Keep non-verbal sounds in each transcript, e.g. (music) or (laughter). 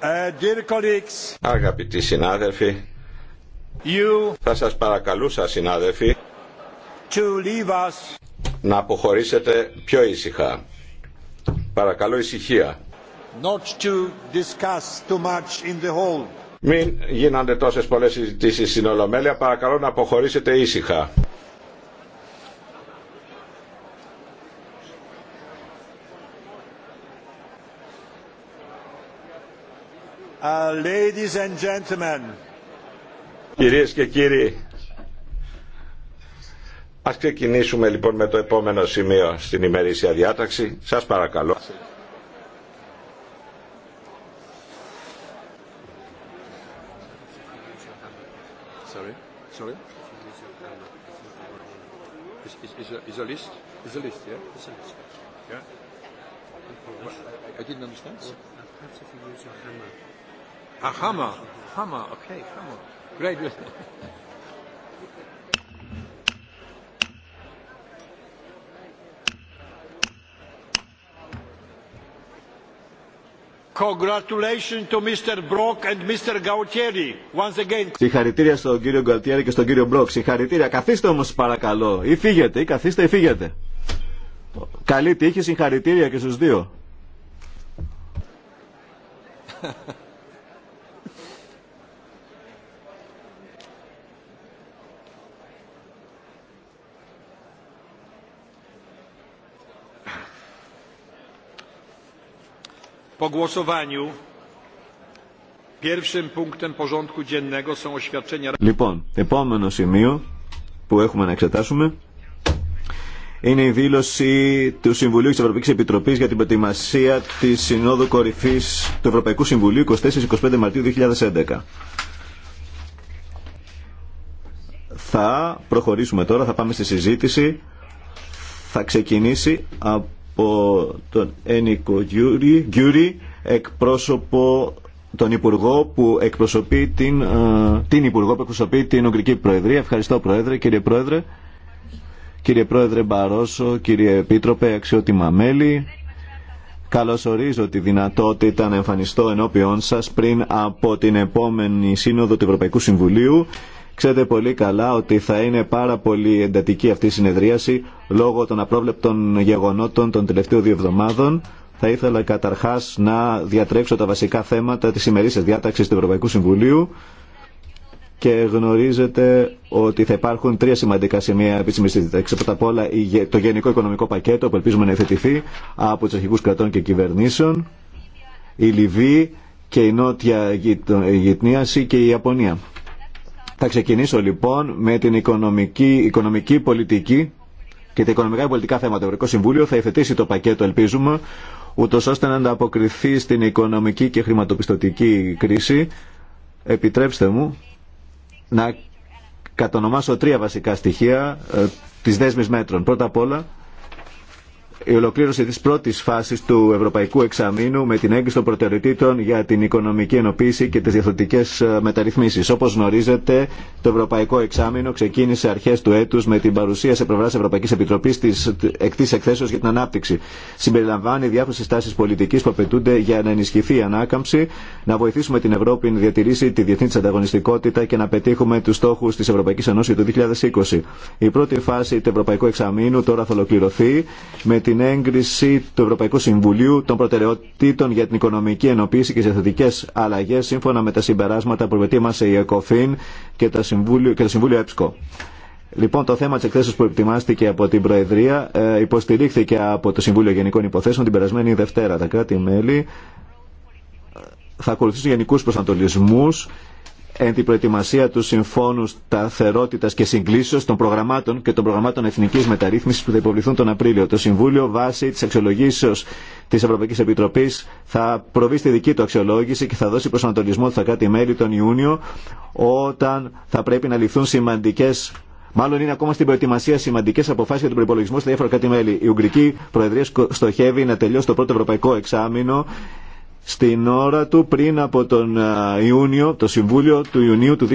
Ε, Αγαπητοί συνάδελφοι, θα σας παρακαλούσα συνάδελφοι να αποχωρήσετε πιο ήσυχα. Παρακαλώ ησυχία. Μην γίνονται τόσες πολλές συζητήσεις στην Ολομέλεια. Παρακαλώ να αποχωρήσετε ήσυχα. Uh, Κυρίες και κύριοι, ας ξεκινήσουμε λοιπόν με το επόμενο σημείο στην ημερήσια διάταξη. Σας παρακαλώ. Sorry. Sorry. Συγχαρητήρια στον κύριο Γκαλτιέρη και στον κύριο Μπροκ. Συγχαρητήρια. Καθίστε όμως παρακαλώ. Ή φύγετε, ή καθίστε ή φύγετε. Καλή τύχη, συγχαρητήρια και στους δύο. Po głosowaniu pierwszym punktem Λοιπόν, επόμενο σημείο που έχουμε να εξετάσουμε είναι η δήλωση του Συμβουλίου της Ευρωπαϊκής Επιτροπής για την προετοιμασία της Συνόδου Κορυφής του Ευρωπαϊκού Συμβουλίου 24-25 Μαρτίου 2011. Θα προχωρήσουμε τώρα, θα πάμε στη συζήτηση. Θα ξεκινήσει από ο, τον Ένικο Γκιούρι, εκπρόσωπο τον Υπουργό που εκπροσωπεί την, ε, την Υπουργό που εκπροσωπεί την Ουγγρική Προεδρία. Ευχαριστώ Πρόεδρε, κύριε Πρόεδρε. Κύριε Πρόεδρε Μπαρόσο, κύριε Επίτροπε, αξιότιμα μέλη. καλώς ορίζω τη δυνατότητα να εμφανιστώ ενώπιόν σας πριν από την επόμενη σύνοδο του Ευρωπαϊκού Συμβουλίου Ξέρετε πολύ καλά ότι θα είναι πάρα πολύ εντατική αυτή η συνεδρίαση λόγω των απρόβλεπτων γεγονότων των τελευταίων δύο εβδομάδων. Θα ήθελα καταρχάς να διατρέξω τα βασικά θέματα της ημερήσιας διάταξης του Ευρωπαϊκού Συμβουλίου και γνωρίζετε ότι θα υπάρχουν τρία σημαντικά σημεία επίσημη συζήτηση. Πρώτα απ' όλα το Γενικό Οικονομικό Πακέτο που ελπίζουμε να εθετηθεί από του αρχικού κρατών και κυβερνήσεων, η Λιβύη και η Νότια Γειτνίαση και η Ιαπωνία. Θα ξεκινήσω λοιπόν με την οικονομική, οικονομική πολιτική και τα οικονομικά και πολιτικά θέματα. Το Ευρωπαϊκό Συμβούλιο θα υφετήσει το πακέτο, ελπίζουμε, ούτω ώστε να ανταποκριθεί στην οικονομική και χρηματοπιστωτική κρίση. Επιτρέψτε μου να κατονομάσω τρία βασικά στοιχεία ε, της δέσμης μέτρων. Πρώτα απ' όλα, η ολοκλήρωση της πρώτης φάσης του Ευρωπαϊκού Εξαμήνου με την έγκριση των προτεραιοτήτων για την οικονομική ενοποίηση και τις διαθωτικές ε, μεταρρυθμίσεις. Όπως γνωρίζετε, το Ευρωπαϊκό Εξάμεινο ξεκίνησε αρχές του έτους με την παρουσία σε πλευρά Ευρωπαϊκής Επιτροπής της εκτής εκθέσεως για την ανάπτυξη. Συμπεριλαμβάνει διάφορες στάσεις πολιτικής που απαιτούνται για να ενισχυθεί η ανάκαμψη, να βοηθήσουμε την Ευρώπη να διατηρήσει τη διεθνή ανταγωνιστικότητα και να πετύχουμε τους στόχους της Ευρωπαϊκής Ενώσης του 2020. Η πρώτη φάση του Ευρωπαϊκού Εξαμήνου τώρα θα ολοκληρωθεί με την την έγκριση του Ευρωπαϊκού Συμβουλίου των προτεραιοτήτων για την οικονομική ενοποίηση και τι εθνικέ αλλαγέ σύμφωνα με τα συμπεράσματα που προετοίμασε η ΕΚΟΦΗΝ και, και το Συμβούλιο ΕΠΣΚΟ. Λοιπόν, το θέμα τη εκθέσεω που ετοιμάστηκε από την Προεδρία ε, υποστηρίχθηκε από το Συμβούλιο Γενικών Υποθέσεων την περασμένη Δευτέρα. Τα κράτη-μέλη ε, θα ακολουθήσουν γενικού προσανατολισμού εν την προετοιμασία του Συμφώνου Σταθερότητα και Συγκλήσεω των προγραμμάτων και των προγραμμάτων εθνική μεταρρύθμιση που θα υποβληθούν τον Απρίλιο. Το Συμβούλιο, βάσει τη αξιολογήσεω τη Ευρωπαϊκή Επιτροπή, θα προβεί στη δική του αξιολόγηση και θα δώσει προσανατολισμό στα κράτη-μέλη τον Ιούνιο, όταν θα πρέπει να ληφθούν σημαντικέ Μάλλον είναι ακόμα στην προετοιμασία σημαντικέ αποφάσει για τον προπολογισμό στα διάφορα κράτη-μέλη. Η Ουγγρική Προεδρία στοχεύει να τελειώσει το πρώτο ευρωπαϊκό εξάμεινο στην ώρα του πριν από τον Ιούνιο, το Συμβούλιο του Ιουνίου του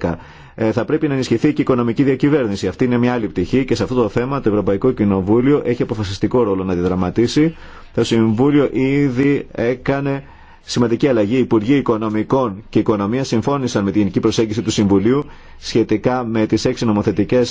2011. Ε, θα πρέπει να ενισχυθεί και η οικονομική διακυβέρνηση. Αυτή είναι μια άλλη πτυχή και σε αυτό το θέμα το Ευρωπαϊκό Κοινοβούλιο έχει αποφασιστικό ρόλο να διδραματίσει. Το Συμβούλιο ήδη έκανε σημαντική αλλαγή. Οι Υπουργοί Οικονομικών και Οικονομία συμφώνησαν με την γενική προσέγγιση του Συμβουλίου σχετικά με τι έξι νομοθετικέ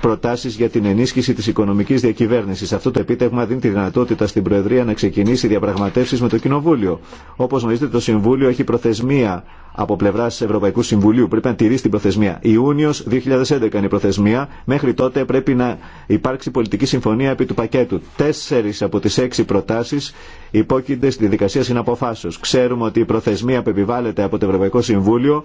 Προτάσει για την ενίσχυση τη οικονομική διακυβέρνηση. Αυτό το επίτευγμα δίνει τη δυνατότητα στην Προεδρία να ξεκινήσει διαπραγματεύσει με το Κοινοβούλιο. Όπω γνωρίζετε το Συμβούλιο έχει προθεσμία από πλευρά Ευρωπαϊκού Συμβουλίου. Πρέπει να τηρήσει την προθεσμία. Ιούνιο 2011 είναι η προθεσμία. Μέχρι τότε πρέπει να υπάρξει πολιτική συμφωνία επί του πακέτου. Τέσσερι από τι έξι προτάσει υπόκεινται στη δικασία συναποφάσεω. Ξέρουμε ότι η προθεσμία που επιβάλλεται από το Ευρωπαϊκό Συμβούλιο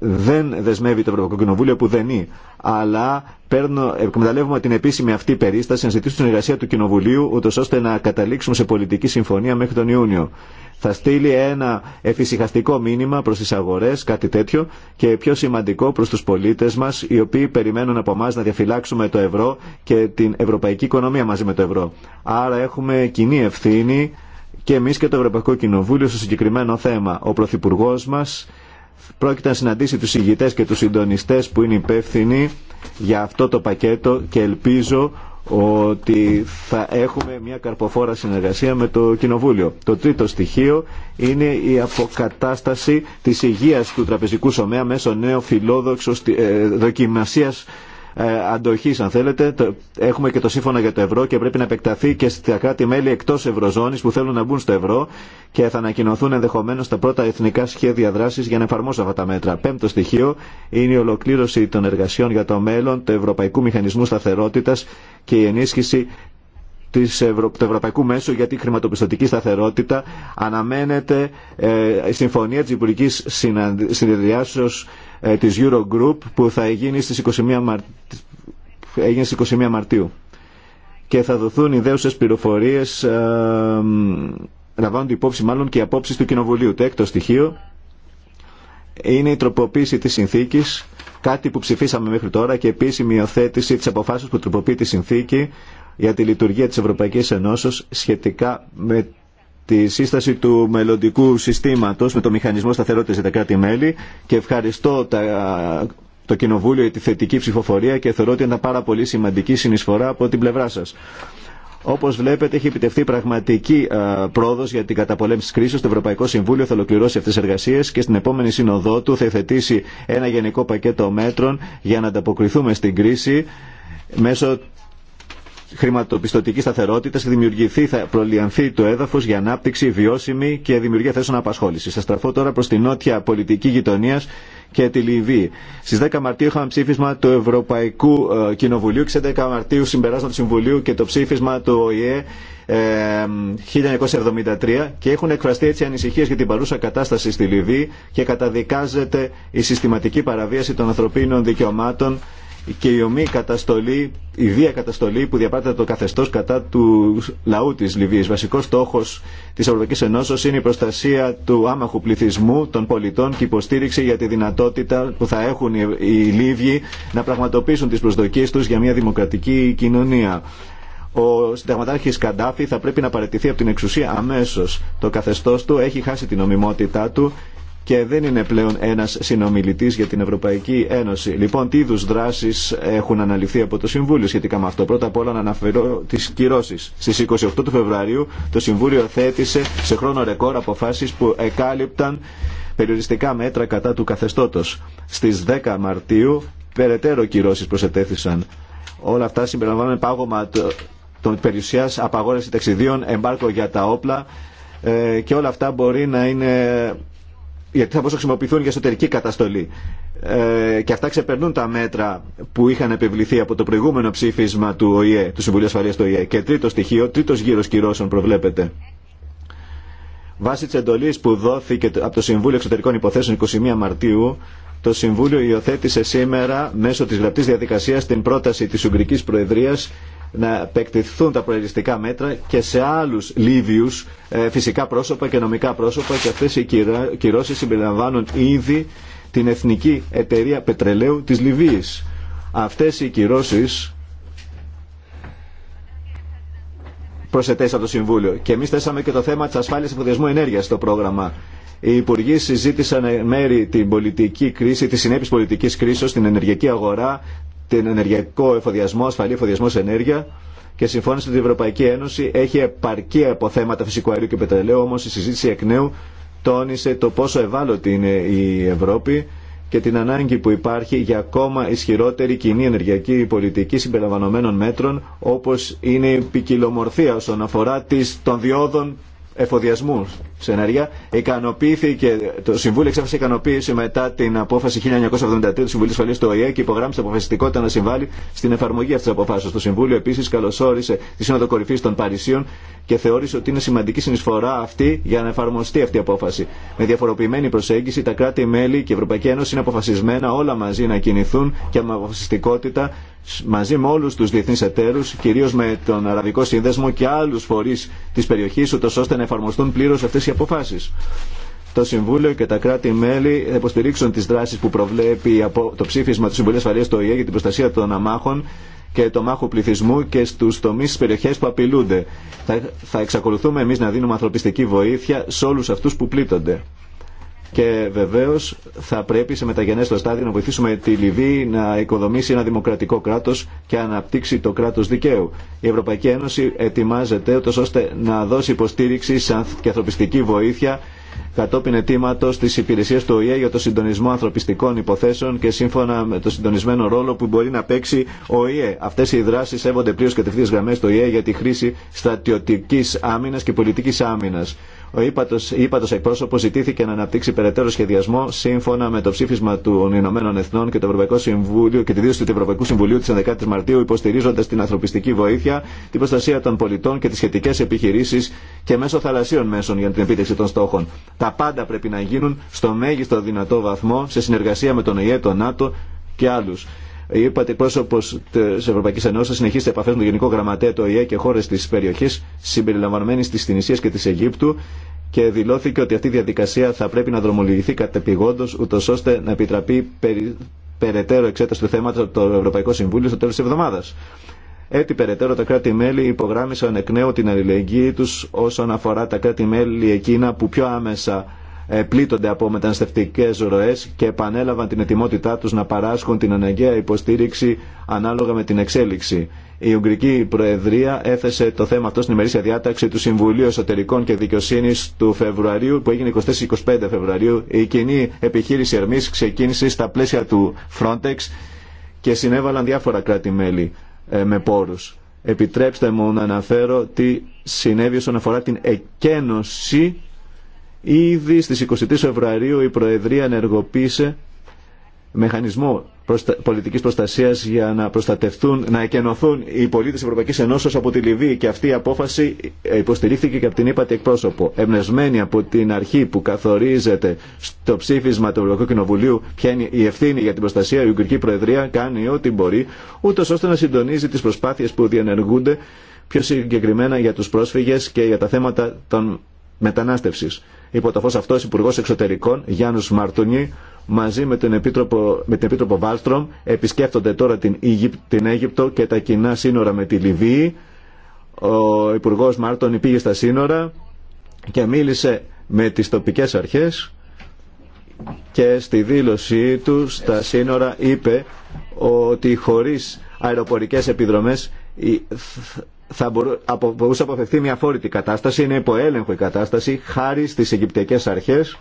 δεν δεσμεύει το Ευρωπαϊκό Κοινοβούλιο που δεν είναι. Αλλά παίρνω, εκμεταλλεύουμε την επίσημη αυτή περίσταση να ζητήσουμε την εργασία του Κοινοβουλίου, ούτω ώστε να καταλήξουμε σε πολιτική συμφωνία μέχρι τον Ιούνιο. Θα στείλει ένα εφησυχαστικό μήνυμα προ τι αγορέ, κάτι τέτοιο, και πιο σημαντικό προ του πολίτε μα, οι οποίοι περιμένουν από εμά να διαφυλάξουμε το ευρώ και την ευρωπαϊκή οικονομία μαζί με το ευρώ. Άρα έχουμε κοινή ευθύνη και εμεί και το Ευρωπαϊκό Κοινοβούλιο στο συγκεκριμένο θέμα. Ο Πρωθυπουργό μα Πρόκειται να συναντήσει τους ηγητές και τους συντονιστές που είναι υπεύθυνοι για αυτό το πακέτο και ελπίζω ότι θα έχουμε μια καρποφόρα συνεργασία με το Κοινοβούλιο. Το τρίτο στοιχείο είναι η αποκατάσταση της υγείας του τραπεζικού σωμαία μέσω νέο φιλόδοξου ε, δοκιμασίας ε, Αντοχή, αν θέλετε. Έχουμε και το σύμφωνο για το ευρώ και πρέπει να επεκταθεί και στα κράτη-μέλη εκτό ευρωζώνης που θέλουν να μπουν στο ευρώ και θα ανακοινωθούν ενδεχομένω τα πρώτα εθνικά σχέδια δράσης για να εφαρμόσουν αυτά τα μέτρα. Πέμπτο στοιχείο είναι η ολοκλήρωση των εργασιών για το μέλλον του Ευρωπαϊκού Μηχανισμού σταθερότητα και η ενίσχυση της Ευρω... του Ευρωπαϊκού Μέσου για τη χρηματοπιστωτική σταθερότητα αναμένεται ε, η συμφωνία της Υπουργικής Συνεδριάσεως ε, της Eurogroup που θα γίνει στις 21, Μαρ... έγινε στις 21 Μαρτίου και θα δοθούν ιδέουσες πληροφορίες ε, λαμβάνονται υπόψη μάλλον και οι απόψεις του Κοινοβουλίου. Το έκτο στοιχείο είναι η τροποποίηση της συνθήκης κάτι που ψηφίσαμε μέχρι τώρα και επίσημη υιοθέτηση της αποφάσεως που τροποποιεί τη συνθήκη για τη λειτουργία της Ευρωπαϊκής Ενώσεως σχετικά με τη σύσταση του μελλοντικού συστήματος με το μηχανισμό σταθερότητας για τα κράτη-μέλη και ευχαριστώ τα, το Κοινοβούλιο για τη θετική ψηφοφορία και θεωρώ ότι ήταν πάρα πολύ σημαντική συνεισφορά από την πλευρά σας. Όπω βλέπετε, έχει επιτευχθεί πραγματική πρόοδο για την καταπολέμηση τη κρίση. Το Ευρωπαϊκό Συμβούλιο θα ολοκληρώσει αυτέ τι εργασίε και στην επόμενη σύνοδό του θα υθετήσει ένα γενικό πακέτο μέτρων για να ανταποκριθούμε στην κρίση μέσω χρηματοπιστωτική σταθερότητα και δημιουργηθεί, θα προλιανθεί το έδαφο για ανάπτυξη βιώσιμη και δημιουργία θέσεων απασχόληση. Σα στραφώ τώρα προ την νότια πολιτική γειτονία και τη Λιβύη. Στι 10 Μαρτίου είχαμε ψήφισμα του Ευρωπαϊκού ε, Κοινοβουλίου και 11 Μαρτίου συμπεράσματο του Συμβουλίου και το ψήφισμα του ΟΗΕ 1973 ε, και έχουν εκφραστεί έτσι ανησυχίες για την παρούσα κατάσταση στη Λιβύη και καταδικάζεται η συστηματική παραβίαση των ανθρωπίνων δικαιωμάτων και η ομή καταστολή, η βία καταστολή που διαπράττεται το καθεστώ κατά του λαού τη Λιβύη. Βασικό στόχο τη Ευρωπαϊκή Ενώσεω είναι η προστασία του άμαχου πληθυσμού, των πολιτών και υποστήριξη για τη δυνατότητα που θα έχουν οι Λίβοι να πραγματοποιήσουν τι προσδοκίε του για μια δημοκρατική κοινωνία. Ο συνταγματάρχη Καντάφη θα πρέπει να παραιτηθεί από την εξουσία αμέσω. Το καθεστώ του έχει χάσει την νομιμότητά του και δεν είναι πλέον ένας συνομιλητής για την Ευρωπαϊκή Ένωση. Λοιπόν, τι είδου δράσεις έχουν αναλυθεί από το Συμβούλιο σχετικά με αυτό. Πρώτα απ' όλα να αναφερώ τις κυρώσεις. Στις 28 του Φεβρουαρίου το Συμβούλιο θέτησε σε χρόνο ρεκόρ αποφάσεις που εκάλυπταν περιοριστικά μέτρα κατά του καθεστώτος. Στις 10 Μαρτίου περαιτέρω κυρώσεις προσετέθησαν. Όλα αυτά συμπεριλαμβάνουν πάγωμα των περιουσιάς, απαγόρευση ταξιδίων, εμπάρκο για τα όπλα, ε, και όλα αυτά μπορεί να είναι γιατί θα πόσο χρησιμοποιηθούν για εσωτερική καταστολή. Ε, και αυτά ξεπερνούν τα μέτρα που είχαν επιβληθεί από το προηγούμενο ψήφισμα του ΟΗΕ, του Συμβουλίου Ασφαλείας του ΟΗΕ. Και τρίτο στοιχείο, τρίτος γύρος κυρώσεων προβλέπεται. Βάσει τη εντολή που δόθηκε από το Συμβούλιο Εξωτερικών Υποθέσεων 21 Μαρτίου, το Συμβούλιο υιοθέτησε σήμερα μέσω τη γραπτή διαδικασία την πρόταση τη Ουγγρικής Προεδρίας να επεκτηθούν τα προεριστικά μέτρα και σε άλλους Λίβιους ε, φυσικά πρόσωπα και νομικά πρόσωπα και αυτές οι κυρώσεις συμπεριλαμβάνουν ήδη την Εθνική Εταιρεία Πετρελαίου της Λιβύης. Αυτές οι κυρώσεις προσετέσαν το Συμβούλιο. Και εμεί θέσαμε και το θέμα τη ασφάλεια εφοδιασμού ενέργεια στο πρόγραμμα. Οι υπουργοί συζήτησαν μέρη την πολιτική κρίση, τη συνέπεια πολιτική κρίση, στην ενεργειακή αγορά, την ενεργειακό εφοδιασμό, ασφαλή εφοδιασμό σε ενέργεια και συμφώνησε ότι η Ευρωπαϊκή Ένωση έχει επαρκή από θέματα φυσικού αερίου και πετρελαίου, όμω η συζήτηση εκ νέου τόνισε το πόσο ευάλωτη είναι η Ευρώπη και την ανάγκη που υπάρχει για ακόμα ισχυρότερη κοινή ενεργειακή πολιτική συμπεριλαμβανομένων μέτρων όπω είναι η ποικιλομορφία όσον αφορά τις, των διόδων εφοδιασμού σενάρια. Ικανοποιήθηκε, το Συμβούλιο εξέφρασε ικανοποίηση μετά την απόφαση 1973 του Συμβουλίου Ασφαλεία του ΟΗΕ και υπογράμμισε αποφασιστικότητα να συμβάλλει στην εφαρμογή αυτή τη αποφάσεω. Το Συμβούλιο επίση καλωσόρισε τη Σύνοδο Κορυφή των Παρισίων και θεώρησε ότι είναι σημαντική συνεισφορά αυτή για να εφαρμοστεί αυτή η απόφαση. Με διαφοροποιημένη προσέγγιση, τα κράτη-μέλη και η Ευρωπαϊκή Ένωση είναι αποφασισμένα όλα μαζί να κινηθούν και με αποφασιστικότητα μαζί με όλου του διεθνεί εταίρου, κυρίω με τον Αραβικό Σύνδεσμο και άλλου φορεί τη περιοχή, ούτω ώστε να εφαρμοστούν πλήρως αυτές οι αποφάσεις. Το Συμβούλιο και τα κράτη-μέλη θα υποστηρίξουν τις δράσεις που προβλέπει από το ψήφισμα του Συμβουλίου Ασφαλείας του ΟΗΕ για την προστασία των αμάχων και το μάχο πληθυσμού και στου τομεί τη περιοχή που απειλούνται. Θα, θα εξακολουθούμε εμεί να δίνουμε ανθρωπιστική βοήθεια σε όλου αυτού που πλήττονται. Και βεβαίω θα πρέπει σε μεταγενέστερο στάδιο να βοηθήσουμε τη Λιβύη να οικοδομήσει ένα δημοκρατικό κράτο και να αναπτύξει το κράτο δικαίου. Η Ευρωπαϊκή Ένωση ετοιμάζεται ούτω ώστε να δώσει υποστήριξη και ανθρωπιστική βοήθεια κατόπιν αιτήματο τη υπηρεσία του ΟΗΕ για το συντονισμό ανθρωπιστικών υποθέσεων και σύμφωνα με το συντονισμένο ρόλο που μπορεί να παίξει ο ΟΗΕ. Αυτέ οι δράσει σέβονται πλήρω κατευθείαν γραμμέ του ΟΗΕ για τη χρήση στρατιωτική άμυνα και πολιτική άμυνα. Ο ύπατο εκπρόσωπο ζητήθηκε να αναπτύξει περαιτέρω σχεδιασμό σύμφωνα με το ψήφισμα των Ηνωμένων Εθνών και, το Ευρωπαϊκό Συμβούλιο, και τη δήλωση του Ευρωπαϊκού Συμβουλίου τη 11η Μαρτίου, υποστηρίζοντα την ανθρωπιστική βοήθεια, την προστασία των πολιτών και τι σχετικέ επιχειρήσει και μέσω θαλασσίων μέσων για την επίτευξη των στόχων. Τα πάντα πρέπει να γίνουν στο μέγιστο δυνατό βαθμό σε συνεργασία με τον ΟΗΕ, τον ΝΑΤΟ και άλλου. Η πρόσωπο τη Ευρωπαϊκή Ενώση επαφέ με τον Γενικό Γραμματέα του και χώρε τη περιοχή συμπεριλαμβανομένη τη Τινησία και τη Αιγύπτου και δηλώθηκε ότι αυτή η διαδικασία θα πρέπει να δρομολογηθεί κατεπηγόντως ούτω ώστε να επιτραπεί περαιτέρω εξέταση του θέματος από το Ευρωπαϊκό Συμβούλιο στο τέλο τη εβδομάδας. Έτσι περαιτέρω τα κράτη-μέλη υπογράμμισαν εκ νέου την αλληλεγγύη τους όσον αφορά τα κράτη-μέλη εκείνα που πιο άμεσα ε, πλήττονται από μεταναστευτικέ ροέ και επανέλαβαν την ετοιμότητά του να παράσχουν την αναγκαία υποστήριξη ανάλογα με την εξέλιξη. Η Ουγγρική Προεδρία έθεσε το θέμα αυτό στην ημερήσια διάταξη του Συμβουλίου Εσωτερικών και Δικαιοσύνη του Φεβρουαρίου, που έγινε 24-25 Φεβρουαρίου. Η κοινή επιχείρηση Ερμή ξεκίνησε στα πλαίσια του Frontex και συνέβαλαν διάφορα κράτη-μέλη ε, με πόρου. Επιτρέψτε μου να αναφέρω τι συνέβη όσον αφορά την εκένωση Ήδη στις 23 Φεβρουαρίου η Προεδρία ενεργοποίησε μηχανισμό προστα... πολιτικής προστασίας για να προστατευτούν, να εκενωθούν οι πολίτες της Ευρωπαϊκής Ενώσεως από τη Λιβύη και αυτή η απόφαση υποστηρίχθηκε και από την ύπατη εκπρόσωπο. Εμπνευσμένη από την αρχή που καθορίζεται στο ψήφισμα του Ευρωπαϊκού Κοινοβουλίου ποια είναι η ευθύνη για την προστασία, η Ουγγρική Προεδρία κάνει ό,τι μπορεί, ούτως ώστε να συντονίζει τις προσπάθειες που διενεργούνται πιο συγκεκριμένα για τους πρόσφυγες και για τα θέματα των μετανάστευση. Υπό το φω αυτό, Υπουργό Εξωτερικών Γιάννου Μαρτούνι μαζί με, τον Επίτροπο, με την Επίτροπο Βάλστρομ επισκέφτονται τώρα την, Αίγυπ, την Αίγυπτο και τα κοινά σύνορα με τη Λιβύη. Ο Υπουργό Μάρτον πήγε στα σύνορα και μίλησε με τις τοπικές αρχές και στη δήλωσή του στα σύνορα είπε ότι χωρίς αεροπορικές επιδρομές θα μπορούσε να αποφευθεί μια φόρητη κατάσταση, είναι υποέλεγχο η κατάσταση, χάρη στις Αιγυπτιακές αρχές.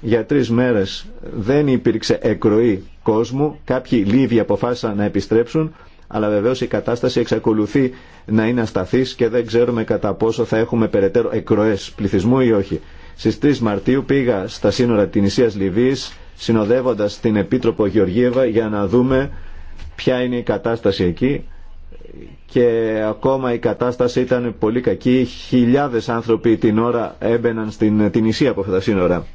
Για τρεις μέρες δεν υπήρξε εκροή κόσμου, κάποιοι Λίβοι αποφάσισαν να επιστρέψουν, αλλά βεβαίως η κατάσταση εξακολουθεί να είναι ασταθής και δεν ξέρουμε κατά πόσο θα έχουμε περαιτέρω εκροές πληθυσμού ή όχι. Στις 3 Μαρτίου πήγα στα σύνορα της νησίας Λιβύης, συνοδεύοντας την Επίτροπο Γεωργίευα για να δούμε ποια είναι η κατάσταση εκεί και ακόμα η κατάσταση ήταν πολύ κακή. Χιλιάδες άνθρωποι την ώρα έμπαιναν στην την νησία από αυτά τα σύνορα.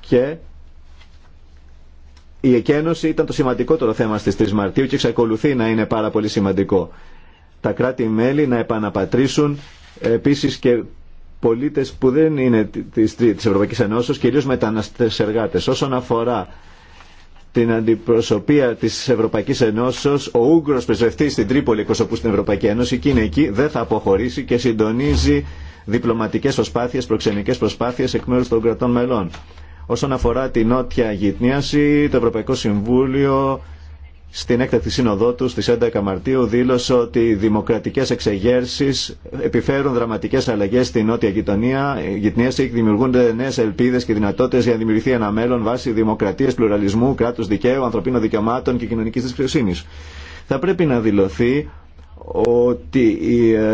Και η εκένωση ήταν το σημαντικότερο θέμα στις 3 Μαρτίου και εξακολουθεί να είναι πάρα πολύ σημαντικό. Τα κράτη-μέλη να επαναπατρίσουν επίσης και πολίτες που δεν είναι της Ευρωπαϊκής Ενώσεως, κυρίως μεταναστές εργάτες. Όσον αφορά την αντιπροσωπεία τη Ευρωπαϊκή Ενώσεω, ο Ούγγρος πρεσβευτή στην Τρίπολη εκπροσωπού στην Ευρωπαϊκή Ένωση και είναι εκεί, δεν θα αποχωρήσει και συντονίζει διπλωματικέ προσπάθειε, προξενικέ προσπάθειε εκ μέρου των κρατών μελών. Όσον αφορά την νότια γυτνίαση, το Ευρωπαϊκό Συμβούλιο στην έκτακτη σύνοδό του στις 11 Μαρτίου δήλωσε ότι οι δημοκρατικές εξεγέρσεις επιφέρουν δραματικές αλλαγές στην νότια γειτονία. Οι δημιουργούνται νέες ελπίδες και δυνατότητες για να δημιουργηθεί ένα μέλλον βάσει δημοκρατίας, πλουραλισμού, κράτους δικαίου, ανθρωπίνων δικαιωμάτων και κοινωνικής δυσκριοσύνη. Θα πρέπει να δηλωθεί ότι ε,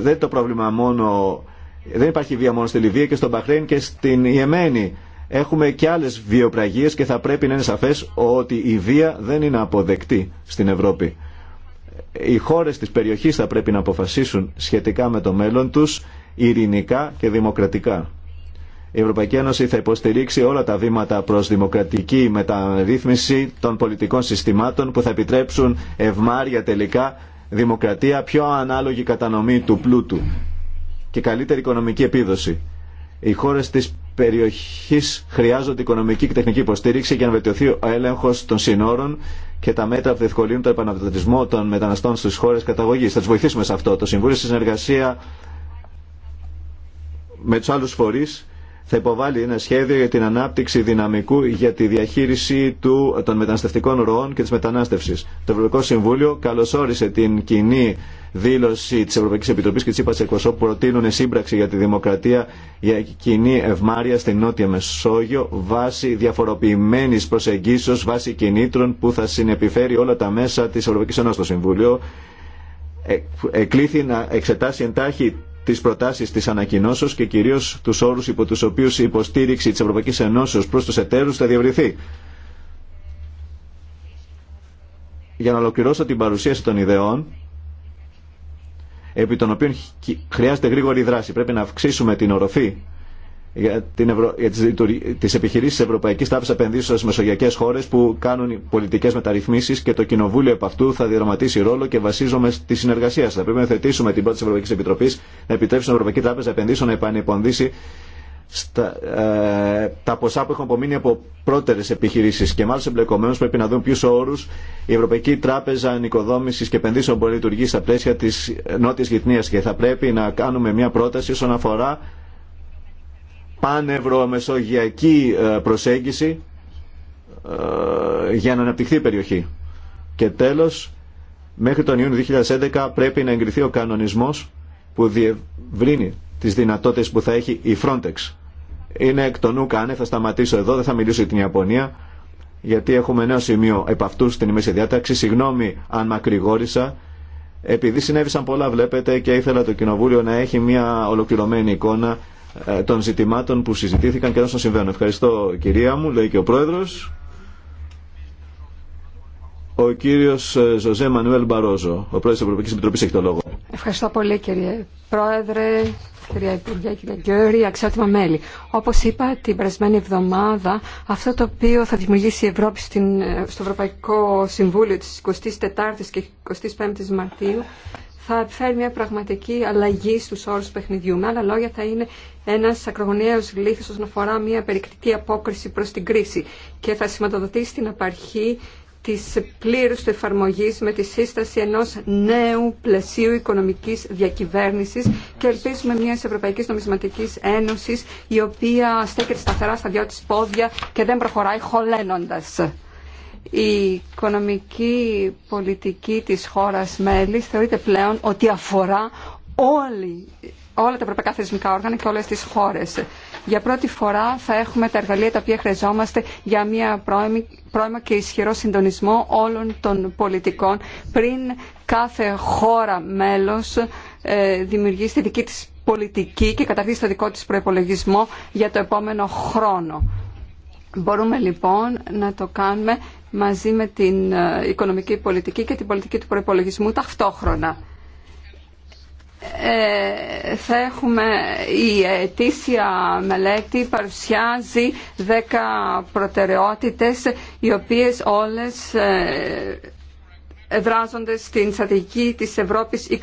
δεν το πρόβλημα μόνο, δεν υπάρχει βία μόνο στη Λιβύη και στον Παχρέν και στην Ιεμένη έχουμε και άλλες βιοπραγίες και θα πρέπει να είναι σαφές ότι η βία δεν είναι αποδεκτή στην Ευρώπη. Οι χώρες της περιοχής θα πρέπει να αποφασίσουν σχετικά με το μέλλον τους ειρηνικά και δημοκρατικά. Η Ευρωπαϊκή Ένωση θα υποστηρίξει όλα τα βήματα προς δημοκρατική μεταρρύθμιση των πολιτικών συστημάτων που θα επιτρέψουν ευμάρια τελικά δημοκρατία, πιο ανάλογη κατανομή του πλούτου και καλύτερη οικονομική επίδοση. Οι χώρε τη περιοχή χρειάζονται οικονομική και τεχνική υποστήριξη για να βελτιωθεί ο έλεγχο των συνόρων και τα μέτρα που διευκολύνουν τον επαναπτωτισμό των μεταναστών στι χώρε καταγωγή. Θα του βοηθήσουμε σε αυτό. Το Συμβούλιο στη συνεργασία με του άλλου φορεί θα υποβάλει ένα σχέδιο για την ανάπτυξη δυναμικού για τη διαχείριση του, των μεταναστευτικών ροών και της μετανάστευσης. Το Ευρωπαϊκό Συμβούλιο καλωσόρισε την κοινή δήλωση της Ευρωπαϊκής Επιτροπής και της ΥΠΑΣ ΕΚΟΣΟ που προτείνουν σύμπραξη για τη δημοκρατία για κοινή ευμάρεια στην Νότια Μεσόγειο βάσει διαφοροποιημένης προσεγγίσεως, βάσει κινήτρων που θα συνεπιφέρει όλα τα μέσα της Ευρωπαϊκής Ένωσης στο Συμβούλιο ε, εκλήθη να εξετάσει εντάχει τις προτάσεις της ανακοινώσεως και κυρίως τους όρους υπό τους οποίους η υποστήριξη της Ευρωπαϊκής Ενώσεως προς τους εταίρους θα διευρυθεί. Για να ολοκληρώσω την παρουσίαση των ιδεών, επί των οποίων χρειάζεται γρήγορη δράση, πρέπει να αυξήσουμε την οροφή για, την επιχειρήσει για τις, τις επιχειρήσεις Ευρωπαϊκής Επενδύσεων στις μεσογειακές χώρες που κάνουν πολιτικές μεταρρυθμίσεις και το Κοινοβούλιο επ' αυτού θα διαδραματίσει ρόλο και βασίζομαι στη συνεργασία σας. Θα πρέπει να θετήσουμε την πρώτη της Ευρωπαϊκής Επιτροπής να επιτρέψει στην Ευρωπαϊκή Τράπεζα Επενδύσεων να επανεπονδύσει στα, ε, τα ποσά που έχουν απομείνει από πρώτερε επιχειρήσει και μάλιστα εμπλεκομένου πρέπει να δουν ποιου όρου η Ευρωπαϊκή Τράπεζα Ανοικοδόμηση και Επενδύσεων μπορεί να λειτουργεί στα πλαίσια τη Νότια Γυτνία και θα πρέπει να κάνουμε μια πρόταση όσον αφορά πανευρωμεσογειακή ε, προσέγγιση ε, για να αναπτυχθεί η περιοχή. Και τέλος, μέχρι τον Ιούνιο 2011 πρέπει να εγκριθεί ο κανονισμός που διευρύνει τις δυνατότητες που θα έχει η Frontex. Είναι εκ των νου κάνε, θα σταματήσω εδώ, δεν θα μιλήσω για την Ιαπωνία, γιατί έχουμε νέο σημείο επ' αυτού στην ημέση διάταξη. Συγγνώμη αν μακρηγόρησα. Επειδή συνέβησαν πολλά, βλέπετε, και ήθελα το Κοινοβούλιο να έχει μια ολοκληρωμένη εικόνα ε, των ζητημάτων που συζητήθηκαν και όσων συμβαίνουν. Ευχαριστώ κυρία μου, λέει και ο Πρόεδρος. Ο κύριος ε, Ζωζέ Μανουέλ Μπαρόζο, ο Πρόεδρος της Ευρωπαϊκής Επιτροπής, έχει το λόγο. Ευχαριστώ πολύ κύριε Πρόεδρε, κυρία Υπουργέ, κύριε Γκέρι, αξιότιμα μέλη. Όπως είπα την περασμένη εβδομάδα, αυτό το οποίο θα δημιουργήσει η Ευρώπη στην, ε, στο Ευρωπαϊκό Συμβούλιο της 24ης και 25ης Μαρτίου θα φέρει μια πραγματική αλλαγή στους όρου του παιχνιδιού. Με άλλα λόγια θα είναι ένας ακρογωνιαίο λύθο όσον αφορά μια περικτική απόκριση προς την κρίση και θα σηματοδοτήσει την απαρχή της πλήρους του εφαρμογή με τη σύσταση ενός νέου πλαισίου οικονομικής διακυβέρνησης και ελπίζουμε μια Ευρωπαϊκή Νομισματική Ένωση, η οποία στέκεται σταθερά στα δυο τη πόδια και δεν προχωράει χωλένοντας η οικονομική πολιτική της χώρας μέλης θεωρείται πλέον ότι αφορά όλη, όλα τα ευρωπαϊκά θεσμικά όργανα και όλες τις χώρες. Για πρώτη φορά θα έχουμε τα εργαλεία τα οποία χρειαζόμαστε για μια πρώιμα και ισχυρό συντονισμό όλων των πολιτικών πριν κάθε χώρα μέλος ε, δημιουργήσει τη δική της πολιτική και καταρτήσει το δικό της προϋπολογισμό για το επόμενο χρόνο. Μπορούμε λοιπόν να το κάνουμε μαζί με την ε, οικονομική πολιτική και την πολιτική του προϋπολογισμού ταυτόχρονα. Ε, θα έχουμε η ετήσια μελέτη παρουσιάζει 10 προτεραιότητες οι οποίες όλες ε, εδράζονται στην στρατηγική της Ευρώπης 2020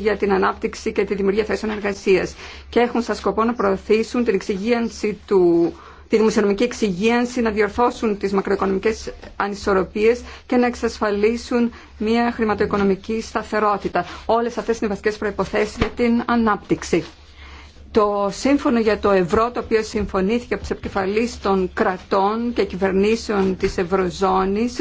για την ανάπτυξη και τη δημιουργία θέσεων εργασίας και έχουν σαν σκοπό να προωθήσουν την εξυγίανση του τη δημοσιονομική εξυγίανση, να διορθώσουν τις μακροοικονομικές ανισορροπίες και να εξασφαλίσουν μια χρηματοοικονομική σταθερότητα. Όλες αυτές είναι οι βασικές προϋποθέσεις για την ανάπτυξη. Το σύμφωνο για το ευρώ, το οποίο συμφωνήθηκε από τις επικεφαλείς των κρατών και κυβερνήσεων της Ευρωζώνης,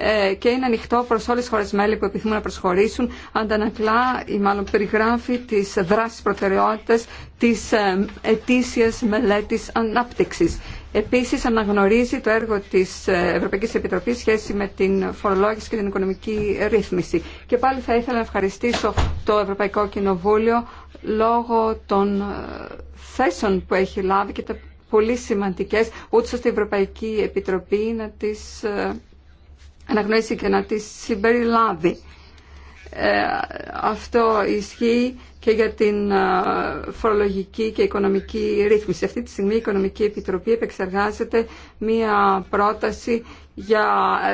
ε, και είναι ανοιχτό προς όλες τις χώρες μέλη που επιθυμούν να προσχωρήσουν, αντανακλά ή μάλλον περιγράφει τις δράσεις προτεραιότητες της ε, ετήσιας μελέτης ανάπτυξης. Επίσης αναγνωρίζει το έργο της ε, Ευρωπαϊκής Επιτροπής σχέση με την φορολόγηση και την οικονομική ρύθμιση. Και πάλι θα ήθελα να ευχαριστήσω το Ευρωπαϊκό Κοινοβούλιο λόγω των θέσεων που έχει λάβει και τα πολύ σημαντικές, ούτως ώστε η Ευρωπαϊκή Επιτροπή να τις γνωρίσει και να τη συμπεριλάβει. Ε, αυτό ισχύει και για την ε, φορολογική και οικονομική ρύθμιση. Αυτή τη στιγμή η Οικονομική Επιτροπή επεξεργάζεται μία πρόταση για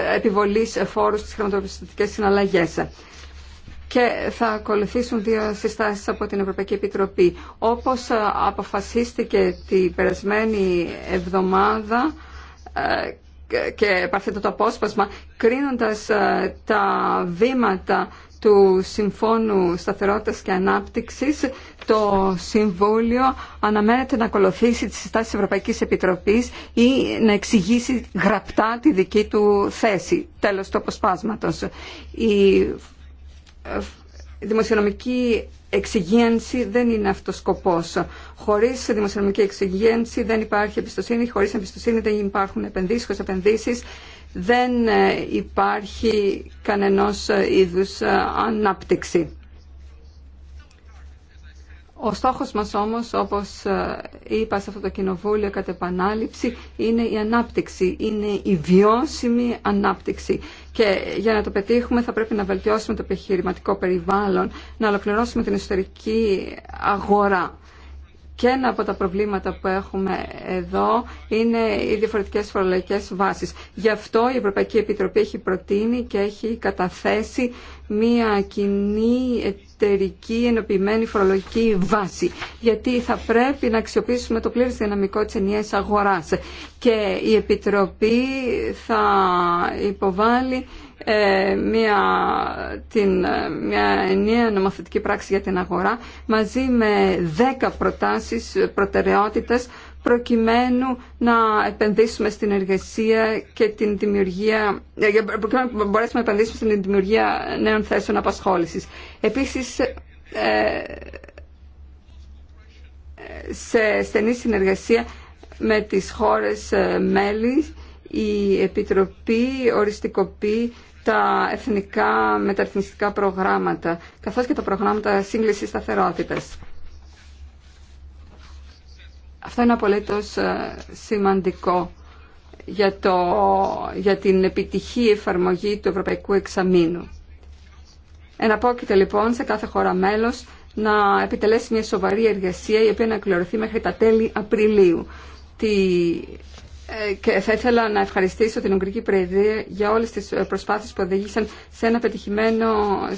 ε, επιβολή φόρου στις χρηματοπιστωτικές συναλλαγές. Και θα ακολουθήσουν δύο συστάσεις από την Ευρωπαϊκή Επιτροπή. Όπως αποφασίστηκε την περασμένη εβδομάδα, και παρθέτω το απόσπασμα, κρίνοντας ε, τα βήματα του Συμφώνου Σταθερότητας και Ανάπτυξης, το Συμβούλιο αναμένεται να ακολουθήσει τις συστάσεις της Ευρωπαϊκής Επιτροπής ή να εξηγήσει γραπτά τη δική του θέση, τέλος του αποσπάσματος. η να εξηγησει γραπτα τη δικη του θεση τελος του αποσπασματος δημοσιονομική εξυγίανση δεν είναι αυτός σκοπό. Χωρίς δημοσιονομική εξυγίανση δεν υπάρχει εμπιστοσύνη, χωρίς εμπιστοσύνη δεν υπάρχουν επενδύσει χωρίς επενδύσεις δεν ε, υπάρχει κανένα ε, είδου ε, ανάπτυξη. Ο στόχος μας όμως, όπως ε, είπα σε αυτό το κοινοβούλιο κατά επανάληψη, είναι η ανάπτυξη, είναι η βιώσιμη ανάπτυξη. Και για να το πετύχουμε θα πρέπει να βελτιώσουμε το επιχειρηματικό περιβάλλον, να ολοκληρώσουμε την ιστορική αγορά. Και ένα από τα προβλήματα που έχουμε εδώ είναι οι διαφορετικές φορολογικές βάσεις. Γι' αυτό η Ευρωπαϊκή Επιτροπή έχει προτείνει και έχει καταθέσει μία κοινή εσωτερική ενοποιημένη φορολογική βάση. Γιατί θα πρέπει να αξιοποιήσουμε το πλήρες δυναμικό της ενιαίας αγοράς. Και η Επιτροπή θα υποβάλει ε, μια, την, μια ενιαία νομοθετική πράξη για την αγορά μαζί με 10 προτάσεις προτεραιότητες προκειμένου να επενδύσουμε στην εργασία και την δημιουργία, ε, προκειμένου να μπορέσουμε να επενδύσουμε στην δημιουργία νέων θέσεων απασχόλησης. Επίσης, ε, σε στενή συνεργασία με τις χώρες ε, μέλη, η Επιτροπή οριστικοποιεί τα εθνικά μεταρρυθμιστικά προγράμματα, καθώς και τα προγράμματα σύγκλησης σταθερότητας. Αυτό είναι απολύτως ε, σημαντικό για, το, για την επιτυχή εφαρμογή του Ευρωπαϊκού Εξαμήνου. Εναπόκειται λοιπόν σε κάθε χώρα μέλος να επιτελέσει μια σοβαρή εργασία η οποία να κληρωθεί μέχρι τα τέλη Απριλίου. Ε, και θα ήθελα να ευχαριστήσω την Ουγγρική Προεδρία για όλες τις ε, προσπάθειες που οδήγησαν σε ένα πετυχημένο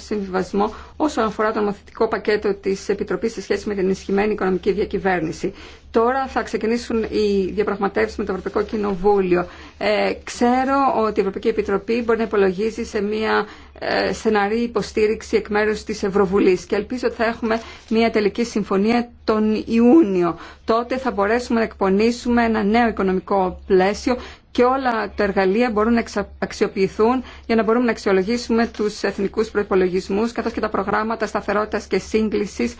συμβιβασμό όσον αφορά το νομοθετικό πακέτο της Επιτροπής σε σχέση με την ενισχυμένη οικονομική διακυβέρνηση. Τώρα θα ξεκινήσουν οι διαπραγματεύσεις με το Ευρωπαϊκό Κοινοβούλιο. Ε, ξέρω ότι η Ευρωπαϊκή Επιτροπή μπορεί να υπολογίζει σε μια ε, στεναρή υποστήριξη εκ μέρους της Ευρωβουλής και ελπίζω ότι θα έχουμε μια τελική συμφωνία τον Ιούνιο. Τότε θα μπορέσουμε να εκπονήσουμε ένα νέο οικονομικό πλαίσιο και όλα τα εργαλεία μπορούν να αξιοποιηθούν για να μπορούμε να αξιολογήσουμε τους εθνικούς προϋπολογισμούς καθώς και τα προγράμματα σταθερότητας και σύγκλησης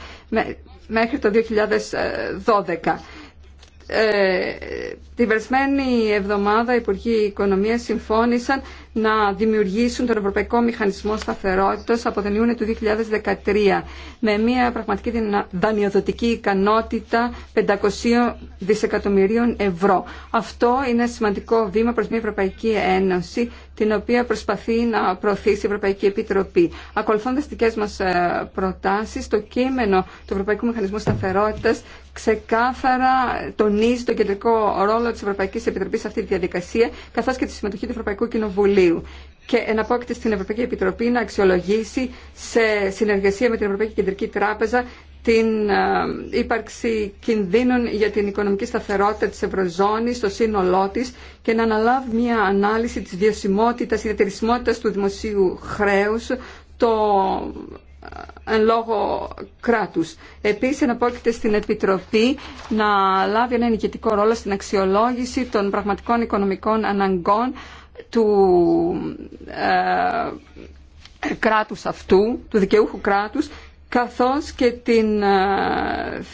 μέχρι το 2012. Ε, την περασμένη εβδομάδα οι Υπουργοί Οικονομίας συμφώνησαν να δημιουργήσουν τον Ευρωπαϊκό Μηχανισμό Σταθερότητας από τον Ιούνιο του 2013 με μια πραγματική δανειοδοτική ικανότητα 500 δισεκατομμυρίων ευρώ. Αυτό είναι σημαντικό βήμα προς μια Ευρωπαϊκή Ένωση την οποία προσπαθεί να προωθήσει η Ευρωπαϊκή Επιτροπή. Ακολουθώντα δικέ μα ε, προτάσει, το κείμενο του Ευρωπαϊκού Μηχανισμού Σταθερότητα ξεκάθαρα τονίζει τον κεντρικό ρόλο τη Ευρωπαϊκή Επιτροπή σε αυτή τη διαδικασία, καθώ και τη συμμετοχή του Ευρωπαϊκού Κοινοβουλίου και εναπόκειται στην Ευρωπαϊκή Επιτροπή να αξιολογήσει σε συνεργασία με την Ευρωπαϊκή Κεντρική Τράπεζα την ε, ύπαρξη κινδύνων για την οικονομική σταθερότητα της Ευρωζώνης το σύνολό της και να αναλάβει μια ανάλυση της βιωσιμότητας, διατηρησιμότητας του δημοσίου χρέους, το ε, εν λόγω κράτους. Επίσης, αναπόκειται στην Επιτροπή να λάβει ένα ηγετικό ρόλο στην αξιολόγηση των πραγματικών οικονομικών αναγκών του ε, κράτους αυτού, του δικαιούχου κράτους καθώς και την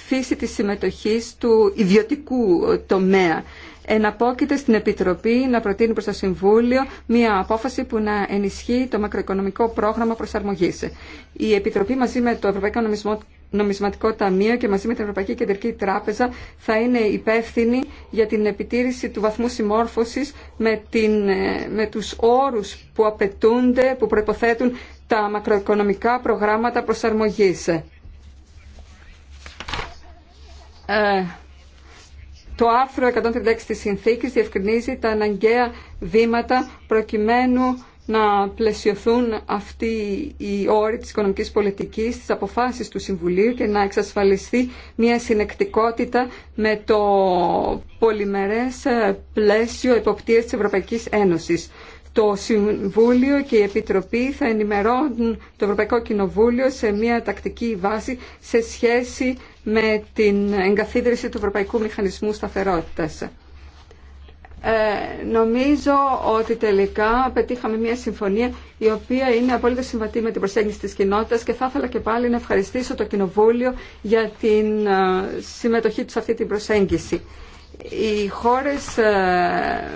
φύση της συμμετοχής του ιδιωτικού τομέα. Εναπόκειται στην Επιτροπή να προτείνει προς το Συμβούλιο μία απόφαση που να ενισχύει το μακροοικονομικό πρόγραμμα προσαρμογής. Η Επιτροπή μαζί με το Ευρωπαϊκό Νομισμό Νομισματικό Ταμείο και μαζί με την Ευρωπαϊκή Κεντρική Τράπεζα θα είναι υπεύθυνη για την επιτήρηση του βαθμού συμμόρφωσης με, ε, με τους όρους που απαιτούνται, που προϋποθέτουν τα μακροοικονομικά προγράμματα προσαρμογής. Ε, το άρθρο 136 της Συνθήκης διευκρινίζει τα αναγκαία βήματα προκειμένου να πλαισιωθούν αυτοί οι όροι της οικονομικής πολιτικής, της αποφάσεις του Συμβουλίου και να εξασφαλιστεί μια συνεκτικότητα με το πολυμερές ε, πλαίσιο εποπτείας της Ευρωπαϊκής Ένωσης. Το Συμβούλιο και η Επιτροπή θα ενημερώνουν το Ευρωπαϊκό Κοινοβούλιο σε μια τακτική βάση σε σχέση με την εγκαθίδρυση του Ευρωπαϊκού Μηχανισμού Σταθερότητας. Ε, νομίζω ότι τελικά πετύχαμε μια συμφωνία η οποία είναι απόλυτα συμβατή με την προσέγγιση της κοινότητας και θα ήθελα και πάλι να ευχαριστήσω το Κοινοβούλιο για την ε, συμμετοχή του σε αυτή την προσέγγιση. Οι χώρες ε,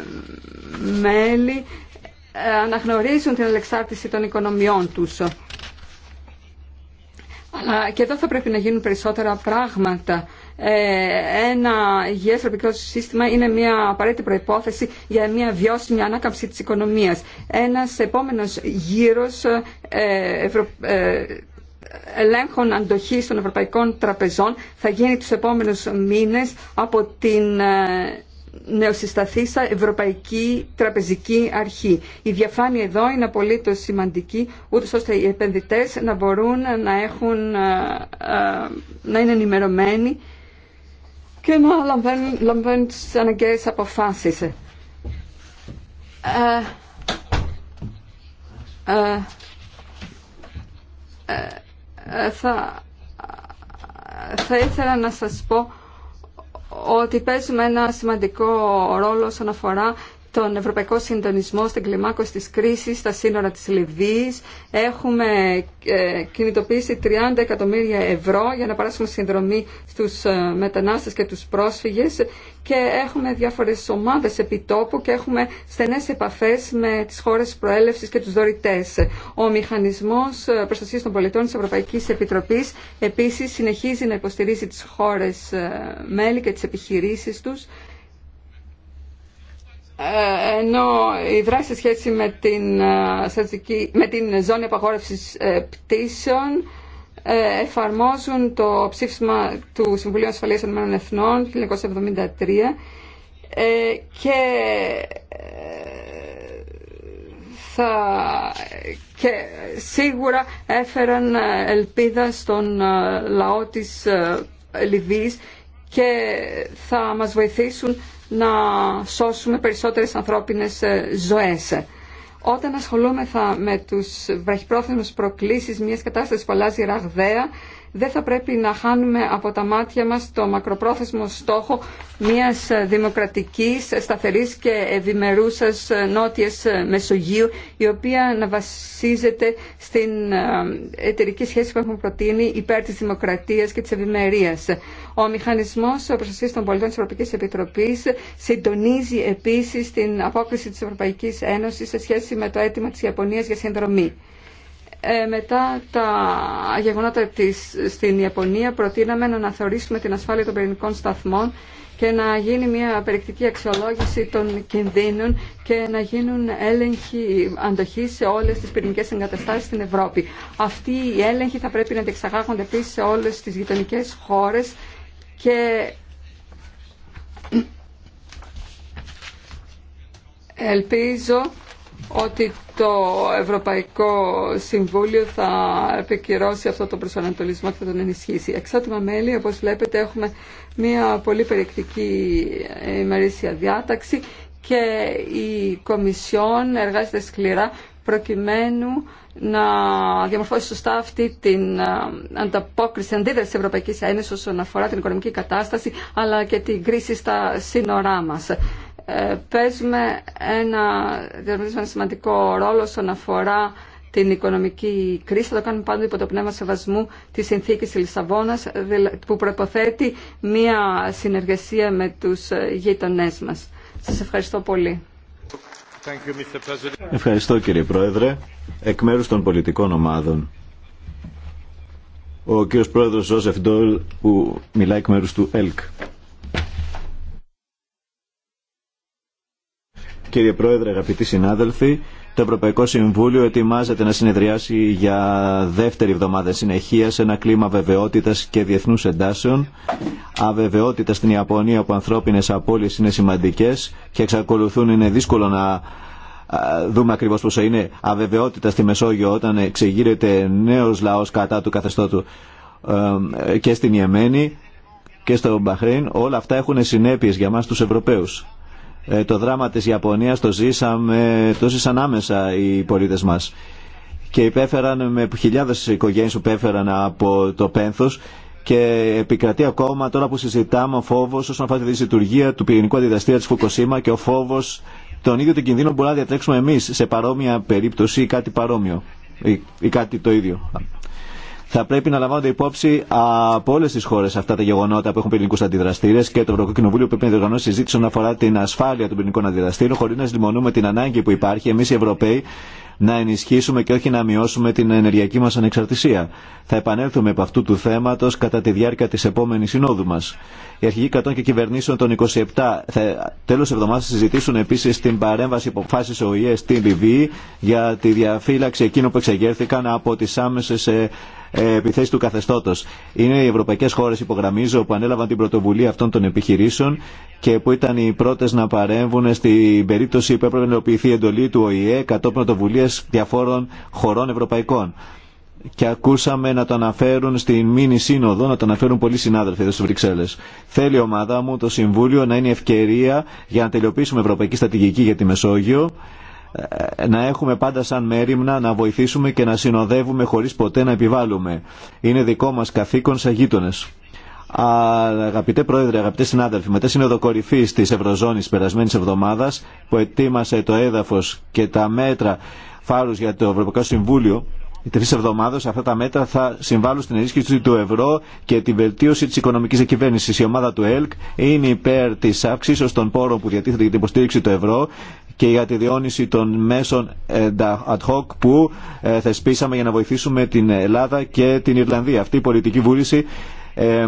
μέλη ε, αναγνωρίζουν την αλεξάρτηση των οικονομιών τους. Αλλά και εδώ θα πρέπει να γίνουν περισσότερα πράγματα ε, ένα υγιές ευρωπαϊκό σύστημα είναι μια απαραίτητη προϋπόθεση για μια βιώσιμη ανάκαμψη της οικονομίας. Ένας επόμενος γύρος ε, ε, ελέγχων αντοχής των ευρωπαϊκών τραπεζών θα γίνει τους επόμενους μήνες από την νεοσυσταθήσα Ευρωπαϊκή Τραπεζική Αρχή. Η διαφάνεια εδώ είναι απολύτω σημαντική, ούτως ώστε οι επενδυτές να μπορούν να, έχουν, να είναι ενημερωμένοι και να λαμβάνουν, λαμβάνουν τις αναγκαίες αποφάσεις. Ε, ε, ε, θα, θα ήθελα να σας πω ότι παίζουμε ένα σημαντικό ρόλο όσον αφορά τον ευρωπαϊκό συντονισμό στην κλιμάκωση της κρίσης στα σύνορα της Λιβύης. Έχουμε ε, κινητοποιήσει 30 εκατομμύρια ευρώ για να παράσχουμε συνδρομή στους ε, μετανάστες και τους πρόσφυγες και έχουμε διάφορες ομάδες επιτόπου και έχουμε στενές επαφές με τις χώρες προέλευσης και τους δωρητές. Ο μηχανισμός ε, προστασίας των πολιτών της Ευρωπαϊκής Επιτροπής επίσης συνεχίζει να υποστηρίζει τις χώρες μέλη και τις επιχειρήσεις τους ε, ενώ η δράση σε σχέση με την, ε, με την ζώνη απαγόρευσης ε, πτήσεων εφαρμόζουν το ψήφισμα του Συμβουλίου Ασφαλείας των Ηνωμένων Εθνών 1973 και θα, και σίγουρα έφεραν ελπίδα στον λαό της Λιβύης και θα μας βοηθήσουν να σώσουμε περισσότερες ανθρώπινες ε, ζωές. Όταν ασχολούμεθα με τους βραχυπρόθεσμους προκλήσεις μιας κατάστασης που αλλάζει ραγδαία, δεν θα πρέπει να χάνουμε από τα μάτια μας το μακροπρόθεσμο στόχο μιας δημοκρατικής, σταθερής και ευημερούσας νότιας Μεσογείου, η οποία να βασίζεται στην ε, εταιρική σχέση που έχουμε προτείνει υπέρ της δημοκρατίας και της ευημερίας. Ο μηχανισμός προστασίας των πολιτών της Ευρωπαϊκής Επιτροπής συντονίζει επίσης την απόκριση της Ευρωπαϊκής Ένωσης σε σχέση με το αίτημα της Ιαπωνίας για συνδρομή. Ε, μετά τα γεγονότα της, στην Ιαπωνία προτείναμε να αναθεωρήσουμε την ασφάλεια των πυρηνικών σταθμών και να γίνει μια περιεκτική αξιολόγηση των κινδύνων και να γίνουν έλεγχοι αντοχή σε όλε τι πυρηνικέ εγκαταστάσει στην Ευρώπη. Αυτοί οι έλεγχοι θα πρέπει να διεξαγάγονται επίση σε όλε τι γειτονικέ χώρε και (clears throat) ελπίζω ότι το Ευρωπαϊκό Συμβούλιο θα επικυρώσει αυτό το προσανατολισμό και θα τον ενισχύσει. Εξάτομα μέλη, όπως βλέπετε, έχουμε μια πολύ περιεκτική ημερήσια διάταξη και η Κομισιόν εργάζεται σκληρά προκειμένου να διαμορφώσει σωστά αυτή την ε, ανταπόκριση, αντίδραση της Ευρωπαϊκής Ένωσης όσον αφορά την οικονομική κατάσταση αλλά και την κρίση στα σύνορά μας. Ε, παίζουμε ένα σημαντικό ρόλο όσον αφορά την οικονομική κρίση. Θα το κάνουμε πάντοτε υπό το πνεύμα σεβασμού τη συνθήκη τη Λισαβόνα, που προποθέτει μία συνεργασία με του γείτονέ μα. Σα ευχαριστώ πολύ. Ευχαριστώ κύριε Πρόεδρε. Εκ μέρου των πολιτικών ομάδων, ο κύριος Πρόεδρος Ζώσεφ Ντόλ που μιλάει εκ μέρους του ΕΛΚ. Κύριε Πρόεδρε, αγαπητοί συνάδελφοι, το Ευρωπαϊκό Συμβούλιο ετοιμάζεται να συνεδριάσει για δεύτερη εβδομάδα συνεχεία σε ένα κλίμα βεβαιότητα και διεθνού εντάσεων. Αβεβαιότητα στην Ιαπωνία που ανθρώπινε απώλειε είναι σημαντικέ και εξακολουθούν, είναι δύσκολο να δούμε ακριβώ πόσο είναι. Αβεβαιότητα στη Μεσόγειο όταν εξηγείται νέο λαό κατά του καθεστώτου και στην Ιεμένη και στο Μπαχρέιν. Όλα αυτά έχουν συνέπειε για εμά του Ευρωπαίου. Ε, το δράμα της Ιαπωνίας το ζήσαμε, το ζήσαν άμεσα οι πολίτες μας και υπέφεραν με χιλιάδες οικογένειες που υπέφεραν από το πένθος και επικρατεί ακόμα τώρα που συζητάμε ο φόβος όσον αφορά τη λειτουργία του πυρηνικού αντιδραστήρα της Φουκοσίμα και ο φόβος τον ίδιο τον κινδύνο που μπορούμε να διατρέξουμε εμείς σε παρόμοια περίπτωση ή κάτι παρόμοιο ή κάτι το ίδιο θα πρέπει να λαμβάνονται υπόψη από όλε τι χώρε αυτά τα γεγονότα που έχουν πυρηνικού αντιδραστήρε και το Ευρωπαϊκό Κοινοβούλιο πρέπει να διοργανώσει συζήτηση όσον αφορά την ασφάλεια των πυρηνικών αντιδραστήρων, χωρί να λιμονούμε την ανάγκη που υπάρχει εμεί οι Ευρωπαίοι να ενισχύσουμε και όχι να μειώσουμε την ενεργειακή μα ανεξαρτησία. Θα επανέλθουμε από αυτού του θέματο κατά τη διάρκεια τη επόμενη συνόδου μα. Οι αρχηγοί κρατών και κυβερνήσεων των 27 θα τέλο εβδομάδα συζητήσουν επίση την παρέμβαση αποφάση ΟΗΕ στην Λιβύη για τη διαφύλαξη εκείνων που εξεγέρθηκαν από τι άμεσε ε, επιθέσει του καθεστώτο. Είναι οι ευρωπαϊκέ χώρε, υπογραμμίζω, που ανέλαβαν την πρωτοβουλία αυτών των επιχειρήσεων και που ήταν οι πρώτε να παρέμβουν στην περίπτωση που έπρεπε να υλοποιηθεί η εντολή του ΟΗΕ κατόπιν πρωτοβουλία διαφόρων χωρών ευρωπαϊκών. Και ακούσαμε να το αναφέρουν στην μήνυ σύνοδο, να το αναφέρουν πολλοί συνάδελφοι εδώ στι Βρυξέλλε. Θέλει η ομάδα μου το Συμβούλιο να είναι ευκαιρία για να τελειοποιήσουμε ευρωπαϊκή στρατηγική για τη Μεσόγειο ε, να έχουμε πάντα σαν μέρημνα να βοηθήσουμε και να συνοδεύουμε χωρίς ποτέ να επιβάλλουμε. Είναι δικό μας καθήκον σαν γείτονε. Αγαπητέ Πρόεδρε, αγαπητέ συνάδελφοι, μετά σύνοδο κορυφή τη Ευρωζώνη περασμένη εβδομάδα που ετοίμασε το έδαφο και τα μέτρα φάρου για το Ευρωπαϊκό Συμβούλιο, οι τρει εβδομάδε αυτά τα μέτρα θα συμβάλλουν στην ενίσχυση του ευρώ και τη βελτίωση τη οικονομική διακυβέρνηση. Η ομάδα του ΕΛΚ είναι υπέρ τη αύξηση των πόρων που διατίθεται για την υποστήριξη του ευρώ και για τη διόνυση των μέσων ad hoc που ε, θεσπίσαμε για να βοηθήσουμε την Ελλάδα και την Ιρλανδία. Αυτή η πολιτική βούληση ε,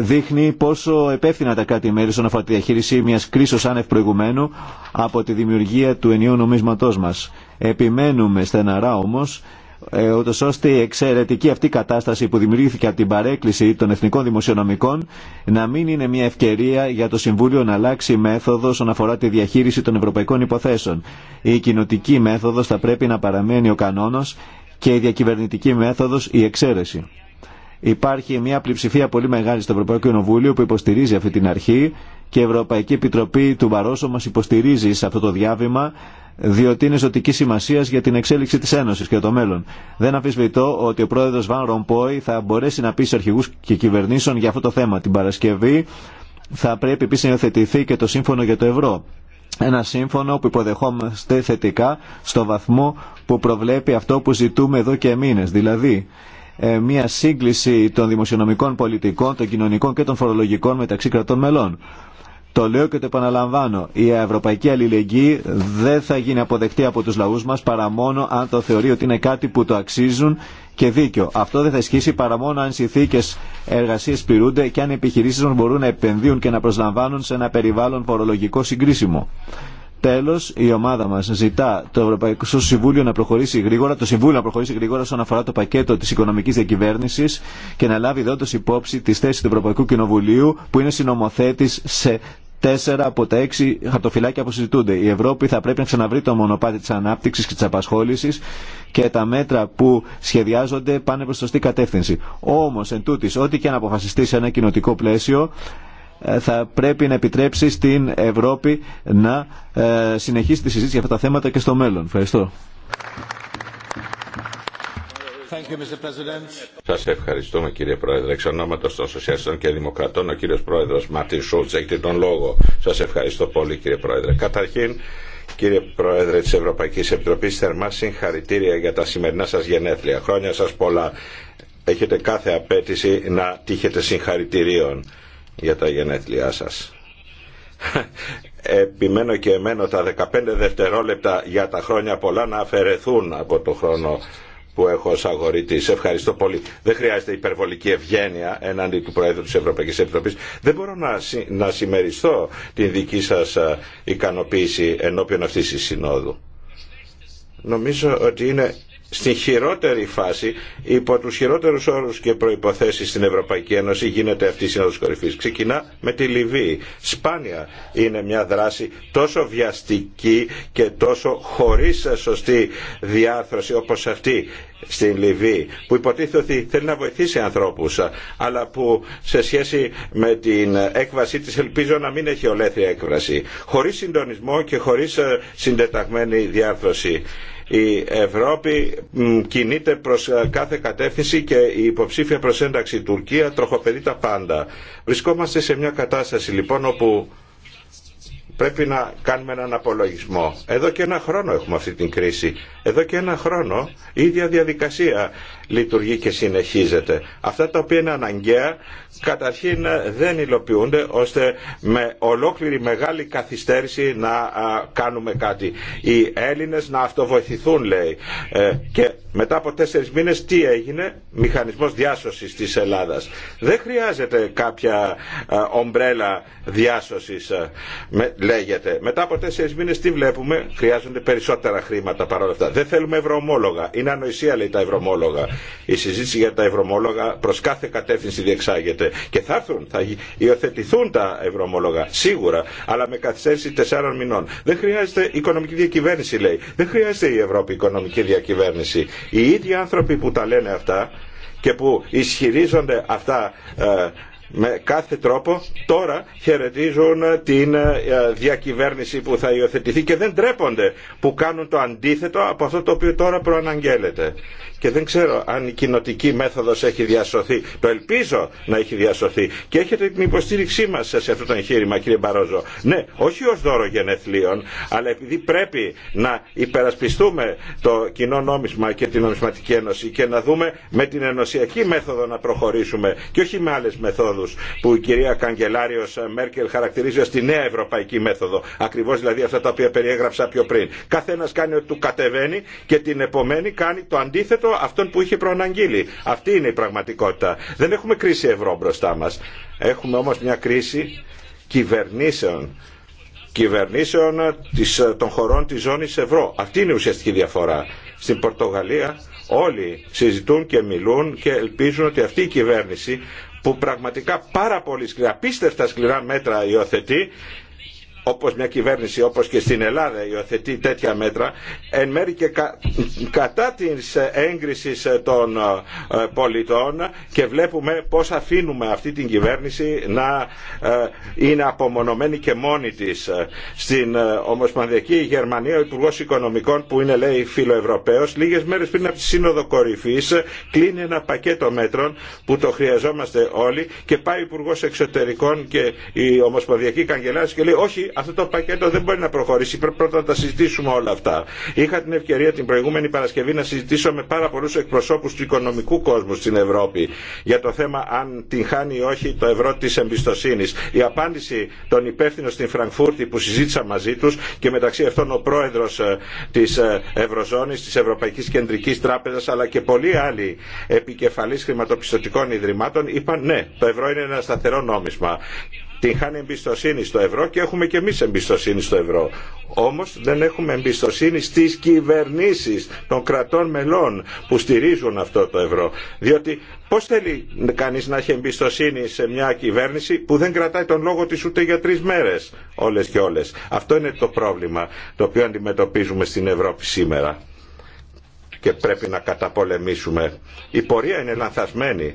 δείχνει πόσο επέφθυνα τα κράτη-μέλη στον αφορά τη διαχείριση μια κρίσης άνευ προηγουμένου από τη δημιουργία του ενίου νομίσματός μας. Επιμένουμε στεναρά όμως ε, ώστε η εξαιρετική αυτή κατάσταση που δημιουργήθηκε από την παρέκκληση των εθνικών δημοσιονομικών να μην είναι μια ευκαιρία για το Συμβούλιο να αλλάξει μέθοδο όσον αφορά τη διαχείριση των ευρωπαϊκών υποθέσεων. Η κοινοτική μέθοδο θα πρέπει να παραμένει ο κανόνος και η διακυβερνητική μέθοδο η εξαίρεση. Υπάρχει μια πλειοψηφία πολύ μεγάλη στο Ευρωπαϊκό Κοινοβούλιο που υποστηρίζει αυτή την αρχή και η Ευρωπαϊκή Επιτροπή του Μπαρόσο υποστηρίζει σε αυτό το διάβημα διότι είναι ζωτική σημασία για την εξέλιξη τη Ένωση και το μέλλον. Δεν αμφισβητώ ότι ο πρόεδρο Βαν Ρομπόη θα μπορέσει να πει στου αρχηγού και κυβερνήσεων για αυτό το θέμα. Την Παρασκευή θα πρέπει επίση να υιοθετηθεί και το σύμφωνο για το ευρώ. Ένα σύμφωνο που υποδεχόμαστε θετικά στο βαθμό που προβλέπει αυτό που ζητούμε εδώ και μήνε. Δηλαδή, ε, μια σύγκληση των δημοσιονομικών πολιτικών, των κοινωνικών και των φορολογικών μεταξύ κρατών μελών. Το λέω και το επαναλαμβάνω. Η ευρωπαϊκή αλληλεγγύη δεν θα γίνει αποδεκτή από του λαού μα παρά μόνο αν το θεωρεί ότι είναι κάτι που το αξίζουν και δίκιο. Αυτό δεν θα ισχύσει παρά μόνο αν συνθήκε εργασία πληρούνται και αν οι επιχειρήσει μα μπορούν να επενδύουν και να προσλαμβάνουν σε ένα περιβάλλον φορολογικό συγκρίσιμο. Τέλο, η ομάδα μα ζητά το Ευρωπαϊκό Συμβούλιο να προχωρήσει γρήγορα, το Συμβούλιο να προχωρήσει γρήγορα όσον αφορά το πακέτο τη οικονομική διακυβέρνηση και να λάβει δόντω υπόψη τη θέση του Ευρωπαϊκού Κοινοβουλίου που είναι συνομοθέτη σε τέσσερα από τα έξι χαρτοφυλάκια που συζητούνται. Η Ευρώπη θα πρέπει να ξαναβρει το μονοπάτι τη ανάπτυξη και τη απασχόληση και τα μέτρα που σχεδιάζονται πάνε προ σωστή κατεύθυνση. Όμω, εν τούτης, ό,τι και αν αποφασιστεί σε ένα κοινοτικό πλαίσιο, ε, θα πρέπει να επιτρέψει στην Ευρώπη να ε, συνεχίσει τη συζήτηση για αυτά τα θέματα και στο μέλλον. Ευχαριστώ. Σα Σας ευχαριστούμε κύριε Πρόεδρε. Εξ ονόματος των Σοσιαλιστών και Δημοκρατών ο κύριος Πρόεδρος Μάρτιν Σούλτς έχει τον λόγο. Σας ευχαριστώ πολύ κύριε Πρόεδρε. Καταρχήν Κύριε Πρόεδρε της Ευρωπαϊκής Επιτροπής, θερμά συγχαρητήρια για τα σημερινά σας γενέθλια. Χρόνια σας πολλά. Έχετε κάθε απέτηση να τύχετε συγχαρητηρίων για τα γενέθλιά σας. (laughs) Επιμένω και εμένα τα 15 δευτερόλεπτα για τα χρόνια πολλά να αφαιρεθούν από το χρόνο που έχω ως ευχαριστώ πολύ. Δεν χρειάζεται υπερβολική ευγένεια έναντι του Προέδρου της Ευρωπαϊκής Επιτροπής. Δεν μπορώ να, συ, να συμμεριστώ την δική σας ικανοποίηση ενώπιον αυτής της Συνόδου. Νομίζω ότι είναι στη χειρότερη φάση, υπό τους χειρότερους όρους και προϋποθέσεις στην Ευρωπαϊκή Ένωση γίνεται αυτή η Σύνοδος Κορυφής. Ξεκινά με τη Λιβύη. Σπάνια είναι μια δράση τόσο βιαστική και τόσο χωρίς σωστή διάρθρωση όπως αυτή στην Λιβύη που υποτίθεται ότι θέλει να βοηθήσει ανθρώπους αλλά που σε σχέση με την έκβασή της ελπίζω να μην έχει ολέθρια έκβαση χωρίς συντονισμό και χωρίς συντεταγμένη διάρθρωση η Ευρώπη κινείται προς ε, κάθε κατεύθυνση και η υποψήφια ένταξη Τουρκία τροχοπερεί τα πάντα. Βρισκόμαστε σε μια κατάσταση λοιπόν όπου πρέπει να κάνουμε έναν απολογισμό. Εδώ και ένα χρόνο έχουμε αυτή την κρίση. Εδώ και ένα χρόνο η ίδια διαδικασία λειτουργεί και συνεχίζεται. Αυτά τα οποία είναι αναγκαία καταρχήν ε, δεν υλοποιούνται ώστε με ολόκληρη μεγάλη καθυστέρηση να κάνουμε κάτι. Οι Έλληνες να αυτοβοηθηθούν λέει ε, και μετά από τέσσερις μήνες τι έγινε μηχανισμός διάσωσης της Ελλάδα. Δεν χρειάζεται κάποια ομπρέλα διάσωσης ε, λέγεται. Μετά από τέσσερις μήνες τι βλέπουμε χρειάζονται περισσότερα χρήματα παρόλα αυτά. Δεν θέλουμε ευρωομόλογα. Είναι ανοησία λέει τα ευρωομόλογα. Η συζήτηση για τα ευρωμόλογα προ κάθε κατεύθυνση διεξάγεται. Και θα έρθουν, θα υιοθετηθούν τα ευρωμόλογα σίγουρα, αλλά με καθυστέρηση τεσσάρων μηνών. Δεν χρειάζεται οικονομική διακυβέρνηση, λέει. Δεν χρειάζεται η Ευρώπη οικονομική διακυβέρνηση. Οι ίδιοι άνθρωποι που τα λένε αυτά και που ισχυρίζονται αυτά ε, με κάθε τρόπο τώρα χαιρετίζουν την ε, διακυβέρνηση που θα υιοθετηθεί και δεν τρέπονται που κάνουν το αντίθετο από αυτό το οποίο τώρα προαναγγέλλεται. Και δεν ξέρω αν η κοινοτική μέθοδος έχει διασωθεί. Το ελπίζω να έχει διασωθεί. Και έχετε την υποστήριξή μας σε αυτό το εγχείρημα κύριε Μπαρόζο. Ναι, όχι ως δώρο γενεθλίων, αλλά επειδή πρέπει να υπερασπιστούμε το κοινό νόμισμα και την νομισματική ένωση και να δούμε με την ενωσιακή μέθοδο να προχωρήσουμε και όχι με άλλες μεθόδους που η κυρία Καγκελάριο Μέρκελ χαρακτηρίζει ω τη νέα ευρωπαϊκή μέθοδο. ακριβώ δηλαδή αυτά τα οποία περιέγραψα πιο πριν. Καθένα κάνει ότι του κατεβαίνει και την επομένη κάνει το αντίθετο αυτόν που είχε προαναγγείλει. Αυτή είναι η πραγματικότητα. Δεν έχουμε κρίση ευρώ μπροστά μα. Έχουμε όμω μια κρίση κυβερνήσεων κυβερνήσεων των χωρών της ζώνης ευρώ. Αυτή είναι η ουσιαστική διαφορά. Στην Πορτογαλία όλοι συζητούν και μιλούν και ελπίζουν ότι αυτή η κυβέρνηση που πραγματικά πάρα πολύ σκληρά, πίστευτα σκληρά μέτρα υιοθετεί όπως μια κυβέρνηση όπως και στην Ελλάδα υιοθετεί τέτοια μέτρα εν μέρει και κατά της έγκρισης των ε, πολιτών και βλέπουμε πώς αφήνουμε αυτή την κυβέρνηση να ε, είναι απομονωμένη και μόνη της. Στην ε, Ομοσπονδιακή Γερμανία ο Υπουργός Οικονομικών που είναι λέει φιλοευρωπαίος λίγες μέρες πριν από τη Σύνοδο Κορυφής κλείνει ένα πακέτο μέτρων που το χρειαζόμαστε όλοι και πάει ο Υπουργός Εξωτερικών και η Ομοσπονδιακή Καγκελάρια και λέει όχι αυτό το πακέτο δεν μπορεί να προχωρήσει. Πρέπει πρώτα να τα συζητήσουμε όλα αυτά. Είχα την ευκαιρία την προηγούμενη Παρασκευή να συζητήσω με πάρα πολλού εκπροσώπου του οικονομικού κόσμου στην Ευρώπη για το θέμα αν την χάνει ή όχι το ευρώ τη εμπιστοσύνη. Η απάντηση των υπεύθυνων στην Φραγκφούρτη που συζήτησα μαζί του και μεταξύ αυτών ο πρόεδρο ε, τη ε, Ευρωζώνη, τη Ευρωπαϊκή Κεντρική Τράπεζα αλλά και πολλοί άλλοι επικεφαλεί χρηματοπιστωτικών ιδρυμάτων είπαν ναι, το ευρώ είναι ένα σταθερό νόμισμα την χάνει εμπιστοσύνη στο ευρώ και έχουμε και εμείς εμπιστοσύνη στο ευρώ. Όμως δεν έχουμε εμπιστοσύνη στις κυβερνήσεις των κρατών μελών που στηρίζουν αυτό το ευρώ. Διότι πώς θέλει κανείς να έχει εμπιστοσύνη σε μια κυβέρνηση που δεν κρατάει τον λόγο της ούτε για τρεις μέρες όλες και όλες. Αυτό είναι το πρόβλημα το οποίο αντιμετωπίζουμε στην Ευρώπη σήμερα και πρέπει να καταπολεμήσουμε. Η πορεία είναι λανθασμένη.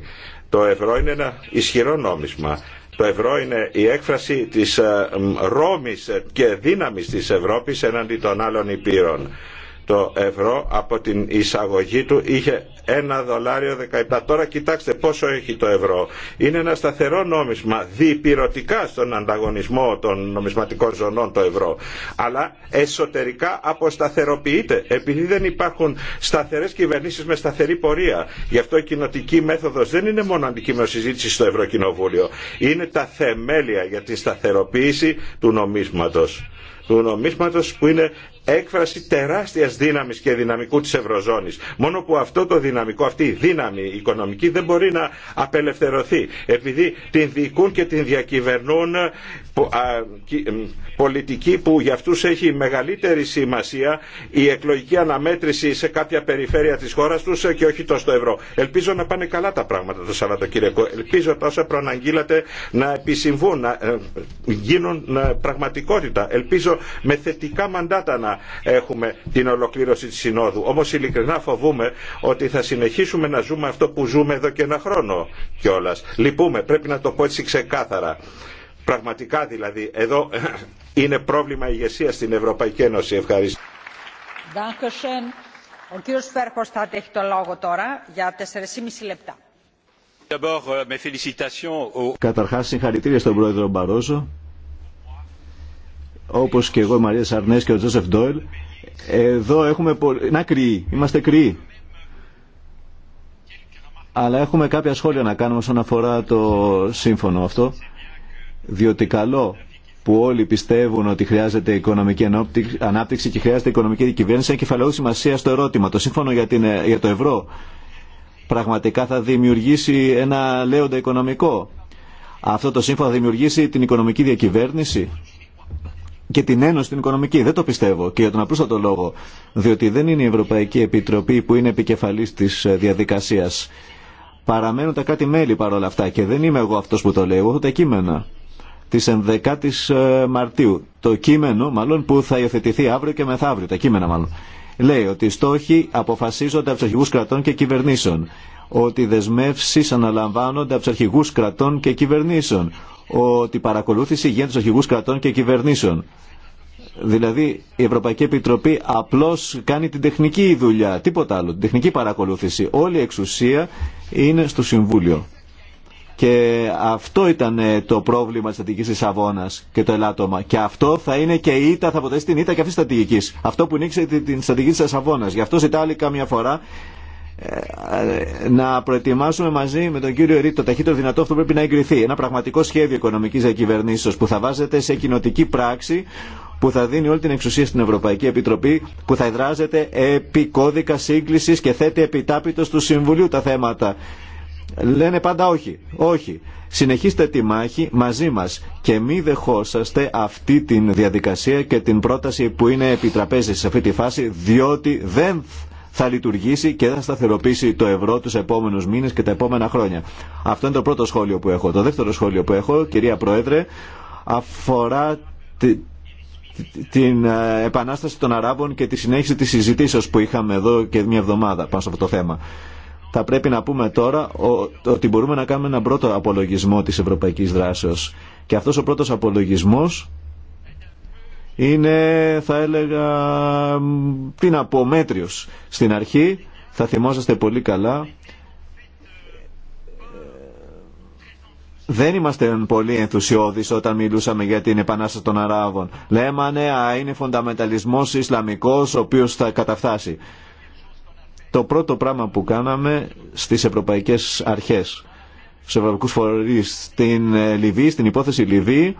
Το ευρώ είναι ένα ισχυρό νόμισμα το ευρώ είναι η έκφραση της ε, ρόμης και δύναμης της Ευρώπης εναντί των άλλων υπήρων το ευρώ από την εισαγωγή του είχε ένα δολάριο 17. Τώρα κοιτάξτε πόσο έχει το ευρώ. Είναι ένα σταθερό νόμισμα διπυρωτικά στον ανταγωνισμό των νομισματικών ζωνών το ευρώ. Αλλά εσωτερικά αποσταθεροποιείται επειδή δεν υπάρχουν σταθερές κυβερνήσεις με σταθερή πορεία. Γι' αυτό η κοινοτική μέθοδος δεν είναι μόνο αντικείμενο συζήτηση στο Ευρωκοινοβούλιο. Είναι τα θεμέλια για τη σταθεροποίηση του νομίσματος του νομίσματος που είναι έκφραση τεράστιας δύναμης και δυναμικού της Ευρωζώνης. Μόνο που αυτό το δυναμικό, αυτή η δύναμη οικονομική δεν μπορεί να απελευθερωθεί επειδή την διοικούν και την διακυβερνούν ε, πολιτική που για αυτούς έχει μεγαλύτερη σημασία η εκλογική αναμέτρηση σε κάποια περιφέρεια της χώρας τους ε, και όχι το στο ευρώ. Ελπίζω να πάνε καλά τα πράγματα το Σαββατοκύριακο. Ελπίζω τα όσα προαναγγείλατε να επισυμβούν, να ε, γίνουν πραγματικότητα. Ελπίζω με θετικά μαντάτα έχουμε την ολοκλήρωση της Συνόδου. Όμως ειλικρινά φοβούμε ότι θα συνεχίσουμε να ζούμε αυτό που ζούμε εδώ και ένα χρόνο κιόλα. Λυπούμε, πρέπει να το πω έτσι ξεκάθαρα. Πραγματικά δηλαδή, εδώ (clears throat) είναι πρόβλημα ηγεσία στην Ευρωπαϊκή Ένωση. Ευχαριστώ. Ο κύριος θα έχει τώρα για 4,5 λεπτά. Euh, συγχαρητήρια στον πρόεδρο Μπαρόζο όπως και εγώ η Μαρία Σαρνές και ο Τζόσεφ Ντόιλ, εδώ έχουμε πολύ... να κρύοι, είμαστε κρύοι. Αλλά έχουμε κάποια σχόλια να κάνουμε όσον αφορά το σύμφωνο αυτό, διότι καλό που όλοι πιστεύουν ότι χρειάζεται οικονομική ανάπτυξη και χρειάζεται οικονομική κυβέρνηση, έχει κεφαλαίου σημασία στο ερώτημα. Το σύμφωνο για, την, για το ευρώ πραγματικά θα δημιουργήσει ένα λέοντα οικονομικό. Αυτό το σύμφωνο θα δημιουργήσει την οικονομική διακυβέρνηση και την Ένωση την οικονομική. Δεν το πιστεύω και για τον απλούστατο λόγο, διότι δεν είναι η Ευρωπαϊκή Επιτροπή που είναι επικεφαλή τη ε, διαδικασία. Παραμένουν τα κάτι μέλη παρόλα αυτά και δεν είμαι εγώ αυτό που το λέω, έχω τα κείμενα τη 11 η Μαρτίου. Το κείμενο μάλλον που θα υιοθετηθεί αύριο και μεθαύριο, τα κείμενα μάλλον. Λέει ότι οι στόχοι αποφασίζονται από του αρχηγού κρατών και κυβερνήσεων. Ότι οι δεσμεύσει αναλαμβάνονται από του αρχηγού κρατών και κυβερνήσεων ότι παρακολούθηση γίνεται στους αρχηγούς κρατών και κυβερνήσεων. Δηλαδή η Ευρωπαϊκή Επιτροπή απλώς κάνει την τεχνική δουλειά, τίποτα άλλο, την τεχνική παρακολούθηση. Όλη η εξουσία είναι στο Συμβούλιο. Και αυτό ήταν ε, το πρόβλημα της στρατηγικής της και το ελάττωμα. Και αυτό θα είναι και η ήττα, θα αποτελέσει την ήττα και αυτή της στρατηγικής. Αυτό που νίξε την στρατηγική της Αβώνας. Γι' αυτό ζητάει άλλη καμιά φορά ε, να προετοιμάσουμε μαζί με τον κύριο το ταχύτερο δυνατό αυτό πρέπει να εγκριθεί. Ένα πραγματικό σχέδιο οικονομική διακυβερνήσεω που θα βάζεται σε κοινοτική πράξη που θα δίνει όλη την εξουσία στην Ευρωπαϊκή Επιτροπή, που θα εδράζεται επί κώδικα σύγκληση και θέτει επιτάπητο του Συμβουλίου τα θέματα. Λένε πάντα όχι, όχι. Συνεχίστε τη μάχη μαζί μας και μη δεχόσαστε αυτή τη διαδικασία και την πρόταση που είναι επιτραπέζη σε αυτή τη φάση, διότι δεν θα λειτουργήσει και θα σταθεροποιήσει το ευρώ του επόμενου μήνε και τα επόμενα χρόνια. Αυτό είναι το πρώτο σχόλιο που έχω. Το δεύτερο σχόλιο που έχω, κυρία Πρόεδρε, αφορά την ε, επανάσταση των Αράβων και τη συνέχιση της συζητήσεω που είχαμε εδώ και μια εβδομάδα πάνω σε αυτό το θέμα. Θα πρέπει να πούμε τώρα ότι μπορούμε να κάνουμε έναν πρώτο απολογισμό της ευρωπαϊκής δράσεως. Και αυτός ο πρώτος απολογισμός είναι θα έλεγα τι να μέτριος. Στην αρχή θα θυμόσαστε πολύ καλά ε, δεν είμαστε πολύ ενθουσιώδεις όταν μιλούσαμε για την επανάσταση των Αράβων. Λέμανε, α, είναι φονταμεταλισμός Ισλαμικός ο οποίος θα καταφτάσει. Το πρώτο πράγμα που κάναμε στις ευρωπαϊκές αρχές, στους ευρωπαϊκούς φορείς, στην ε, Λιβύη, στην υπόθεση Λιβύη,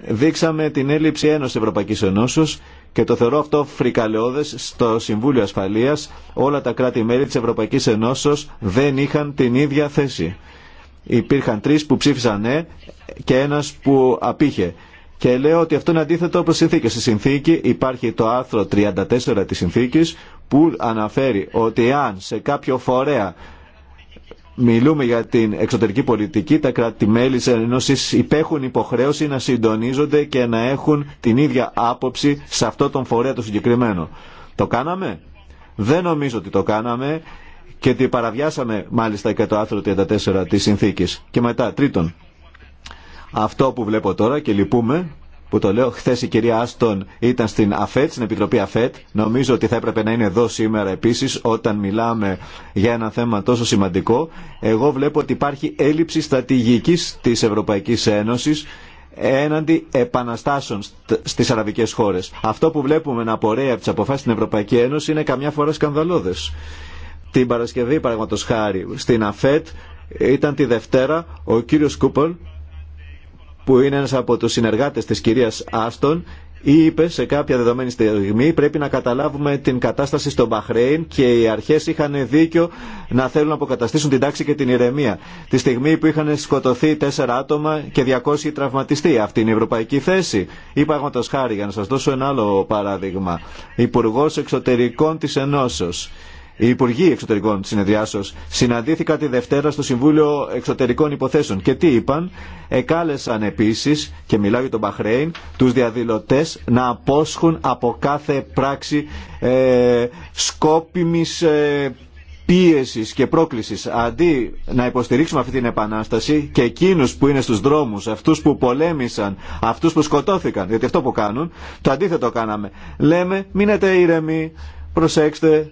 δείξαμε την έλλειψη ένωση Ευρωπαϊκή Ενώσεω και το θεωρώ αυτό φρικαλαιώδες στο Συμβούλιο Ασφαλείας όλα τα κράτη-μέλη της Ευρωπαϊκής Ενώσεω δεν είχαν την ίδια θέση. Υπήρχαν τρεις που ψήφισαν ναι και ένας που απήχε. Και λέω ότι αυτό είναι αντίθετο προς συνθήκε. Στη συνθήκη υπάρχει το άρθρο 34 της συνθήκης που αναφέρει ότι αν σε κάποιο φορέα μιλούμε για την εξωτερική πολιτική, τα κράτη-μέλη της Ένωσης υπέχουν υποχρέωση να συντονίζονται και να έχουν την ίδια άποψη σε αυτό τον φορέα το συγκεκριμένο. Το κάναμε? Δεν νομίζω ότι το κάναμε και ότι παραβιάσαμε μάλιστα και το άρθρο 34 της συνθήκης. Και μετά, τρίτον, αυτό που βλέπω τώρα και λυπούμε που το λέω. Χθε η κυρία Άστον ήταν στην ΑΦΕΤ, στην Επιτροπή ΑΦΕΤ. Νομίζω ότι θα έπρεπε να είναι εδώ σήμερα επίση, όταν μιλάμε για ένα θέμα τόσο σημαντικό. Εγώ βλέπω ότι υπάρχει έλλειψη στρατηγική τη Ευρωπαϊκή Ένωση έναντι επαναστάσεων στι αραβικέ χώρε. Αυτό που βλέπουμε να απορρέει από τι αποφάσει στην Ευρωπαϊκή Ένωση είναι καμιά φορά σκανδαλώδε. Την Παρασκευή, παραδείγματο χάρη, στην ΑΦΕΤ ήταν τη Δευτέρα ο κύριο Κούπολ που είναι ένας από τους συνεργάτες της κυρίας Άστον είπε σε κάποια δεδομένη στιγμή πρέπει να καταλάβουμε την κατάσταση στο Μπαχρέιν και οι αρχές είχαν δίκιο να θέλουν να αποκαταστήσουν την τάξη και την ηρεμία. Τη στιγμή που είχαν σκοτωθεί τέσσερα άτομα και 200 τραυματιστεί. Αυτή είναι η ευρωπαϊκή θέση. Είπα το χάρη για να σας δώσω ένα άλλο παράδειγμα. Υπουργό Εξωτερικών της Ενώσεως οι Υπουργοί Εξωτερικών Συνεδριάσεω συναντήθηκαν τη Δευτέρα στο Συμβούλιο Εξωτερικών Υποθέσεων. Και τι είπαν, εκάλεσαν επίση, και μιλάω για τον Μπαχρέιν, του διαδηλωτέ να απόσχουν από κάθε πράξη ε, σκόπιμη ε, πίεσης και πρόκλησης αντί να υποστηρίξουμε αυτή την επανάσταση και εκείνους που είναι στους δρόμους, αυτούς που πολέμησαν, αυτούς που σκοτώθηκαν, γιατί αυτό που κάνουν, το αντίθετο κάναμε. Λέμε μείνετε ήρεμοι, προσέξτε,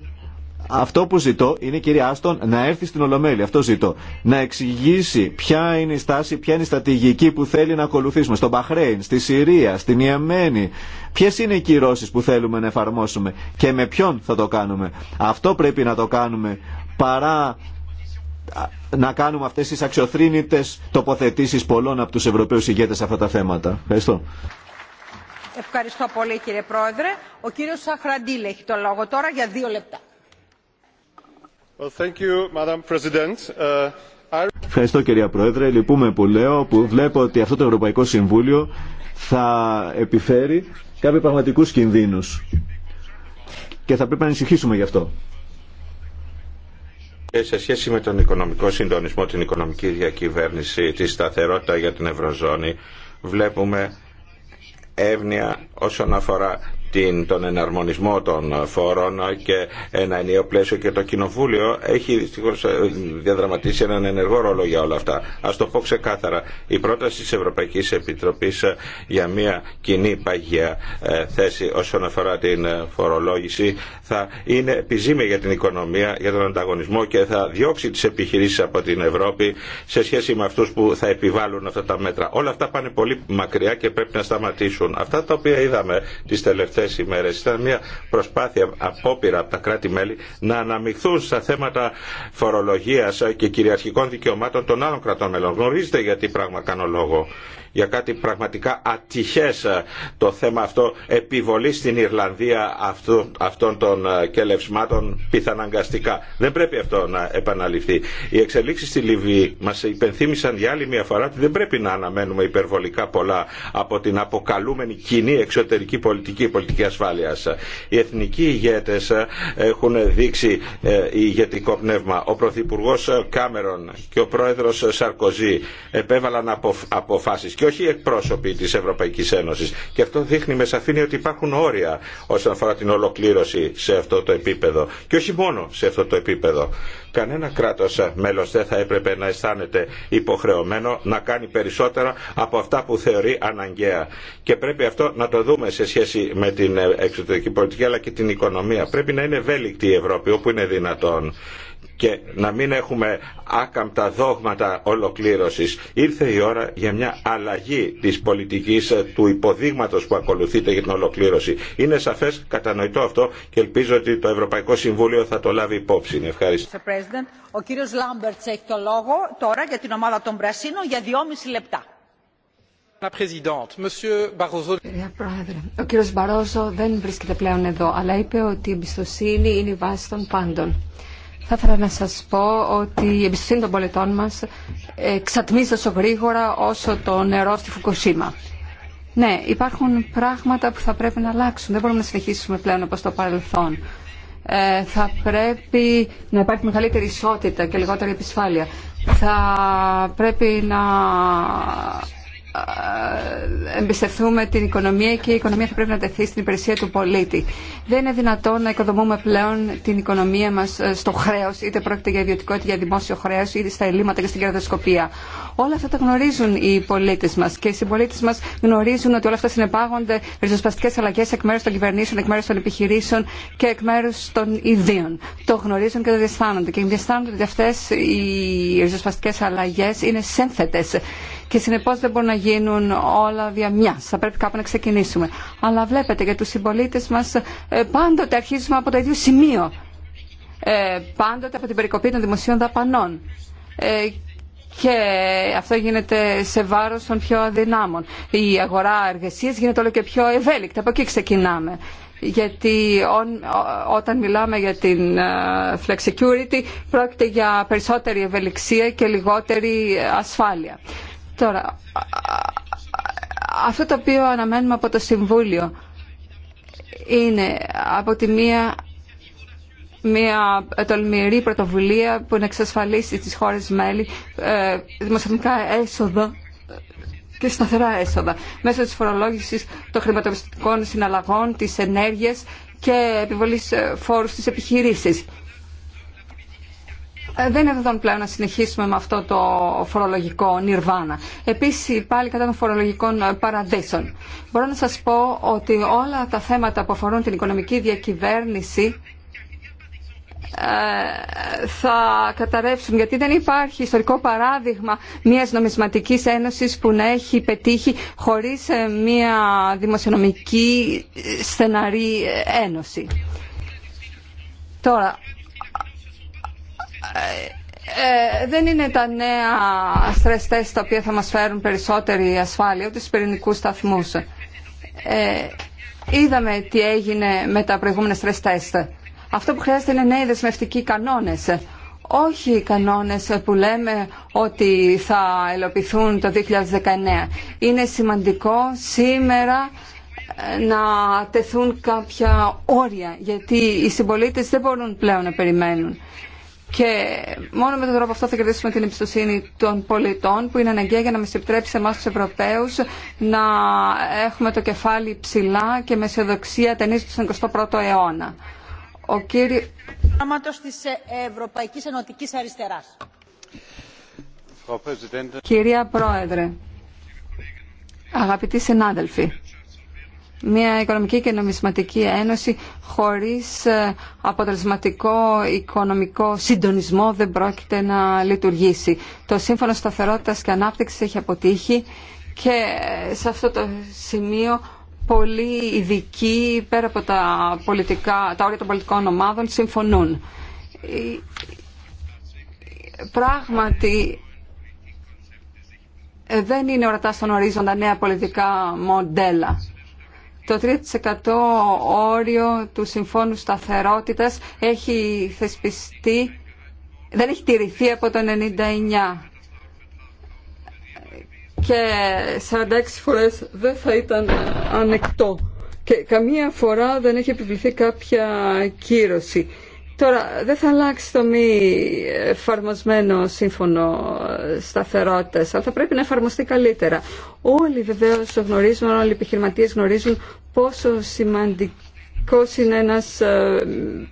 αυτό που ζητώ είναι η κυρία Άστον να έρθει στην Ολομέλη. Αυτό ζητώ. Να εξηγήσει ποια είναι η στάση, ποια είναι η στρατηγική που θέλει να ακολουθήσουμε. Στον Παχρέιν, στη Συρία, στην Ιεμένη. Ποιε είναι οι κυρώσει που θέλουμε να εφαρμόσουμε και με ποιον θα το κάνουμε. Αυτό πρέπει να το κάνουμε παρά να κάνουμε αυτές τις αξιοθρύνητες τοποθετήσεις πολλών από τους Ευρωπαίους ηγέτες σε αυτά τα θέματα. Ευχαριστώ. Ευχαριστώ πολύ κύριε Πρόεδρε. Ο κύριος Σαχραντήλ έχει το λόγο τώρα για δύο λεπτά. Uh, Ευχαριστώ κυρία Πρόεδρε. Λυπούμε που λέω που βλέπω ότι αυτό το Ευρωπαϊκό Συμβούλιο θα επιφέρει κάποιου πραγματικούς κινδύνους και θα πρέπει να ανησυχήσουμε γι' αυτό. σε σχέση με τον οικονομικό συντονισμό, την οικονομική διακυβέρνηση, τη σταθερότητα για την Ευρωζώνη, βλέπουμε εύνοια όσον αφορά την, τον εναρμονισμό των φόρων και ένα ενιαίο πλαίσιο και το Κοινοβούλιο έχει δυστυχώς ε, διαδραματίσει έναν ενεργό ρόλο για όλα αυτά. Ας το πω ξεκάθαρα, η πρόταση της Ευρωπαϊκής Επιτροπής ε, για μια κοινή παγία ε, θέση όσον αφορά την φορολόγηση θα είναι επιζήμια για την οικονομία, για τον ανταγωνισμό και θα διώξει τις επιχειρήσεις από την Ευρώπη σε σχέση με αυτούς που θα επιβάλλουν αυτά τα μέτρα. Όλα αυτά πάνε πολύ μακριά και πρέπει να σταματήσουν. Αυτά τα οποία είδαμε τις τελευταίες ήταν μια προσπάθεια απόπειρα από τα κράτη-μέλη να αναμειχθούν στα θέματα φορολογίας και κυριαρχικών δικαιωμάτων των άλλων κρατών μελών. Γνωρίζετε γιατί πράγμα κάνω λόγο για κάτι πραγματικά ατυχές ε, το θέμα αυτό επιβολή στην Ιρλανδία αυτών των ε, κελευσμάτων πιθαναγκαστικά. Δεν πρέπει αυτό να επαναληφθεί. Οι εξελίξεις στη Λιβύη μας υπενθύμησαν για άλλη μια φορά ότι δεν πρέπει να αναμένουμε υπερβολικά πολλά από την αποκαλούμενη κοινή εξωτερική πολιτική, πολιτική ασφάλειας. Οι εθνικοί ηγέτες ε, έχουν δείξει ηγετικό πνεύμα. Ο Πρωθυπουργό Κάμερον και ο Πρόεδρος Σαρκοζή επέβαλαν αποφάσεις και όχι εκπρόσωποι της Ευρωπαϊκής Ένωσης. Και αυτό δείχνει με σαφήνεια ότι υπάρχουν όρια όσον αφορά την ολοκλήρωση σε αυτό το επίπεδο και όχι μόνο σε αυτό το επίπεδο. Κανένα κράτος μέλος δεν θα έπρεπε να αισθάνεται υποχρεωμένο να κάνει περισσότερα από αυτά που θεωρεί αναγκαία. Και πρέπει αυτό να το δούμε σε σχέση με την εξωτερική πολιτική αλλά και την οικονομία. Πρέπει να είναι ευέλικτη η Ευρώπη όπου είναι δυνατόν και να μην έχουμε άκαμπτα δόγματα ολοκλήρωσης. Ήρθε η ώρα για μια αλλαγή της πολιτικής ε, του υποδείγματος που ακολουθείται για την ολοκλήρωση. Είναι σαφές κατανοητό αυτό και ελπίζω ότι το Ευρωπαϊκό Συμβούλιο θα το λάβει υπόψη. Ευχαριστώ. Ο κύριος Λάμπερτς έχει το λόγο τώρα για την ομάδα των Πρασίνων για δυόμιση λεπτά. Ε, πρόεδρε, ο κύριος Μπαρόζο δεν βρίσκεται πλέον εδώ, αλλά είπε ότι η εμπιστοσύνη είναι η βάση των πάντων. Θα ήθελα να σας πω ότι η εμπιστοσύνη των πολιτών μας εξατμίζεται τόσο γρήγορα όσο το νερό στη Φουκουσίμα. Ναι, υπάρχουν πράγματα που θα πρέπει να αλλάξουν. Δεν μπορούμε να συνεχίσουμε πλέον όπως το παρελθόν. Ε, θα πρέπει να υπάρχει μεγαλύτερη ισότητα και λιγότερη επισφάλεια. Θα πρέπει να ε, εμπιστευτούμε την οικονομία και η οικονομία θα πρέπει να τεθεί στην υπηρεσία του πολίτη. Δεν είναι δυνατόν να οικοδομούμε πλέον την οικονομία μα ε, στο χρέο, είτε πρόκειται για ιδιωτικό είτε για δημόσιο χρέο, είτε στα ελλείμματα και στην κερδοσκοπία. Όλα αυτά τα γνωρίζουν οι πολίτε μα και οι συμπολίτε μα γνωρίζουν ότι όλα αυτά συνεπάγονται ριζοσπαστικέ αλλαγέ εκ μέρου των κυβερνήσεων, εκ μέρου των επιχειρήσεων και εκ μέρου των ιδίων. Το γνωρίζουν και το διαισθάνονται και διαισθάνονται ότι αυτέ οι ριζοσπαστικέ αλλαγέ είναι σύνθετε και συνεπώ δεν μπορούν να γίνουν όλα δια μια. Θα πρέπει κάπου να ξεκινήσουμε. Αλλά βλέπετε για του συμπολίτε μα ε, πάντοτε αρχίζουμε από το ίδιο σημείο. Ε, πάντοτε από την περικοπή των δημοσίων δαπανών. Ε, και αυτό γίνεται σε βάρος των πιο αδυνάμων. Η αγορά εργασίας γίνεται όλο και πιο ευέλικτη. Από εκεί ξεκινάμε. Γιατί όταν μιλάμε για την Security ε, πρόκειται για περισσότερη ευελιξία και λιγότερη ασφάλεια. Τώρα, αυτό το οποίο αναμένουμε από το Συμβούλιο είναι από τη μία μια τολμηρή πρωτοβουλία που να εξασφαλίσει τις χώρες μέλη ε, δημοσιονομικά έσοδα και σταθερά έσοδα μέσω της φορολόγησης των χρηματοπιστικών συναλλαγών, της ενέργειας και επιβολής ε, φόρου στις επιχειρήσεις. Ε, δεν είναι δεδόν πλέον να συνεχίσουμε με αυτό το φορολογικό νιρβάνα. Επίσης, πάλι κατά των φορολογικών παραδείσων. Μπορώ να σα πω ότι όλα τα θέματα που αφορούν την οικονομική διακυβέρνηση ε, θα καταρρεύσουν γιατί δεν υπάρχει ιστορικό παράδειγμα μιας νομισματικής ένωσης που να έχει πετύχει χωρίς ε, μια δημοσιονομική ε, στεναρή ένωση. Τώρα, δεν είναι τα νέα stress test τα οποία θα μας φέρουν περισσότερη ασφάλεια ούτε στους πυρηνικούς σταθμούς. είδαμε τι έγινε με τα προηγούμενα stress αυτό που χρειάζεται είναι νέοι δεσμευτικοί κανόνες. Όχι οι κανόνες που λέμε ότι θα ελοπιθούν το 2019. Είναι σημαντικό σήμερα ε, να τεθούν κάποια όρια, γιατί οι συμπολίτες δεν μπορούν πλέον να περιμένουν. Και μόνο με τον τρόπο αυτό θα κερδίσουμε την εμπιστοσύνη των πολιτών που είναι αναγκαία για να μας επιτρέψει εμάς τους Ευρωπαίους να έχουμε το κεφάλι ψηλά και με αισιοδοξία του τον 21ο αιώνα ο κύριος της ε, Ευρωπαϊκή Κυρία Πρόεδρε, αγαπητοί συνάδελφοι, μια οικονομική και νομισματική ένωση χωρίς ε, αποτελεσματικό οικονομικό συντονισμό δεν πρόκειται να λειτουργήσει. Το Σύμφωνο Σταθερότητας και Ανάπτυξης έχει αποτύχει και ε, σε αυτό το σημείο πολλοί ειδικοί πέρα από τα, πολιτικά, τα όρια των πολιτικών ομάδων συμφωνούν. Πράγματι δεν είναι ορατά στον ορίζοντα νέα πολιτικά μοντέλα. Το 3% όριο του Συμφώνου Σταθερότητας έχει θεσπιστεί, δεν έχει τηρηθεί από το 1999 και 46 φορές δεν θα ήταν ανεκτό και καμία φορά δεν έχει επιβληθεί κάποια κύρωση. Τώρα δεν θα αλλάξει το μη εφαρμοσμένο σύμφωνο σταθερότητας, αλλά θα πρέπει να εφαρμοστεί καλύτερα. Όλοι βεβαίως γνωρίζουν, όλοι οι επιχειρηματίες γνωρίζουν πόσο σημαντικό είναι ένα ε,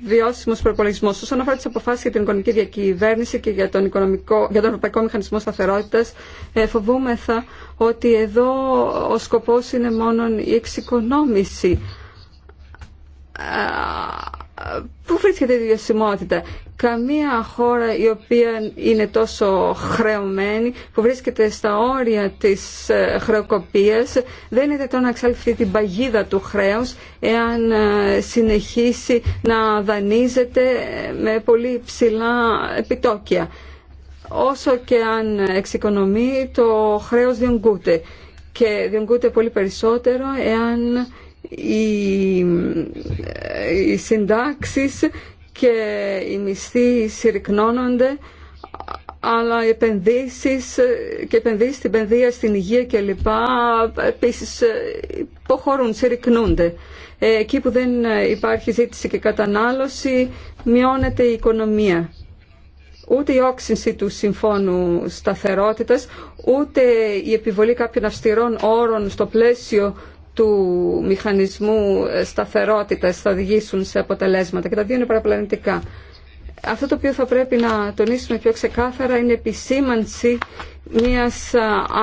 βιώσιμο προπολογισμό. Όσον αφορά τι αποφάσει για την οικονομική διακυβέρνηση και για τον, οικονομικό, για τον Ευρωπαϊκό Μηχανισμό Σταθερότητα, ε, φοβούμεθα ότι εδώ ο σκοπό είναι μόνο η εξοικονόμηση ε, πού βρίσκεται η βιωσιμότητα. Καμία χώρα η οποία είναι τόσο χρεωμένη, που βρισκεται η δυοσημοτητα καμια χωρα η οποια ειναι τοσο χρεωμενη που βρισκεται στα όρια της ε, χρεοκοπίας, δεν είναι το να εξαλειφθεί την παγίδα του χρέους εάν ε, συνεχίσει να δανείζεται ε, με πολύ ψηλά επιτόκια. Όσο και αν εξοικονομεί, το χρέος διονγκούται και διονγκούται πολύ περισσότερο εάν οι συντάξεις και οι μισθοί συρρυκνώνονται αλλά οι επενδύσεις και επενδύσεις στην παιδεία, στην υγεία κλπ. επίσης ε, υποχωρούν, συρρυκνούνται. Ε, εκεί που δεν υπάρχει ζήτηση και κατανάλωση μειώνεται η οικονομία. Ούτε η όξυνση του συμφώνου σταθερότητας, ούτε η επιβολή κάποιων αυστηρών όρων στο πλαίσιο του μηχανισμού σταθερότητας θα οδηγήσουν σε αποτελέσματα και τα δύο είναι παραπλανητικά. Αυτό το οποίο θα πρέπει να τονίσουμε πιο ξεκάθαρα είναι επισήμανση μιας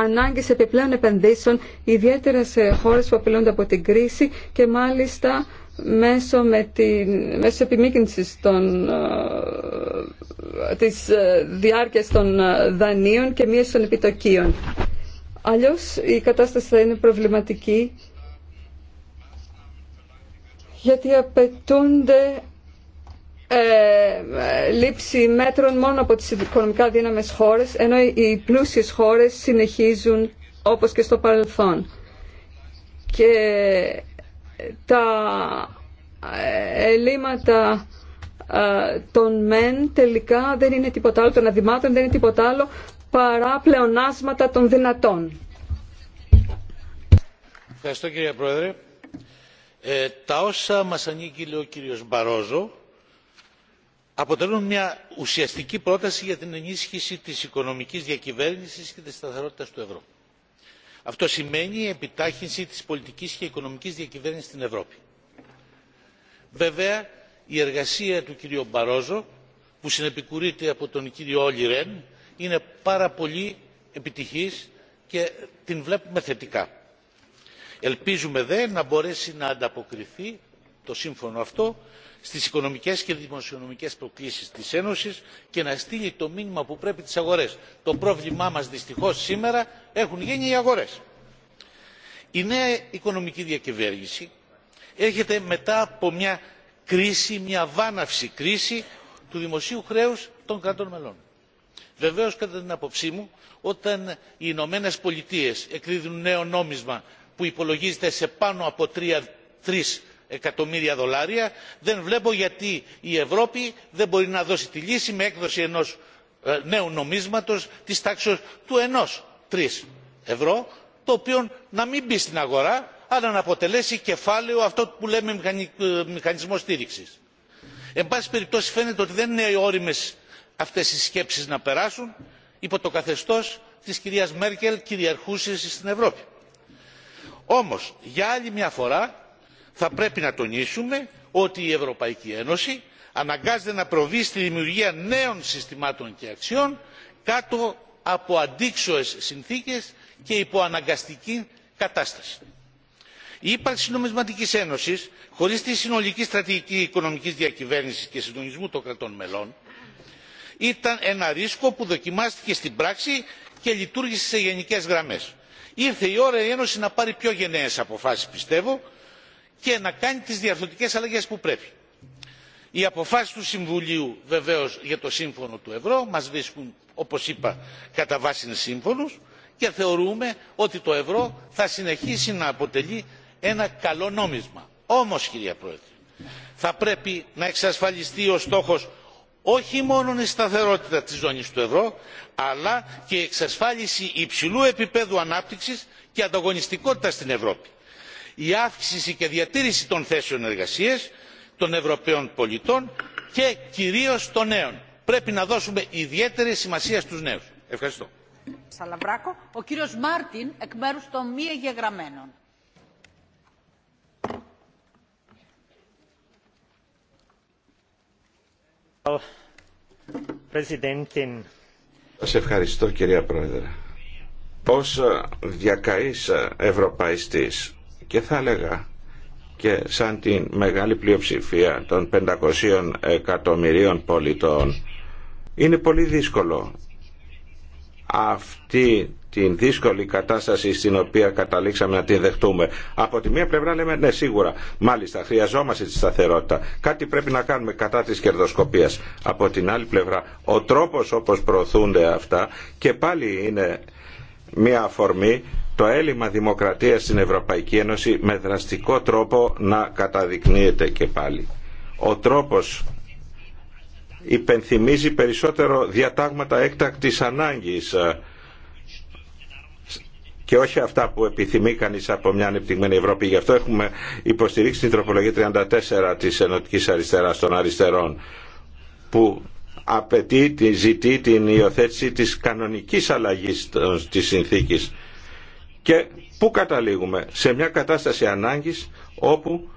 ανάγκης επιπλέον επενδύσεων, ιδιαίτερα σε χώρες που απειλούνται από την κρίση και μάλιστα μέσω, με την, μέσω επιμήκυνσης των, της διάρκειας των δανείων και μίας των επιτοκίων. Αλλιώς η κατάσταση θα είναι προβληματική γιατί απαιτούνται ε, λήψη μέτρων μόνο από τις οικονομικά δύναμες χώρες, ενώ οι πλούσιες χώρες συνεχίζουν όπως και στο παρελθόν. Και τα ε, ελλείμματα ε, των μεν τελικά δεν είναι τίποτα άλλο, των αδημάτων δεν είναι τίποτα άλλο παρά πλεονάσματα των δυνατών. Ευχαριστώ κύριε Πρόεδρε. Ε, τα όσα μας ανήκει λέει ο κύριος Μπαρόζο αποτελούν μια ουσιαστική πρόταση για την ενίσχυση της οικονομικής διακυβέρνησης και της σταθερότητας του ευρώ. Αυτό σημαίνει η επιτάχυνση της πολιτικής και οικονομικής διακυβέρνησης στην Ευρώπη. Βέβαια, η εργασία του κυρίου Μπαρόζο, που συνεπικουρείται από τον κύριο Όλι είναι πάρα πολύ επιτυχής και την βλέπουμε θετικά ελπίζουμε δε να μπορέσει να ανταποκριθεί το σύμφωνο αυτό στις οικονομικές και δημοσιονομικές προκλήσεις της ένωσης και να στείλει το μήνυμα που πρέπει τις αγορές. το πρόβλημά μας δυστυχώς σήμερα έχουν γίνει οι αγορές. η νέα οικονομική διακυβέρνηση έρχεται μετά από μια κρίση μια βάναυση κρίση του δημοσίου χρέους των κρατών μελών. βεβαίως κατά την άποψή μου όταν οι ηνωμένε πολιτείε εκδίδουν νέο νόμισμα που υπολογίζεται σε πάνω από 3, εκατομμύρια δολάρια δεν βλέπω γιατί η ευρώπη δεν μπορεί να δώσει τη λύση με έκδοση ενός ε, νέου νομίσματος της τάξης του 1 τρει ευρώ το οποίο να μην μπει στην αγορά αλλά να αποτελέσει κεφάλαιο αυτό που λέμε ε, μηχανισμό στήριξης. Εν πάση περιπτώσει φαίνεται ότι δεν είναι όριμες αυτές οι σκέψεις να περάσουν υπό το καθεστώς της κυρίας Μέρκελ κυριαρχούσης στην Ευρώπη όμως για άλλη μια φορά θα πρέπει να τονίσουμε ότι η ευρωπαϊκή ένωση αναγκάζεται να προβεί στη δημιουργία νέων συστημάτων και αξιών κάτω από αντίξωες συνθήκες και υπό αναγκαστική κατάσταση. η ύπαρξη νομισματικής ένωσης χωρίς τη συνολική στρατηγική οικονομικής διακυβέρνησης και συντονισμού των κρατών μελών ήταν ένα ρίσκο που δοκιμάστηκε στην πράξη και λειτουργήσε σε γενικές γραμμές ήρθε η ώρα η ένωση να πάρει πιο γενναίες αποφάσεις πιστεύω και να κάνει τις διαρθρωτικές αλλαγές που πρέπει. οι αποφάσεις του συμβουλίου βεβαίως για το σύμφωνο του ευρώ μας βρίσκουν όπως είπα κατά βάση σύμφωνους και θεωρούμε ότι το ευρώ θα συνεχίσει να αποτελεί ένα καλό νόμισμα. όμως κυρία πρόεδρε θα πρέπει να εξασφαλιστεί ο στόχος όχι μόνο η σταθερότητα της ζώνης του ευρώ αλλά και η εξασφάλιση υψηλού επίπεδου ανάπτυξης και ανταγωνιστικότητας στην ευρώπη η αύξηση και διατήρηση των θέσεων εργασίας των ευρωπαίων πολιτών και κυρίως των νέων. πρέπει να δώσουμε ιδιαίτερη σημασία στους νέους. ευχαριστώ. ο κύριος Μάρτιν εκ μέρους των μη εγγεγραμμένων. Σας ευχαριστώ κυρία Πρόεδρε. Ως διακαής ευρωπαϊστής και θα έλεγα και σαν τη μεγάλη πλειοψηφία των 500 εκατομμυρίων πολιτών είναι πολύ δύσκολο αυτή την δύσκολη κατάσταση στην οποία καταλήξαμε να την δεχτούμε. Από τη μία πλευρά λέμε ναι σίγουρα, μάλιστα χρειαζόμαστε τη σταθερότητα. Κάτι πρέπει να κάνουμε κατά της κερδοσκοπίας. Από την άλλη πλευρά ο τρόπος όπως προωθούνται αυτά και πάλι είναι μια αφορμή το έλλειμμα δημοκρατίας στην Ευρωπαϊκή Ένωση με δραστικό τρόπο να καταδεικνύεται και πάλι. Ο τρόπος υπενθυμίζει περισσότερο διατάγματα έκτακτης ανάγκης ε, και όχι αυτά που επιθυμεί κανεί από μια ανεπτυγμένη Ευρώπη. Γι' αυτό έχουμε υποστηρίξει την τροπολογία 34 της ενωτική Αριστεράς των Αριστερών που απαιτεί, ζητεί την υιοθέτηση της κανονικής αλλαγής της συνθήκης. Και πού καταλήγουμε, σε μια κατάσταση ανάγκης όπου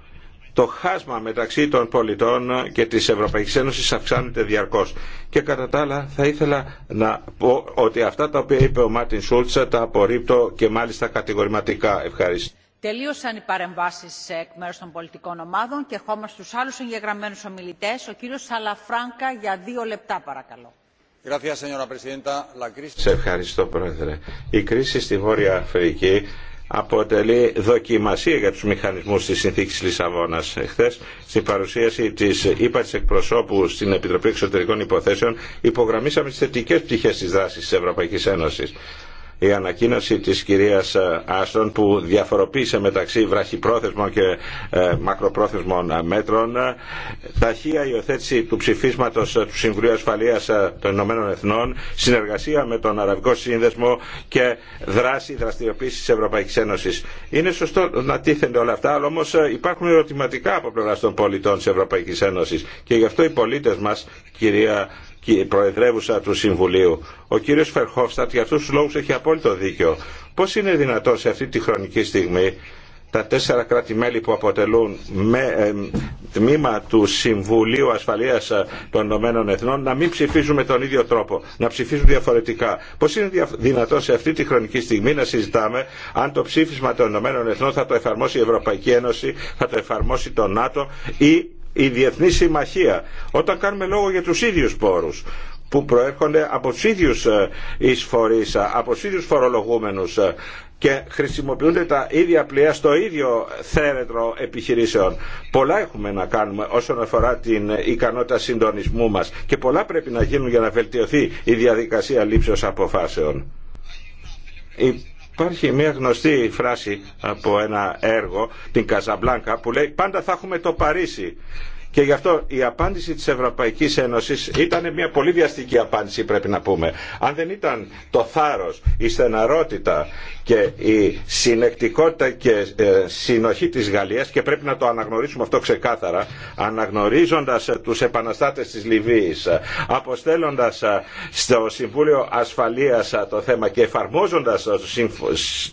το χάσμα μεταξύ των πολιτών και της Ευρωπαϊκής Ένωσης αυξάνεται διαρκώς. Και κατά τα άλλα θα ήθελα να πω ότι αυτά τα οποία είπε ο Μάρτιν Σούλτσα τα απορρίπτω και μάλιστα κατηγορηματικά. Ευχαριστώ. Τελείωσαν οι παρεμβάσει εκ μέρου των πολιτικών ομάδων και ερχόμαστε στου άλλου εγγεγραμμένου ομιλητέ. Ο κύριο Σαλαφράγκα για δύο λεπτά, παρακαλώ. Σε ευχαριστώ, Πρόεδρε. Η κρίση στη Βόρεια Αφρική αποτελεί δοκιμασία για τους μηχανισμούς της συνθήκης Λισαβόνας. Χθες, στην παρουσίαση της της εκπροσώπου στην Επιτροπή Εξωτερικών Υποθέσεων, υπογραμμίσαμε τις θετικές πτυχές της δράσης της Ευρωπαϊκής Ένωσης η ανακοίνωση της κυρίας ε, Άστον που διαφοροποίησε μεταξύ βραχυπρόθεσμων και ε, μακροπρόθεσμων μέτρων, ε, ταχεία υιοθέτηση του ψηφίσματος του Συμβουλίου Ασφαλείας των Ηνωμένων Εθνών, συνεργασία με τον Αραβικό Σύνδεσμο και δράση δραστηριοποίηση της Ευρωπαϊκής Ένωσης. Είναι σωστό να τίθενται όλα αυτά, αλλά όμως υπάρχουν ερωτηματικά από πλευρά των πολιτών της Ευρωπαϊκής Ένωσης και γι' αυτό οι πολίτες μας, κυρία προεδρεύουσα του Συμβουλίου. Ο κύριος Φερχόφστατ για αυτούς τους λόγους έχει απόλυτο δίκιο. Πώς είναι δυνατόν σε αυτή τη χρονική στιγμή τα τέσσερα κράτη-μέλη που αποτελούν με, τμήμα του Συμβουλίου Ασφαλείας των Ηνωμένων Εθνών να μην ψηφίζουν με τον ίδιο τρόπο, να ψηφίζουν διαφορετικά. Πώς είναι δυνατόν σε αυτή τη χρονική στιγμή να συζητάμε αν το ψήφισμα των Ηνωμένων Εθνών θα το εφαρμόσει η Ευρωπαϊκή Ένωση, θα το εφαρμόσει το ΝΑΤΟ ή η Διεθνή Συμμαχία, όταν κάνουμε λόγο για τους ίδιους πόρους, που προέρχονται από του ίδιου ε, εισφορείς, ε, από του ίδιου φορολογούμενους ε, και χρησιμοποιούνται τα ίδια πλοία στο ίδιο θέρετρο επιχειρήσεων. Πολλά έχουμε να κάνουμε όσον αφορά την ικανότητα συντονισμού μας και πολλά πρέπει να γίνουν για να βελτιωθεί η διαδικασία λήψεως αποφάσεων. Υπάρχει μια γνωστή φράση από ένα έργο, την Καζαμπλάνκα, που λέει πάντα θα έχουμε το Παρίσι. Και γι' αυτό η απάντηση της Ευρωπαϊκής Ένωσης ήταν μια πολύ βιαστική απάντηση πρέπει να πούμε. Αν δεν ήταν το θάρρος, η στεναρότητα και η συνεκτικότητα και ε, συνοχή της Γαλλίας και πρέπει να το αναγνωρίσουμε αυτό ξεκάθαρα αναγνωρίζοντας ε, τους επαναστάτες της Λιβύης ε, αποστέλλοντας στο Συμβούλιο Ασφαλείας το θέμα και εφαρμόζοντας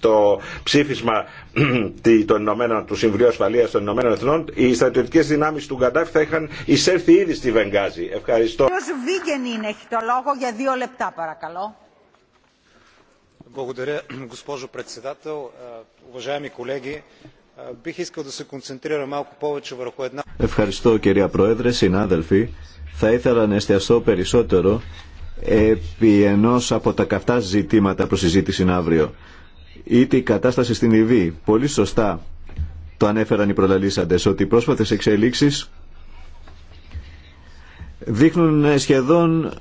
το ψήφισμα (clears throat) των Ηνωμένων, του Συμβουλίου Ασφαλεία των Ηνωμένων Εθνών, οι στρατιωτικέ δυνάμει του Γκαντάφη θα είχαν εισέλθει ήδη στη Βενγάζη. Ευχαριστώ. Ο είναι, έχει το λόγο για δύο λεπτά, παρακαλώ. Благодаря, госпожо председател. Уважаеми колеги, бих искал да се концентрирам малко повече върху една. Ευχαριστώ, κυρία Πρόεδρε, συνάδελφοι. Θα ήθελα να εστιαστώ περισσότερο επί ενός από τα καυτά ζητήματα προς συζήτηση αύριο ή κατάσταση στην Ιβή. Πολύ σωστά το ανέφεραν οι προλαλήσαντες ότι οι πρόσφατες εξελίξεις δείχνουν σχεδόν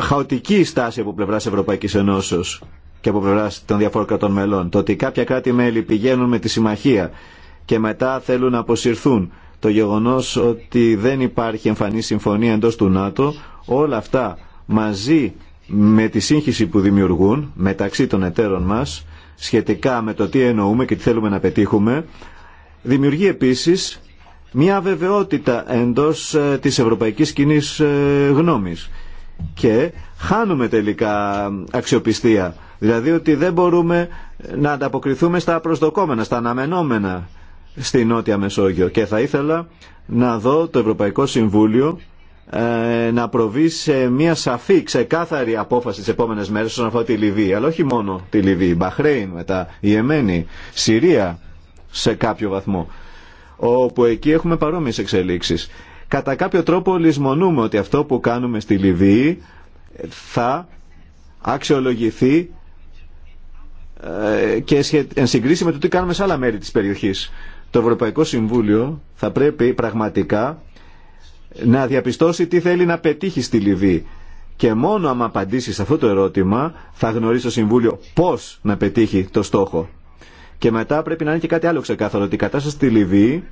χαοτική στάση από πλευράς Ευρωπαϊκής Ενώσεως και από πλευράς των διαφόρων κρατών μελών. Το ότι κάποια κράτη-μέλη πηγαίνουν με τη συμμαχία και μετά θέλουν να αποσυρθούν το γεγονός ότι δεν υπάρχει εμφανή συμφωνία εντός του ΝΑΤΟ, όλα αυτά μαζί με τη σύγχυση που δημιουργούν μεταξύ των εταίρων μας σχετικά με το τι εννοούμε και τι θέλουμε να πετύχουμε, δημιουργεί επίσης μια βεβαιότητα εντός ε, της ευρωπαϊκής κοινή ε, γνώμης και χάνουμε τελικά αξιοπιστία. Δηλαδή ότι δεν μπορούμε να ανταποκριθούμε στα προσδοκόμενα, στα αναμενόμενα στη Νότια Μεσόγειο. Και θα ήθελα να δω το Ευρωπαϊκό Συμβούλιο ε, να προβεί σε μια σαφή, ξεκάθαρη απόφαση τι επόμενες μέρες όσον αφορά τη Λιβύη. Αλλά όχι μόνο τη Λιβύη, Μπαχρέιν μετά, η Εμένη, Συρία σε κάποιο βαθμό. Όπου εκεί έχουμε παρόμοιες εξελίξεις. Κατά κάποιο τρόπο λησμονούμε ότι αυτό που κάνουμε στη Λιβύη θα αξιολογηθεί ε, και εν συγκρίση με το τι κάνουμε σε άλλα μέρη της περιοχής. Το Ευρωπαϊκό Συμβούλιο θα πρέπει πραγματικά να διαπιστώσει τι θέλει να πετύχει στη Λιβύη. Και μόνο άμα απαντήσει σε αυτό το ερώτημα θα γνωρίσει το Συμβούλιο πώς να πετύχει το στόχο. Και μετά πρέπει να είναι και κάτι άλλο ξεκάθαρο, ότι η κατάσταση στη Λιβύη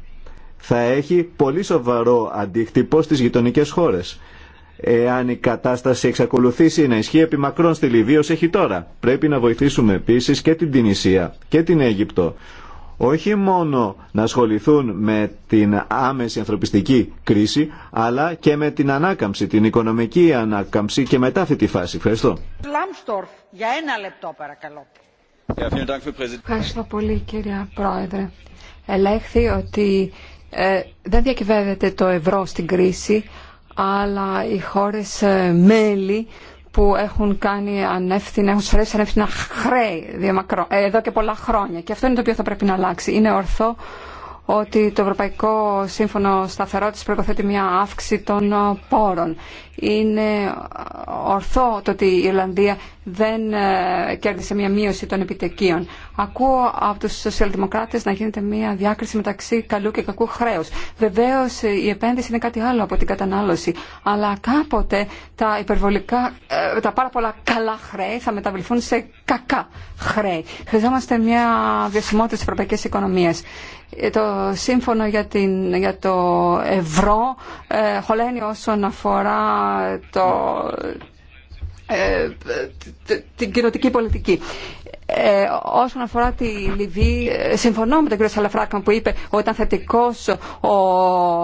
θα έχει πολύ σοβαρό αντίκτυπο στις γειτονικές χώρες. Εάν η κατάσταση εξακολουθήσει να ισχύει επί μακρόν στη Λιβύη ως έχει τώρα, πρέπει να βοηθήσουμε επίσης και την Τινησία και την Αίγυπτο, όχι μόνο να ασχοληθούν με την άμεση ανθρωπιστική κρίση, αλλά και με την ανάκαμψη, την οικονομική ανάκαμψη και μετά αυτή τη φάση. Ευχαριστώ. για ένα λεπτό παρακαλώ. Ευχαριστώ πολύ κύριε Πρόεδρε. Ελέγχθη ότι ε, δεν διακυβεύεται το ευρώ στην κρίση, αλλά οι χώρες ε, μέλη που έχουν κάνει ανεύθυνα, έχουν σφαιρέσει ανεύθυνα χρέη ε, εδώ και πολλά χρόνια. Και αυτό είναι το οποίο θα πρέπει να αλλάξει. Είναι ορθό ότι το Ευρωπαϊκό Σύμφωνο Σταθερότητας προποθέτει μια αύξηση των ε, πόρων. Είναι ε, ορθό το ότι η Ιρλανδία δεν ε, κέρδισε μια μείωση των επιτεκείων. Ακούω από τους σοσιαλδημοκράτες να γίνεται μια διάκριση μεταξύ καλού και κακού χρέους. Βεβαίως η επένδυση είναι κάτι άλλο από την κατανάλωση, αλλά κάποτε τα υπερβολικά, τα πάρα πολλά καλά χρέη θα μεταβληθούν σε κακά χρέη. Χρειαζόμαστε μια βιωσιμότητα της ευρωπαϊκής οικονομίας το σύμφωνο για, την, για το ευρώ ε, χωλαίνει όσον αφορά το, ε, την κοινωτική πολιτική. Ε, όσον αφορά τη Λιβύη, ε, συμφωνώ με τον κύριο Σαλαφράκα που είπε ότι ήταν θετικό ο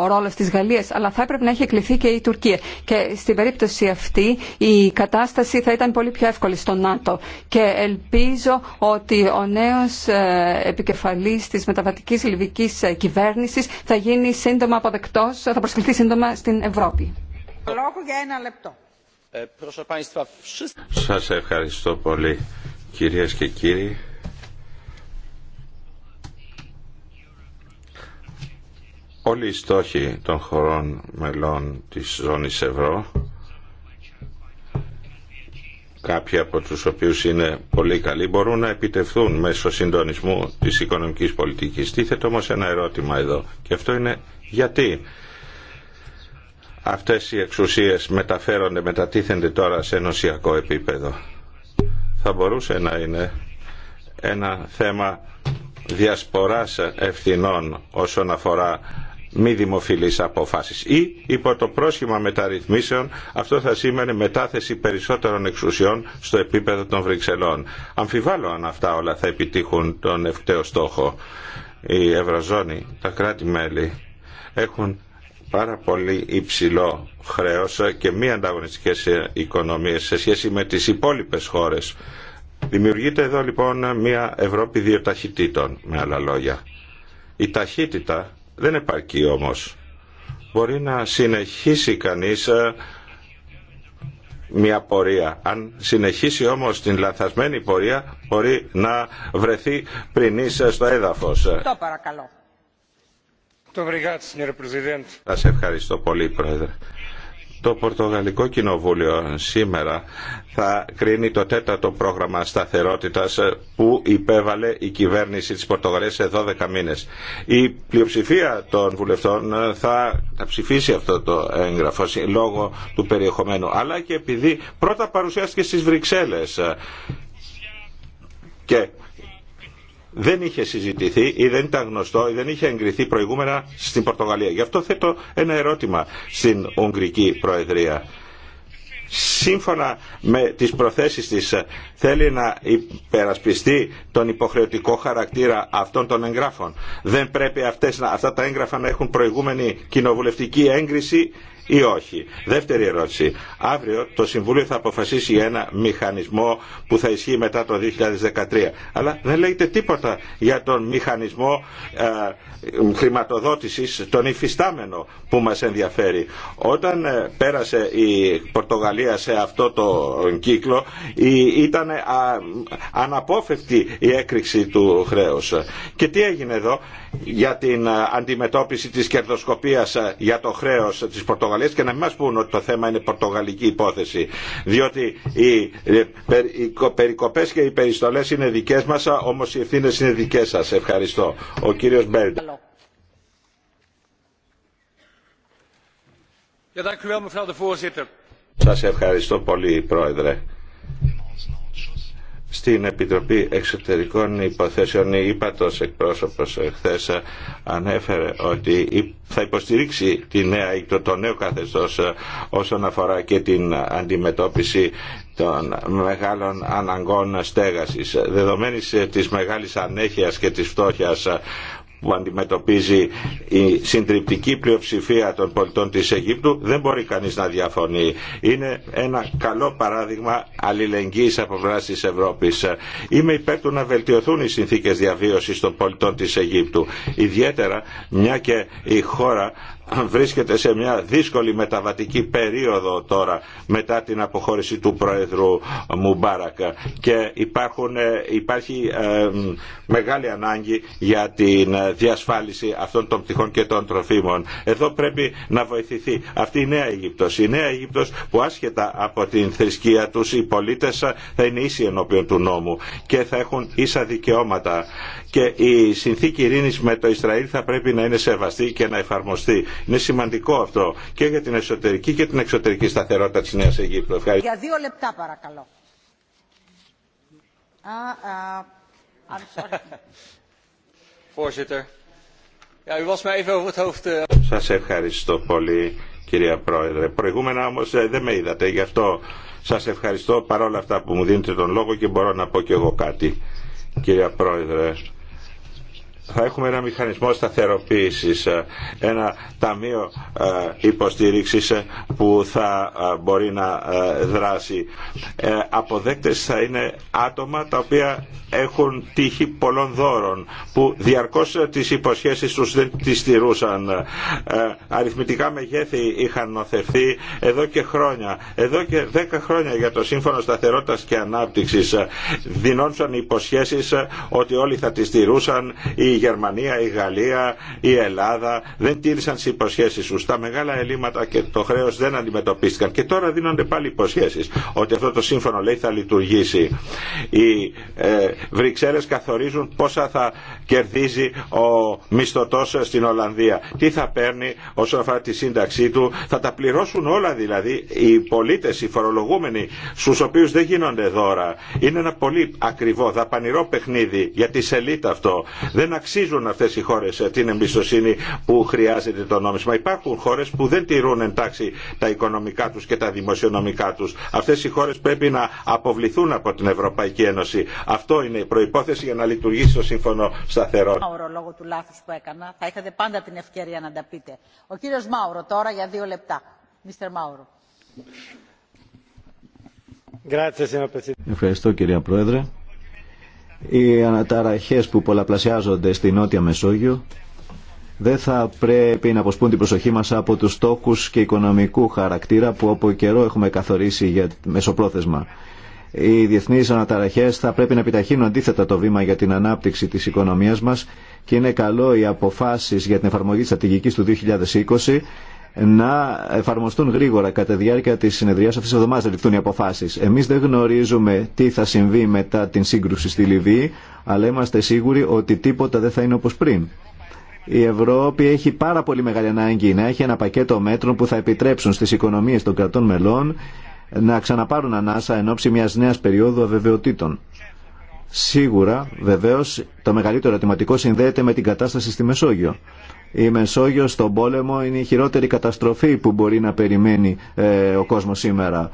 ρόλο τη Γαλλία, αλλά θα έπρεπε να έχει εκλειθεί και η Τουρκία. Και στην περίπτωση αυτή η κατάσταση θα ήταν πολύ πιο εύκολη στο ΝΑΤΟ. Και ελπίζω ότι ο νέο ε, επικεφαλή τη μεταβατική λιβική κυβέρνηση θα γίνει σύντομα αποδεκτό, θα προσκληθεί σύντομα στην Ευρώπη. Λόγω για ένα λεπτό. ευχαριστώ πολύ. Κυρίες και κύριοι, όλοι οι στόχοι των χωρών μελών της ζώνης ευρώ, κάποιοι από τους οποίους είναι πολύ καλοί, μπορούν να επιτευθούν μέσω συντονισμού της οικονομικής πολιτικής. Τίθεται όμως ένα ερώτημα εδώ και αυτό είναι γιατί αυτές οι εξουσίες μεταφέρονται, μετατίθενται τώρα σε ενωσιακό επίπεδο θα μπορούσε να είναι ένα θέμα διασποράς ευθυνών όσον αφορά μη δημοφιλής στο επίπεδο των Βρυξελών. Αμφιβάλλω αν αυτά όλα θα επιτύχουν τον ευκταίο στόχο. Η Ευρωζώνη, τα κράτη-μέλη έχουν πάρα πολύ υψηλό χρέος και μη ανταγωνιστικές οικονομίες σε σχέση με τις υπόλοιπες χώρες. Δημιουργείται εδώ λοιπόν μια Ευρώπη δύο ταχυτήτων, με άλλα λόγια. Η ταχύτητα δεν επαρκεί όμως. Μπορεί να συνεχίσει κανείς ε, μια πορεία. Αν συνεχίσει όμως την λαθασμένη πορεία μπορεί να βρεθεί είσαι στο έδαφος. Το παρακαλώ. Σα ευχαριστώ πολύ, Πρόεδρε. Το Πορτογαλικό Κοινοβούλιο σήμερα θα κρίνει το τέταρτο πρόγραμμα σταθερότητας που υπέβαλε η κυβέρνηση της Πορτογαλίας σε 12 μήνες. Η πλειοψηφία των βουλευτών θα ψηφίσει αυτό το έγγραφο λόγω του περιεχομένου, αλλά και επειδή πρώτα παρουσιάστηκε στις Βρυξέλλες και δεν είχε συζητηθεί ή δεν ήταν γνωστό ή δεν είχε εγκριθεί προηγούμενα στην Πορτογαλία. Γι' αυτό θέτω ένα ερώτημα στην Ουγγρική Προεδρία. Σύμφωνα με τις προθέσεις της θέλει να υπερασπιστεί τον υποχρεωτικό χαρακτήρα αυτών των εγγράφων. Δεν πρέπει αυτές, αυτά τα έγγραφα να έχουν προηγούμενη κοινοβουλευτική έγκριση ή όχι. Δεύτερη ερώτηση. Αύριο το Συμβούλιο θα αποφασίσει για ένα μηχανισμό που θα ισχύει μετά το 2013. Αλλά δεν λέγεται τίποτα για τον μηχανισμό ε, χρηματοδότησης, τον υφιστάμενο που μας ενδιαφέρει. Όταν ε, πέρασε η Πορτογαλία σε αυτό το κύκλο ήταν ε, αναπόφευτη η έκρηξη του χρέους. Και τι έγινε εδώ για την ε, αντιμετώπιση της κερδοσκοπίας για το χρέος της Πορτογαλίας και να μην μας πούν ότι το θέμα είναι πορτογαλική υπόθεση. Διότι οι ε, περικοπές και οι περιστολέ είναι δικές μας, όμως οι ευθύνε είναι δικέ. σας. Ευχαριστώ. Ο κύριος Μπέρντ. Σα ευχαριστώ πολύ, Πρόεδρε στην Επιτροπή Εξωτερικών Υποθέσεων η ΥΠΑΤΟΣ εκπρόσωπος χθε ανέφερε ότι θα υποστηρίξει τη νέα, το, το νέο καθεστώς όσον αφορά και την αντιμετώπιση των μεγάλων αναγκών στέγασης δεδομένης της μεγάλης ανέχειας και της φτώχειας που αντιμετωπίζει η συντριπτική πλειοψηφία των πολιτών της Αιγύπτου δεν μπορεί κανείς να διαφωνεί. Είναι ένα καλό παράδειγμα αλληλεγγύης από βράση της Ευρώπης. Είμαι υπέρ του να βελτιωθούν οι συνθήκες διαβίωσης των πολιτών της Αιγύπτου. Ιδιαίτερα μια και η χώρα βρίσκεται σε μια δύσκολη μεταβατική περίοδο τώρα μετά την αποχώρηση του Πρόεδρου Μουμπάρακα και υπάρχουν, ε, υπάρχει ε, μεγάλη ανάγκη για την ε, διασφάλιση αυτών των πτυχών και των τροφίμων. Εδώ πρέπει να βοηθηθεί αυτή η Νέα Αίγυπτος. Η Νέα Αίγυπτος που άσχετα από την θρησκεία τους οι πολίτες θα είναι ίσοι ενώπιον του νόμου και θα έχουν ίσα δικαιώματα και η συνθήκη ειρήνης με το Ισραήλ θα πρέπει να είναι σεβαστή και να εφαρμοστεί είναι σημαντικό αυτό και για την εσωτερική και την εξωτερική σταθερότητα της Νέας Αιγύπτου. Ευχαριστώ. Για δύο λεπτά παρακαλώ. (laughs) Eh. Σας ευχαριστώ πολύ κυρία Πρόεδρε. Προηγούμενα όμως ε, δεν με είδατε, γι' αυτό σας ευχαριστώ παρόλα αυτά που μου δίνετε τον λόγο και μπορώ να πω και εγώ κάτι. Κυρία Πρόεδρε, θα έχουμε ένα μηχανισμό σταθεροποίησης, ε, ένα ταμείο ε, υποστήριξης ε, που θα μπορεί να δράσει. Αποδέκτες θα είναι άτομα τα οποία έχουν τύχει πολλών δώρων που διαρκώς τις υποσχέσεις τους δεν τις στηρούσαν. Αριθμητικά μεγέθη είχαν νοθευθεί εδώ και χρόνια. Εδώ και δέκα χρόνια για το Σύμφωνο Σταθερότητας και Ανάπτυξης δινόντουσαν υποσχέσεις ότι όλοι θα τις στηρούσαν, Γερμανία, η Γαλλία, η Ελλάδα δεν τήρησαν τι υποσχέσει του. Τα μεγάλα ελλείμματα και το χρέο δεν αντιμετωπίστηκαν. Και τώρα δίνονται πάλι υποσχέσει ότι αυτό το σύμφωνο λέει θα λειτουργήσει. Οι ε, Βρυξέλλες καθορίζουν πόσα θα κερδίζει ο μισθωτό στην Ολλανδία. Τι θα παίρνει όσον αφορά τη σύνταξή του. Θα τα πληρώσουν όλα δηλαδή οι πολίτε, οι φορολογούμενοι, στου οποίου δεν γίνονται δώρα. Είναι ένα πολύ ακριβό, δαπανηρό παιχνίδι για τη σελίδα αυτό. Δεν αξίζουν αυτές οι χώρες ε, την εμπιστοσύνη που χρειάζεται το νόμισμα. Υπάρχουν χώρες που δεν τηρούν εντάξει τα οικονομικά τους και τα δημοσιονομικά τους. Αυτές οι χώρες πρέπει να αποβληθούν από την Ευρωπαϊκή Ένωση. Αυτό είναι η προϋπόθεση για να λειτουργήσει το σύμφωνο σταθερό. λόγω του που έκανα, θα είχατε πάντα την ευκαιρία να τα πείτε. Ο κύριος Μάουρο τώρα για δύο λεπτά. Μάουρο. Ευχαριστώ κυρία Πρόεδρε οι αναταραχές που πολλαπλασιάζονται στη Νότια Μεσόγειο δεν θα πρέπει να αποσπούν την προσοχή μας από τους στόχους και οικονομικού χαρακτήρα που από καιρό έχουμε καθορίσει για μεσοπρόθεσμα. Οι διεθνείς αναταραχές θα πρέπει να επιταχύνουν αντίθετα το βήμα για την ανάπτυξη της οικονομίας μας και είναι καλό οι αποφάσεις για την εφαρμογή της στρατηγικής του 2020 να εφαρμοστούν γρήγορα κατά τη διάρκεια τη συνεδρία αυτή τη εβδομάδα να ληφθούν οι αποφάσει. Εμεί δεν γνωρίζουμε τι θα συμβεί μετά την σύγκρουση στη Λιβύη, αλλά είμαστε σίγουροι ότι τίποτα δεν θα είναι όπω πριν. Η Ευρώπη έχει πάρα πολύ μεγάλη ανάγκη να έχει ένα πακέτο μέτρων που θα επιτρέψουν στι οικονομίε των κρατών μελών να ξαναπάρουν ανάσα εν ώψη μια νέα περίοδου αβεβαιοτήτων. Σίγουρα, βεβαίω, το μεγαλύτερο ερωτηματικό συνδέεται με την κατάσταση στη Μεσόγειο. Η Μεσόγειο στον πόλεμο είναι η χειρότερη καταστροφή που μπορεί να περιμένει ε, ο κόσμος σήμερα.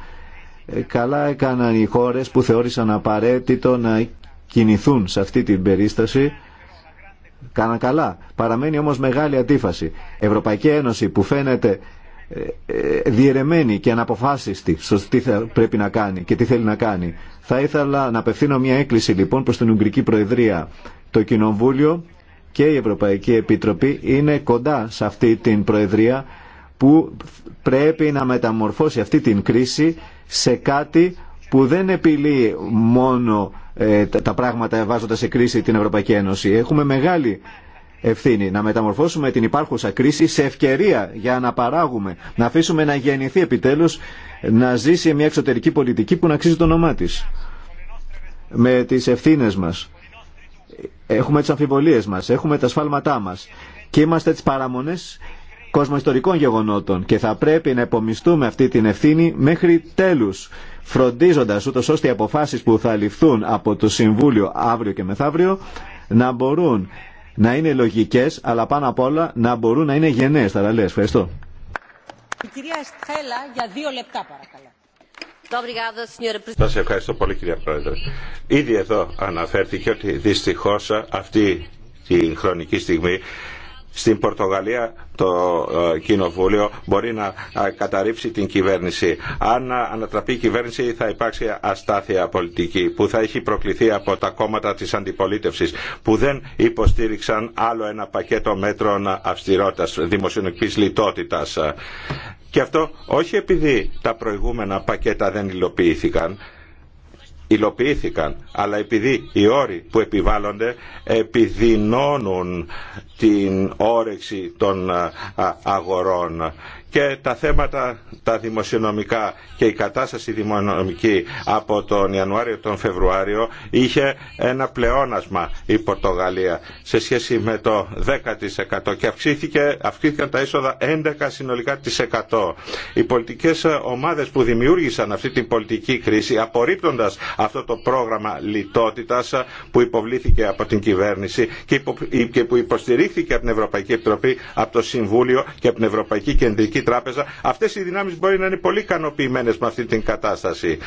Ε, καλά έκαναν οι χώρες που θεώρησαν απαραίτητο να κινηθούν σε αυτή την περίσταση. Κάναν καλά. Παραμένει όμως μεγάλη αντίφαση. Ευρωπαϊκή Ένωση που φαίνεται ε, διαιρεμένη και αναποφάσιστη στο τι θα πρέπει να κάνει και τι θέλει να κάνει. Θα ήθελα να απευθύνω μια έκκληση λοιπόν προς την Ουγγρική Προεδρία. Το Κοινοβούλιο και η Ευρωπαϊκή Επιτροπή είναι κοντά σε αυτή την Προεδρία που πρέπει να μεταμορφώσει αυτή την κρίση σε κάτι που δεν επιλύει μόνο ε, τα πράγματα βάζοντας σε κρίση την Ευρωπαϊκή Ένωση. Έχουμε μεγάλη ευθύνη να μεταμορφώσουμε την υπάρχουσα κρίση σε ευκαιρία για να παράγουμε, να αφήσουμε να γεννηθεί επιτέλους, να ζήσει μια εξωτερική πολιτική που να αξίζει το όνομά της. Με τις ευθύνες μας Έχουμε τις αμφιβολίες μας, έχουμε τα σφάλματά μας και είμαστε τις παραμονές κοσμοϊστορικών γεγονότων και θα πρέπει να επομιστούμε αυτή την ευθύνη μέχρι τέλους, φροντίζοντας ούτως ώστε οι αποφάσεις που θα ληφθούν από το Συμβούλιο αύριο και μεθαύριο να μπορούν να είναι λογικές, αλλά πάνω απ' όλα να μπορούν να είναι γενναίες λέει. Ευχαριστώ. Η κυρία για δύο λεπτά παρακαλώ. Σας ευχαριστώ πολύ κυρία Πρόεδρε. Ήδη εδώ αναφέρθηκε ότι δυστυχώς αυτή τη χρονική στιγμή στην Πορτογαλία το ε, Κοινοβούλιο μπορεί να ε, καταρρύψει την κυβέρνηση. Αν ε, ανατραπεί η κυβέρνηση θα υπάρξει αστάθεια πολιτική που θα έχει προκληθεί από τα κόμματα της αντιπολίτευσης που δεν υποστήριξαν άλλο ένα πακέτο μέτρων αυστηρότητας, δημοσιονομικής λιτότητας. Και αυτό όχι επειδή τα προηγούμενα πακέτα δεν υλοποιήθηκαν, υλοποιήθηκαν, αλλά επειδή οι όροι που επιβάλλονται επιδεινώνουν την όρεξη των αγορών και τα θέματα τα δημοσιονομικά και η κατάσταση δημοσιονομική από τον Ιανουάριο τον Φεβρουάριο είχε ένα πλεόνασμα η Πορτογαλία σε σχέση με το 10% και αυξήθηκε, αυξήθηκαν τα έσοδα 11 συνολικά Οι πολιτικές ομάδες που δημιούργησαν αυτή την πολιτική κρίση απορρίπτοντας αυτό το πρόγραμμα λιτότητας που υποβλήθηκε από την κυβέρνηση και που υποστηρίχθηκε από την Ευρωπαϊκή Επιτροπή, από το Συμβούλιο και από την Ευρωπαϊκή Κεντρική Τράπεζα. Αυτές οι δυνάμει μπορεί να είναι πολύ ικανοποιημένε με αυτή την κατάσταση.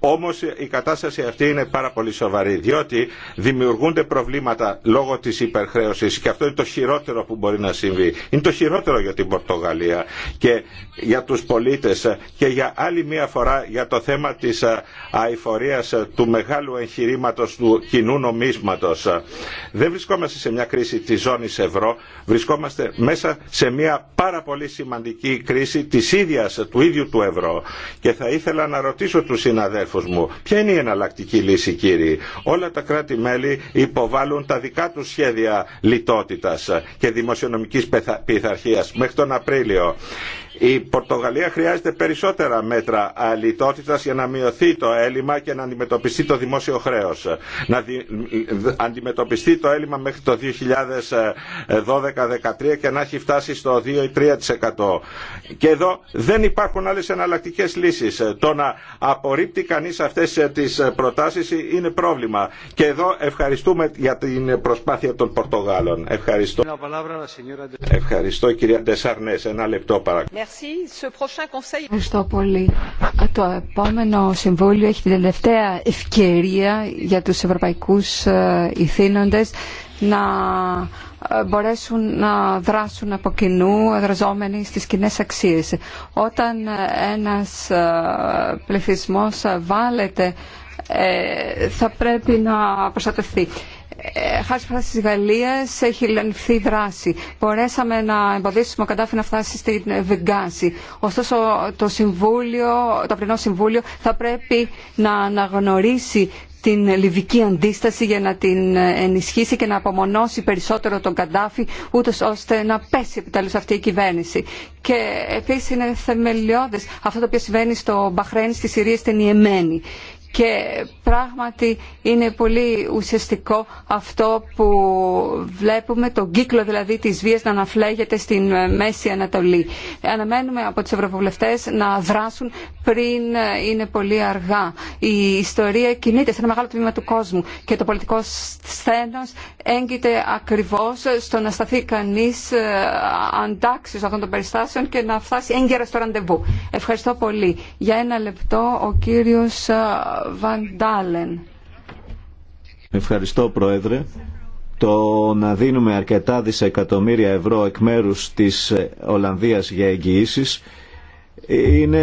Όμως η κατάσταση αυτή είναι πάρα πολύ σοβαρή, διότι δημιουργούνται προβλήματα λόγω της υπερχρέωσης και αυτό είναι το χειρότερο που μπορεί να συμβεί. Είναι το χειρότερο για την Πορτογαλία και για τους πολίτες και για άλλη μία φορά για το θέμα της αηφορίας του μεγάλου εγχειρήματο του κοινού νομίσματος. Δεν βρισκόμαστε σε μια κρίση της ζώνης ευρώ, βρισκόμαστε μέσα σε μια πάρα πολύ σημαντική κρίση της ίδιας, του ίδιου του ευρώ. Και θα ήθελα να ρωτήσω τους συναδέλφους Ποια είναι η εναλλακτική λύση κύριε. Όλα τα κράτη-μέλη υποβάλλουν τα δικά του σχέδια λιτότητας και δημοσιονομικής πειθαρχίας μέχρι τον Απρίλιο. Η Πορτογαλία χρειάζεται περισσότερα μέτρα αλητότητα για να μειωθεί το έλλειμμα και να αντιμετωπιστεί το δημόσιο χρέο. Να αντιμετωπιστεί το έλλειμμα μέχρι το 2012-2013 και να έχει φτάσει στο 2 3%. Και εδώ δεν υπάρχουν άλλε εναλλακτικέ λύσει. Το να απορρίπτει κανεί αυτέ τι προτάσει είναι πρόβλημα. Και εδώ ευχαριστούμε για την προσπάθεια των Πορτογάλων. Ευχαριστώ. Ευχαριστώ κυρία Ντεσάρνες. Ένα λεπτό παρακαλώ. Ευχαριστώ πολύ. Το επόμενο Συμβούλιο έχει την τελευταία ευκαιρία για τους ευρωπαϊκούς ε, ηθήνοντες να ε, μπορέσουν να δράσουν από κοινού εργαζόμενοι στις κοινέ αξίες. Όταν ένας ε, πληθυσμός βάλεται θα πρέπει να προστατευτεί χάρη της Γαλλία έχει λανθεί δράση. Μπορέσαμε να εμποδίσουμε ο Καντάφη να φτάσει στην Βεγγάση. Ωστόσο το, συμβούλιο, το συμβούλιο θα πρέπει να αναγνωρίσει την λιβική αντίσταση για να την ενισχύσει και να απομονώσει περισσότερο τον Καντάφη ούτω ώστε να πέσει επιτέλους αυτή η κυβέρνηση. Και επίσης είναι θεμελιώδες αυτό το οποίο συμβαίνει στο Μπαχρέν, στη Συρία, στην Ιεμένη και πράγματι είναι πολύ ουσιαστικό αυτό που βλέπουμε, τον κύκλο δηλαδή της βίας να αναφλέγεται στην Μέση Ανατολή. Αναμένουμε από τους ευρωβουλευτές να δράσουν πριν είναι πολύ αργά. Η ιστορία κινείται σε ένα μεγάλο τμήμα του κόσμου και το πολιτικό σθένος έγκυται ακριβώς στο να σταθεί κανείς ε, αντάξιος αυτών των περιστάσεων και να φτάσει έγκαιρα στο ραντεβού. Ευχαριστώ πολύ. Για ένα λεπτό ο ε, Ευχαριστώ Πρόεδρε. Το να δίνουμε αρκετά δισεκατομμύρια ευρώ εκ μέρους της Ολλανδίας για εγγυήσεις είναι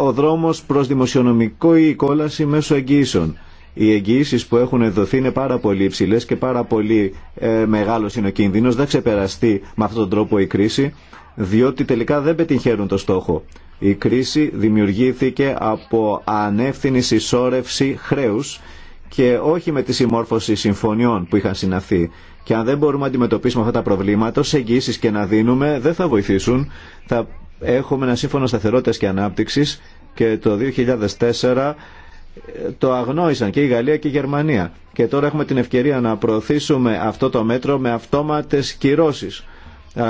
ο δρόμος προς δημοσιονομικό ή κόλαση μέσω εγγύησεων. Οι εγγυήσει που έχουν δοθεί είναι πάρα πολύ υψηλέ και πάρα πολύ ε, μεγάλο είναι ο κίνδυνο. Δεν ξεπεραστεί με αυτόν τον τρόπο η κρίση διότι τελικά δεν πετυχαίνουν το στόχο. Η κρίση δημιουργήθηκε από ανεύθυνη συσσόρευση χρέους και όχι με τη συμμόρφωση συμφωνιών που είχαν συναθεί. Και αν δεν μπορούμε να αντιμετωπίσουμε αυτά τα προβλήματα, ως εγγύσεις και να δίνουμε δεν θα βοηθήσουν. Θα έχουμε ένα σύμφωνο σταθερότητας και ανάπτυξης και το 2004 ε, το αγνόησαν και η Γαλλία και η Γερμανία. Και τώρα έχουμε την ευκαιρία να προωθήσουμε αυτό το μέτρο με αυτόματες κυρώσεις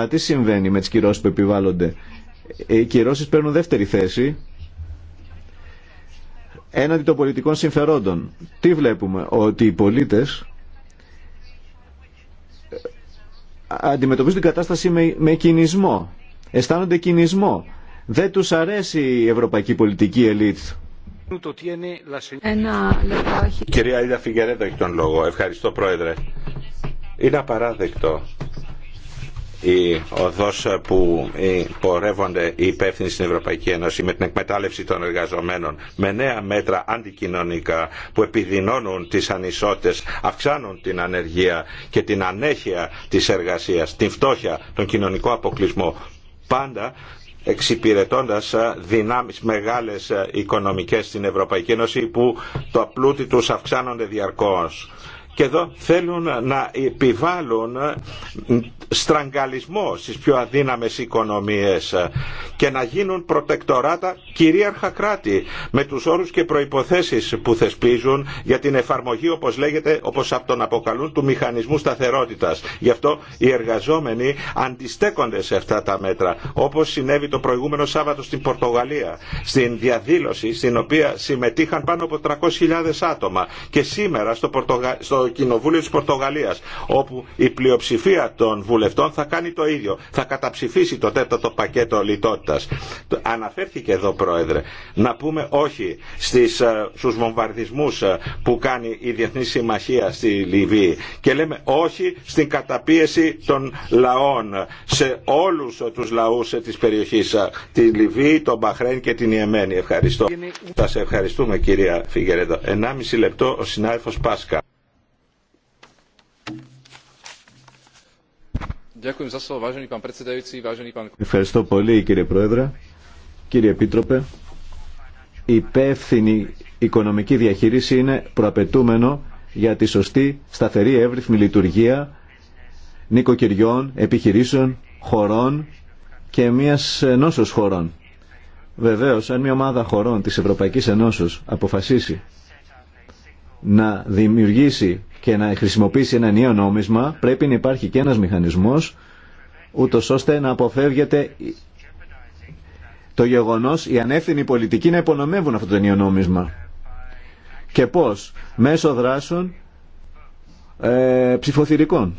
τι συμβαίνει με τις κυρώσεις που επιβάλλονται. Οι κυρώσεις παίρνουν δεύτερη θέση έναντι των πολιτικών συμφερόντων. Τι βλέπουμε, ότι οι πολίτες αντιμετωπίζουν την κατάσταση με, με κινησμό. Αισθάνονται κινησμό. Δεν τους αρέσει η ευρωπαϊκή πολιτική ελίτ. Ένα Κυρία Ήλια έχει τον λόγο. Ευχαριστώ πρόεδρε. Είναι απαράδεκτο η οδός που ε, πορεύονται οι υπεύθυνοι στην Ευρωπαϊκή Ένωση με την εκμετάλλευση των εργαζομένων με νέα μέτρα αντικοινωνικά που επιδεινώνουν τις ανισότητες αυξάνουν την ανεργία και την ανέχεια της εργασίας την φτώχεια, τον κοινωνικό αποκλεισμό πάντα εξυπηρετώντας ε, δυνάμεις μεγάλες ε, οικονομικές στην Ευρωπαϊκή Ένωση που το πλούτι τους αυξάνονται διαρκώς και εδώ θέλουν να επιβάλλουν στραγγαλισμό στις πιο αδύναμες οικονομίες και να γίνουν προτεκτοράτα κυρίαρχα κράτη με τους όρους και προϋποθέσεις που θεσπίζουν για την εφαρμογή όπως λέγεται, όπως από τον αποκαλούν του μηχανισμού σταθερότητας. Γι' αυτό οι εργαζόμενοι αντιστέκονται σε αυτά τα μέτρα όπως συνέβη το προηγούμενο Σάββατο στην Πορτογαλία στην διαδήλωση στην οποία συμμετείχαν πάνω από 300.000 άτομα και σήμερα στο, Πορτογα το Κοινοβούλιο της Πορτογαλίας όπου η πλειοψηφία των βουλευτών θα κάνει το ίδιο. Θα καταψηφίσει το τέταρτο πακέτο λιτότητας. Αναφέρθηκε εδώ Πρόεδρε να πούμε όχι στις, ε, στους βομβαρδισμούς ε, που κάνει η Διεθνή Συμμαχία στη Λιβύη και λέμε όχι στην καταπίεση των λαών σε όλους τους λαούς της περιοχής ε, τη Λιβύη, τον Μπαχρέν και την Ιεμένη. Ευχαριστώ. Σας ευχαριστούμε κυρία Φιγερέδο 1,5 λεπτό ο συνάδελφος Πάσκα. Ευχαριστώ πολύ κύριε Πρόεδρε. Κύριε Επίτροπε, η υπεύθυνη οικονομική διαχείριση είναι προαπαιτούμενο για τη σωστή, σταθερή, εύρυθμη λειτουργία νοικοκυριών, επιχειρήσεων, χωρών και μιας ενώσεως χωρών. Βεβαίως, αν μια ομάδα χωρών της Ευρωπαϊκής Ενώσεως αποφασίσει να δημιουργήσει και να χρησιμοποιήσει ένα νέο νόμισμα, πρέπει να υπάρχει και ένας μηχανισμός, ούτω ώστε να αποφεύγεται το γεγονός οι ανεύθυνοι πολιτικοί να υπονομεύουν αυτό το νέο νόμισμα. Και πώς, μέσω δράσεων ε, ψηφοθυρικών.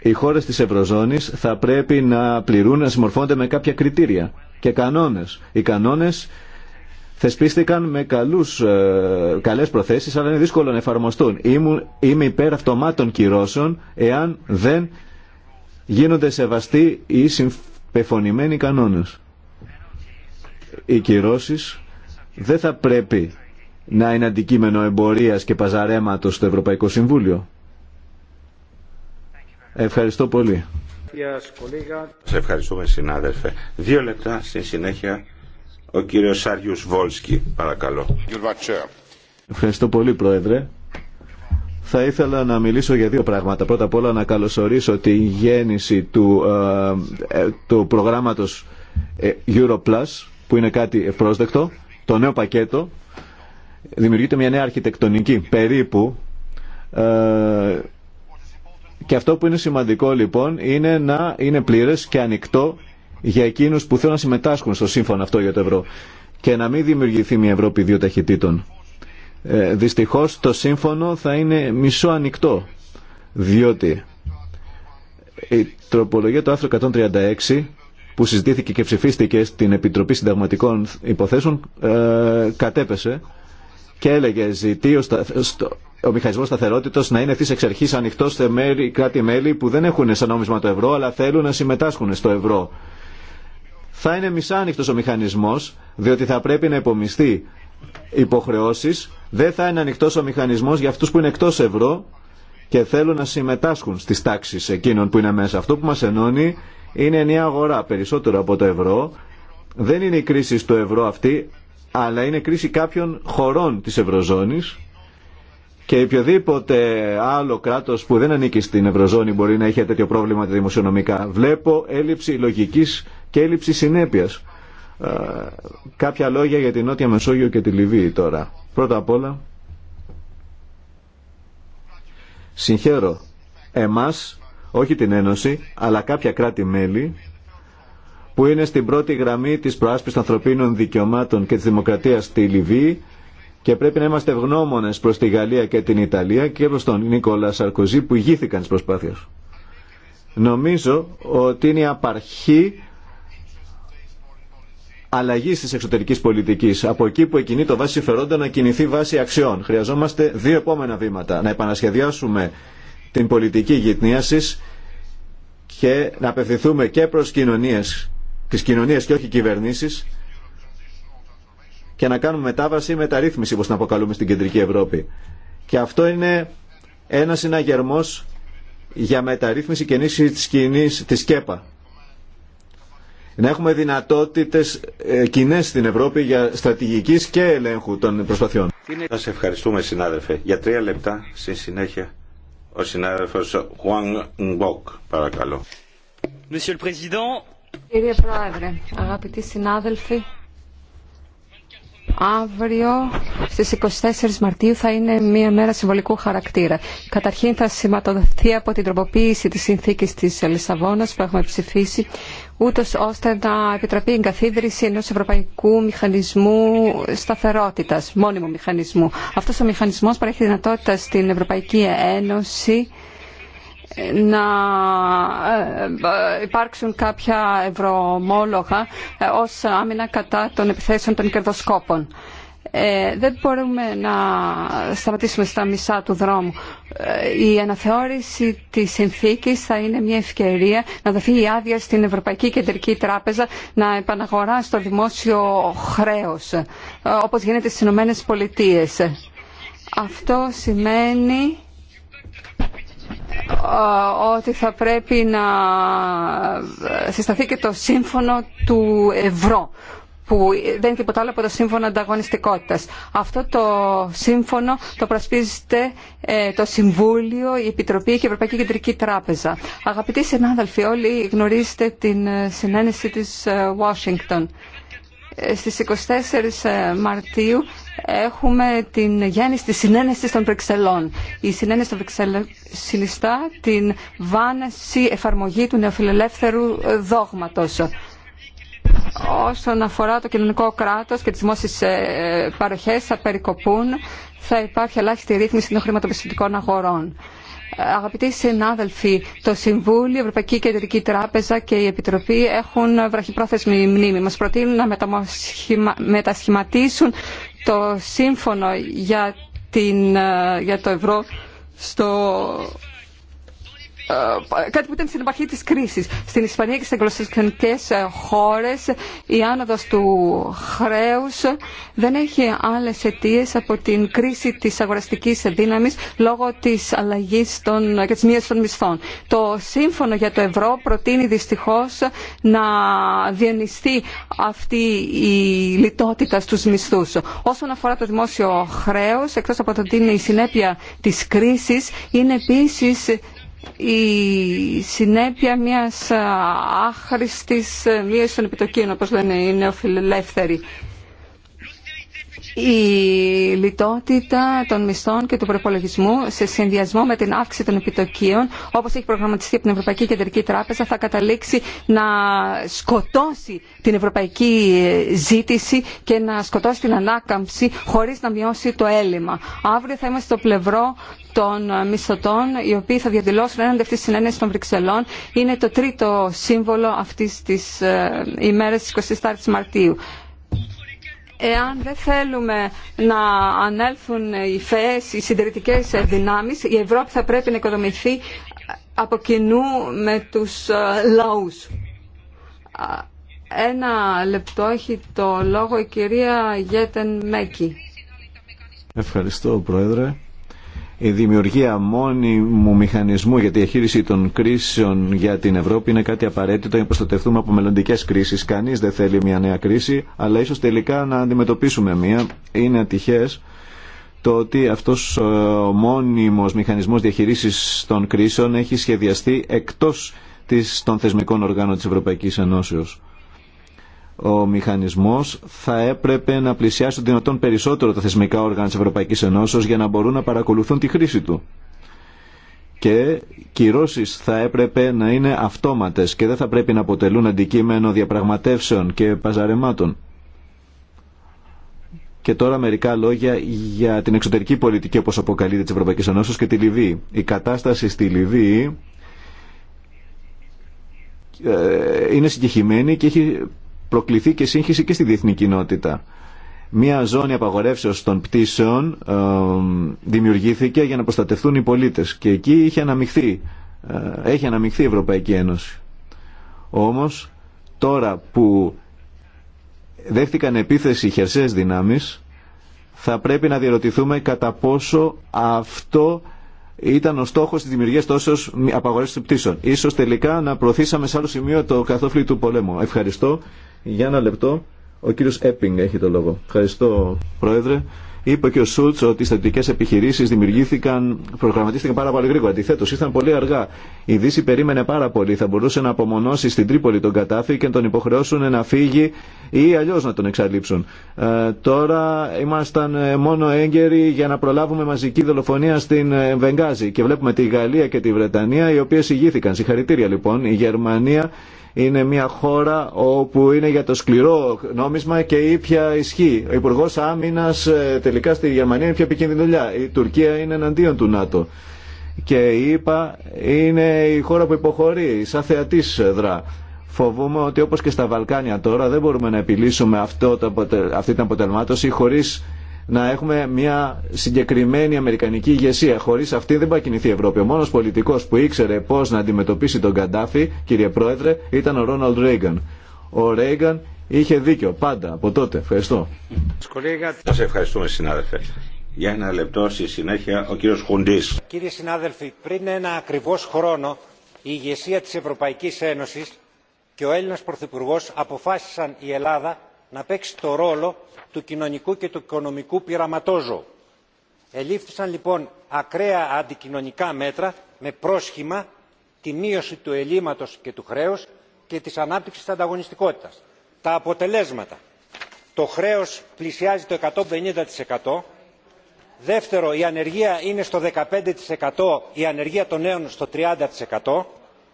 Οι χώρες της Ευρωζώνης θα πρέπει να πληρούν, να συμμορφώνονται με κάποια κριτήρια και κανόνες. Οι κανόνες θεσπίστηκαν με καλούς, ε, καλές προθέσεις αλλά είναι δύσκολο να εφαρμοστούν. είμαι υπέρ αυτομάτων κυρώσεων εάν δεν γίνονται σεβαστοί οι συμπεφωνημένοι κανόνες. Οι κυρώσεις δεν θα πρέπει να είναι αντικείμενο εμπορίας και παζαρέματος στο Ευρωπαϊκό Συμβούλιο. Ευχαριστώ πολύ. Σε ευχαριστούμε συνάδελφε. Δύο λεπτά στη συνέχεια ο κύριος Σάριους Βόλσκι, παρακαλώ. Ευχαριστώ πολύ, Πρόεδρε. Θα ήθελα να μιλήσω για δύο πράγματα. Πρώτα απ' όλα να καλωσορίσω τη γέννηση του, ε, ε του προγράμματος ε, Europlus, που είναι κάτι ευπρόσδεκτο. Το νέο πακέτο δημιουργείται μια νέα αρχιτεκτονική, περίπου, ε, και αυτό που είναι σημαντικό λοιπόν είναι να είναι πλήρες και ανοιχτό για εκείνους που θέλουν να συμμετάσχουν στο σύμφωνο αυτό για το ευρώ και να μην δημιουργηθεί μια Ευρώπη δύο ταχυτήτων. Ε, δυστυχώς το σύμφωνο θα είναι μισό ανοιχτό, διότι η τροπολογία του άρθρου 136 που συζητήθηκε και ψηφίστηκε στην Επιτροπή Συνταγματικών Υποθέσεων ε, κατέπεσε και έλεγε ζητεί ο, στα, στο, ο μηχανισμό σταθερότητα να είναι ευθύς εξ αρχής ανοιχτό σε κράτη-μέλη που δεν έχουν σαν νόμισμα το ευρώ αλλά θέλουν να συμμετάσχουν στο ευρώ θα είναι μισάνοιχτο ο μηχανισμό, διότι θα πρέπει να υπομειστεί υποχρεώσει. δεν θα είναι ανοιχτό ο μηχανισμό για αυτού που είναι εκτό ευρώ και θέλουν να συμμετάσχουν στι τάξει εκείνων που είναι μέσα. Αυτό που μα ενώνει είναι μια αγορά περισσότερο από το ευρώ. Δεν είναι η κρίση στο ευρώ αυτή, αλλά είναι κρίση κάποιων χωρών τη ευρωζώνης και οποιοδήποτε άλλο κράτο που δεν ανήκει στην ευρωζώνη μπορεί να έχει τέτοιο πρόβλημα δημοσιονομικά. Βλέπω έλλειψη λογική και έλλειψη συνέπειας. Ε, κάποια λόγια για την Νότια Μεσόγειο και τη Λιβύη τώρα. Πρώτα απ' όλα, συγχαίρω εμάς, όχι την Ένωση, αλλά κάποια κράτη-μέλη που είναι στην πρώτη γραμμή της προάσπισης των ανθρωπίνων δικαιωμάτων και της δημοκρατίας στη Λιβύη και πρέπει να είμαστε ευγνώμονες προς τη Γαλλία και την Ιταλία και προς τον Νίκολα Σαρκοζή που ηγήθηκαν τις προσπάθειες. Νομίζω ότι είναι η απαρχή αλλαγή τη εξωτερική πολιτική. Από εκεί που εκινεί το βάση συμφερόντα να κινηθεί βάση αξιών. Χρειαζόμαστε δύο επόμενα βήματα. Να επανασχεδιάσουμε την πολιτική γυτνίαση και να απευθυνθούμε και προ κοινωνίε, τι κοινωνίε και όχι κυβερνήσει και να κάνουμε μετάβαση ή μεταρρύθμιση, όπω την αποκαλούμε στην κεντρική Ευρώπη. Και αυτό είναι ένα συναγερμό για μεταρρύθμιση και ενίσχυση τη ΚΕΠΑ να έχουμε δυνατότητες ε, κοινέ στην Ευρώπη για στρατηγικής και ελέγχου των προσπαθειών. Σας ευχαριστούμε συνάδελφε. Για τρία λεπτά στη συνέχεια ο συνάδελφος Χουάν Μποκ παρακαλώ. Κύριε Πρόεδρε, αγαπητοί συνάδελφοι, Αύριο στις 24 Μαρτίου θα είναι μια μέρα συμβολικού χαρακτήρα. Καταρχήν θα σηματοδοθεί από την τροποποίηση της συνθήκης της Λισαβόνας που έχουμε ψηφίσει ούτως ώστε να επιτραπεί η εγκαθίδρυση ενό ευρωπαϊκού μηχανισμού σταθερότητα, μόνιμου μηχανισμού. Αυτό ο μηχανισμό παρέχει δυνατότητα στην Ευρωπαϊκή Ένωση να ε, υπάρξουν κάποια ευρωομόλογα ε, ως άμυνα κατά των επιθέσεων των κερδοσκόπων. Ε, δεν μπορούμε να σταματήσουμε στα μισά του δρόμου. Ε, η αναθεώρηση της συνθήκης θα είναι μια ευκαιρία να δοθεί η άδεια στην Ευρωπαϊκή Κεντρική Τράπεζα να επαναγοράσει το δημόσιο χρέος, ε, όπως γίνεται στις Ηνωμένες Πολιτείες. Αυτό σημαίνει ότι θα πρέπει να συσταθεί και το σύμφωνο του ευρώ που δεν είναι τίποτα άλλο από το σύμφωνο ανταγωνιστικότητας. Αυτό το σύμφωνο το πρασπίζεται ε, το Συμβούλιο, η Επιτροπή και η Ευρωπαϊκή Κεντρική Τράπεζα. Αγαπητοί συνάδελφοι, όλοι γνωρίζετε την ε, συνένεση της ε, Washington. Στις 24 Μαρτίου έχουμε την γέννηση της συνένεσης των Βρυξελών. Η συνένεση των Βρυξελών συνιστά την βάναση εφαρμογή του νεοφιλελεύθερου δόγματος όσον αφορά το κοινωνικό κράτος και τις δημόσιες ε, παροχές θα περικοπούν, θα υπάρχει ελάχιστη ρύθμιση των χρηματοπιστωτικών αγορών. Αγαπητοί συνάδελφοι, το Συμβούλιο, η Ευρωπαϊκή Κεντρική Τράπεζα και η Επιτροπή έχουν βραχυπρόθεσμη μνήμη. Μας προτείνουν να μετασχηματίσουν το σύμφωνο για, την, ε, για το ευρώ στο ε, κάτι που ήταν στην επαρχή της κρίσης. Στην Ισπανία και στις ε, χώρες η άνοδος του χρέους δεν έχει άλλες αιτίε από την κρίση της αγοραστικής δύναμης λόγω της αλλαγής των, και της μίας των μισθών. Το σύμφωνο για το ευρώ προτείνει δυστυχώς να διανυστεί αυτή η λιτότητα στους μισθούς. Όσον αφορά το δημόσιο χρέος, εκτός από το ότι είναι η συνέπεια της κρίσης, είναι επίσης η συνέπεια μιας άχρηστης μίας των επιτοκίων, όπως λένε οι νεοφιλελεύθεροι. Η λιτότητα των μισθών και του προπολογισμού σε συνδυασμό με την αύξηση των επιτοκίων, όπως έχει προγραμματιστεί από την Ευρωπαϊκή Κεντρική Τράπεζα, θα καταλήξει να σκοτώσει την ευρωπαϊκή ε, ζήτηση και να σκοτώσει την ανάκαμψη χωρίς να μειώσει το έλλειμμα. Αύριο θα είμαστε στο πλευρό των μισθωτών οι οποίοι θα διαδηλώσουν έναντι αυτής της των Βρυξελών είναι το τρίτο σύμβολο αυτής της ε, ημέρας της 24 η Μαρτίου. Εάν δεν θέλουμε να ανέλθουν οι φαίες, οι συντηρητικές δυνάμεις, η Ευρώπη θα πρέπει να οικοδομηθεί από κοινού με τους ε, λαούς. Ένα λεπτό έχει το λόγο η κυρία Γέτεν Μέκη. Ευχαριστώ, Πρόεδρε η δημιουργία μόνιμου μηχανισμού για τη διαχείριση των κρίσεων για την Ευρώπη είναι κάτι απαραίτητο για να προστατευτούμε από μελλοντικέ κρίσει. Κανεί δεν θέλει μια νέα κρίση, αλλά ίσω τελικά να αντιμετωπίσουμε μια. Είναι ατυχέ το ότι αυτό ο μόνιμο μηχανισμό διαχείριση των κρίσεων έχει σχεδιαστεί εκτό των θεσμικών οργάνων τη Ευρωπαϊκή Ενώσεω ο μηχανισμός θα έπρεπε να πλησιάσει δυνατόν περισσότερο τα θεσμικά όργανα της Ευρωπαϊκής Ενώσεως για να μπορούν να παρακολουθούν τη χρήση του. Και κυρώσεις θα έπρεπε να είναι αυτόματες και δεν θα πρέπει να αποτελούν αντικείμενο διαπραγματεύσεων και παζαρεμάτων. Και τώρα μερικά λόγια για την εξωτερική πολιτική όπως αποκαλείται της Ευρωπαϊκής Ενώσεως και τη Λιβύη. Η κατάσταση στη Λιβύη ε, είναι συγκεχημένη και έχει προκληθεί και σύγχυση και στη διεθνή κοινότητα. Μία ζώνη απαγορεύσεως των πτήσεων δημιουργήθηκε για να προστατευτούν οι πολίτες και εκεί είχε αναμειχθεί, ε, έχει αναμειχθεί η Ευρωπαϊκή Ένωση. Όμως τώρα που δέχτηκαν επίθεση χερσαίες δυνάμεις θα πρέπει να διαρωτηθούμε κατά πόσο αυτό ήταν ο στόχος της δημιουργίας τόσο απαγορεύσεων πτήσεων. Ίσως τελικά να προωθήσαμε σε άλλο σημείο το καθόφλι του πολέμου. Ευχαριστώ. Για ένα λεπτό, ο κύριο Έπινγκ έχει το λόγο. Ευχαριστώ, Πρόεδρε. Είπε και ο Σούλτ ότι οι στατικέ επιχειρήσει δημιουργήθηκαν, προγραμματίστηκαν πάρα πολύ γρήγορα. Αντιθέτω, ήρθαν πολύ αργά. Η Δύση περίμενε πάρα πολύ. Θα μπορούσε να απομονώσει στην Τρίπολη τον Κατάφη και να τον υποχρεώσουν να φύγει ή αλλιώ να τον εξαλείψουν. Ε, τώρα ήμασταν ε, μόνο έγκαιροι για να προλάβουμε μαζική δολοφονία στην ε, Βενγάζη. Και βλέπουμε τη Γαλλία και τη Βρετανία οι οποίε ηγήθηκαν. Συγχαρητήρια λοιπόν. Η Γερμανία είναι μια χώρα όπου είναι για το σκληρό νόμισμα και ήπια ισχύ. Ο Υπουργό Άμυνα ε, τελικά στη Γερμανία είναι πιο επικίνδυνη δουλειά. Η Τουρκία είναι εναντίον του ΝΑΤΟ. Και η είναι η χώρα που υποχωρεί, σαν θεατή δρά. Φοβούμαι ότι όπως και στα Βαλκάνια τώρα δεν μπορούμε να επιλύσουμε αυτό, αυτή την αποτελμάτωση χωρίς να έχουμε μια συγκεκριμένη αμερικανική ηγεσία. Χωρί αυτή δεν πάει κινηθεί η Ευρώπη. Ο μόνο πολιτικό που ήξερε πώ να αντιμετωπίσει τον Καντάφη, κύριε Πρόεδρε, ήταν ο Ρόναλντ Ρέγκαν. Ο Ρέγκαν είχε δίκιο πάντα από τότε. Ευχαριστώ. Σα ευχαριστούμε συνάδελφε. Για ένα λεπτό στη συνέχεια ο κύριος Χουντής. Κύριε συνάδελφοι, πριν ένα ακριβώς χρόνο η ηγεσία της Ευρωπαϊκής Ένωσης και ο Έλληνας Πρωθυπουργό αποφάσισαν η Ελλάδα να παίξει το ρόλο του κοινωνικού και του οικονομικού πειραματόζωου. ελήφθησαν λοιπόν ακραία αντικοινωνικά μέτρα με πρόσχημα τη μείωση του ελλείμματος και του χρέους και της ανάπτυξης της ανταγωνιστικότητας. τα αποτελέσματα το χρέος πλησιάζει το 150%, δεύτερο η ανεργία είναι στο 15%, η ανεργία των νέων στο 30%,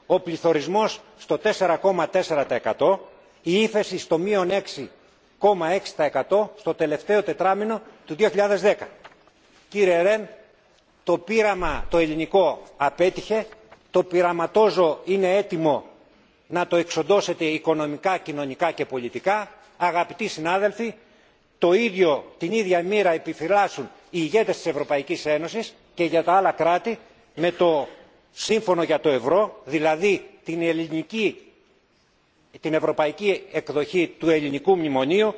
ο πληθωρισμός στο 4,4%, η ύφεση στο μείον 6,6% στο τελευταίο τετράμινο του 2010. Κύριε Ρεν, το πείραμα το ελληνικό απέτυχε, το πειραματόζω είναι έτοιμο να το εξοντώσετε οικονομικά, κοινωνικά και πολιτικά. Αγαπητοί συνάδελφοι, το ίδιο, την ίδια μοίρα επιφυλάσσουν οι ηγέτες της Ευρωπαϊκής Ένωσης και για τα άλλα κράτη με το σύμφωνο για το ευρώ, δηλαδή την ελληνική την ευρωπαϊκή εκδοχή του ελληνικού μνημονίου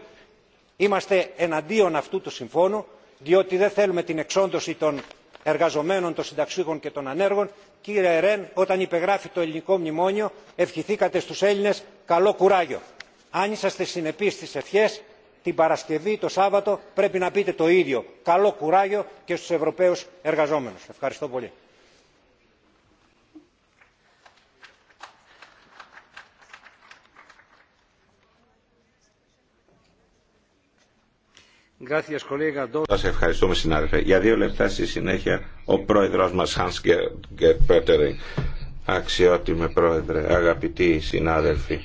είμαστε εναντίον αυτού του συμφώνου διότι δεν θέλουμε την εξόντωση των εργαζομένων των συνταξιούχων και των ανέργων. κύριε Ερέν, όταν υπεγράφει το ελληνικό μνημόνιο ευχηθήκατε στους έλληνες καλό κουράγιο. αν είσαστε συνεπείς στις ευχές την παρασκευή το σάββατο πρέπει να πείτε το ίδιο καλό κουράγιο και στους ευρωπαίους εργαζόμενους. ευχαριστώ πολύ. Σας ευχαριστούμε συνάδελφε. Για δύο λεπτά στη συνέχεια ο πρόεδρος μας Hans Gerd αξιότιμε πρόεδρε, αγαπητοί συνάδελφοι.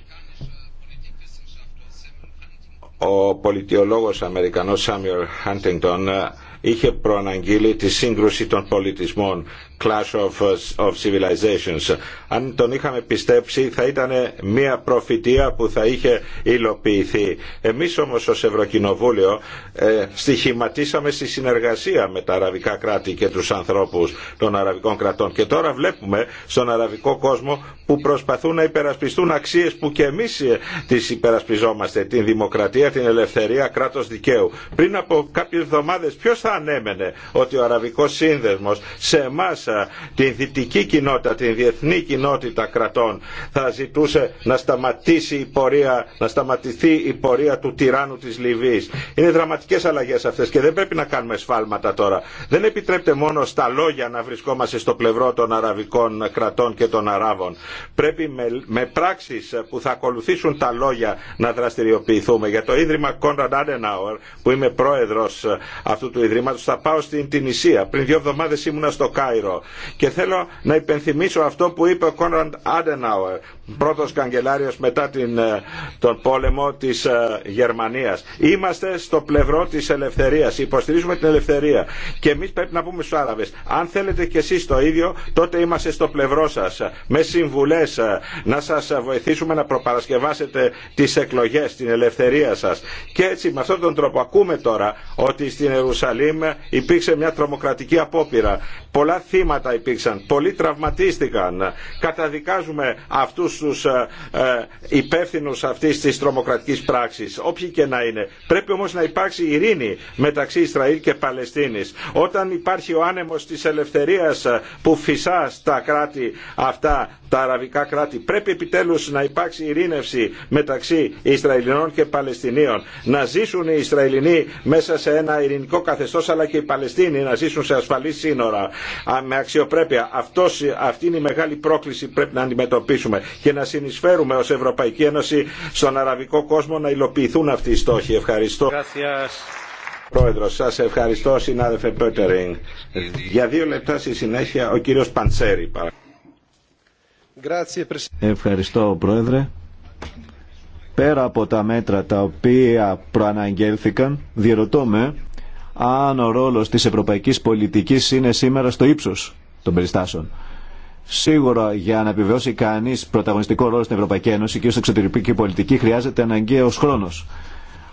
Ο πολιτιολόγος Αμερικανός Σάμιορ Χάντινγκτον ε, είχε προαναγγείλει τη σύγκρουση των πολιτισμών Clash of, of Civilizations. Αν τον είχαμε πιστέψει θα ήταν μια προφητεία που θα είχε υλοποιηθεί. Εμείς όμως ως Ευρωκοινοβούλιο ε, στοιχηματίσαμε στη συνεργασία με τα αραβικά κράτη και τους ανθρώπους των αραβικών κρατών. Και τώρα βλέπουμε στον αραβικό κόσμο που προσπαθούν να υπερασπιστούν αξίες που και εμείς ε, τις υπερασπιζόμαστε. Την δημοκρατία, την ελευθερία, κράτος δικαίου. Πριν από κάποιες εβδομάδες ποιος θα ανέμενε ότι ο αραβικός σύνδεσμος σε εμάς ε, την δυτική κοινότητα, την διεθνή κοινότητα κρατών θα ζητούσε να σταματήσει η πορεία, να σταματηθεί η πορεία του τυράννου της Λιβύης. Είναι δραματικές αλλαγές αυτές και δεν πρέπει να κάνουμε σφάλματα τώρα. Δεν επιτρέπεται μόνο στα λόγια να βρισκόμαστε στο πλευρό των αραβικών κρατών και των Αράβων. Πρέπει με, με πράξεις που θα ακολουθήσουν τα λόγια να δραστηριοποιηθούμε. Για το Ίδρυμα Κόνραντ Άντεναουερ που είμαι πρόεδρος αυτού του Ιδρύματος θα πάω στην Τινησία. Πριν δύο εβδομάδες ήμουνα στο Κάιρο και θέλω να υπενθυμίσω αυτό που είπε ο Κόνραντ Άντεναουερ, πρώτος καγκελάριος μετά την, ε, τον πόλεμο της ε, Γερμανίας. Είμαστε στο πλευρό της ελευθερίας, υποστηρίζουμε την ελευθερία. Και εμείς πρέπει να πούμε στους Άραβες, αν θέλετε κι εσείς το ίδιο, τότε είμαστε στο πλευρό σας, ε, με συμβουλές, να σας βοηθήσουμε να προπαρασκευάσετε τις εκλογές, την ελευθερία σας. Και έτσι με αυτόν τον τρόπο ακούμε τώρα ότι στην Ιερουσαλήμ υπήρξε μια τρομοκρατική απόπειρα. Πολλά θύματα θύματα υπήρξαν, πολλοί τραυματίστηκαν. Καταδικάζουμε αυτούς τους ε, ε, υπεύθυνου αυτής της τρομοκρατικής πράξης, όποιοι και να είναι. Πρέπει όμως να υπάρξει ειρήνη μεταξύ Ισραήλ και Παλαιστίνης. Όταν υπάρχει ο άνεμος της ελευθερίας που φυσά στα κράτη αυτά τα αραβικά κράτη. Πρέπει επιτέλους να υπάρξει ειρήνευση μεταξύ Ισραηλινών και Παλαιστινίων. Να ζήσουν οι Ισραηλινοί μέσα σε ένα ειρηνικό καθεστώς αλλά και οι Παλαιστίνοι να ζήσουν σε ασφαλή σύνορα με αξιοπρέπεια. Αυτός, αυτή είναι η μεγάλη πρόκληση που πρέπει να αντιμετωπίσουμε και να συνεισφέρουμε ως Ευρωπαϊκή Ένωση στον αραβικό κόσμο να υλοποιηθούν αυτοί οι στόχοι. Ευχαριστώ. Gracias. Πρόεδρο, σα ευχαριστώ συνάδελφε Πέτερινγκ. Για δύο λεπτά στη συνέχεια ο κύριο Παντσέρη. Ευχαριστώ, Πρόεδρε. Πέρα από τα μέτρα τα οποία προαναγγέλθηκαν, διερωτώ με αν ο ρόλος της ευρωπαϊκής πολιτικής είναι σήμερα στο ύψος των περιστάσεων. Σίγουρα για να επιβεβαιώσει κανείς πρωταγωνιστικό ρόλο στην Ευρωπαϊκή Ένωση και στην εξωτερική πολιτική χρειάζεται αναγκαίος χρόνος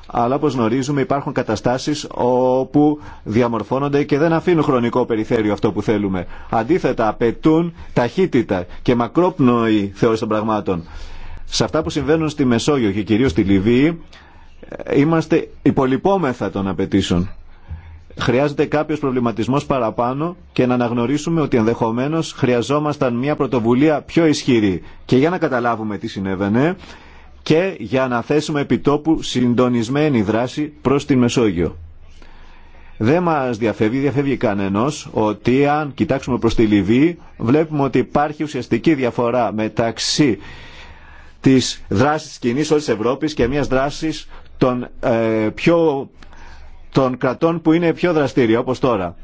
αλλά όπως γνωρίζουμε υπάρχουν καταστάσεις όπου διαμορφώνονται και δεν αφήνουν χρονικό περιθώριο αυτό που θέλουμε. Αντίθετα απαιτούν ταχύτητα και μακρόπνοη θεώρηση των πραγμάτων. Σε αυτά που συμβαίνουν στη Μεσόγειο και κυρίως στη Λιβύη ε, είμαστε υπολοιπόμεθα των απαιτήσεων. Χρειάζεται κάποιος προβληματισμός παραπάνω και να αναγνωρίσουμε ότι ενδεχομένως χρειαζόμασταν μια πρωτοβουλία πιο ισχυρή. Και για να καταλάβουμε τι συνέβαινε, και για να θέσουμε επιτόπου συντονισμένη δράση προς την Μεσόγειο. Δεν μας διαφεύγει, διαφεύγει κανένας ότι αν κοιτάξουμε προς τη Λιβύη βλέπουμε ότι υπάρχει ουσιαστική διαφορά μεταξύ της δράσης της κοινής όλης της Ευρώπης και μιας δράσης των, ε, πιο, των κρατών που είναι πιο δραστήρια όπως τώρα.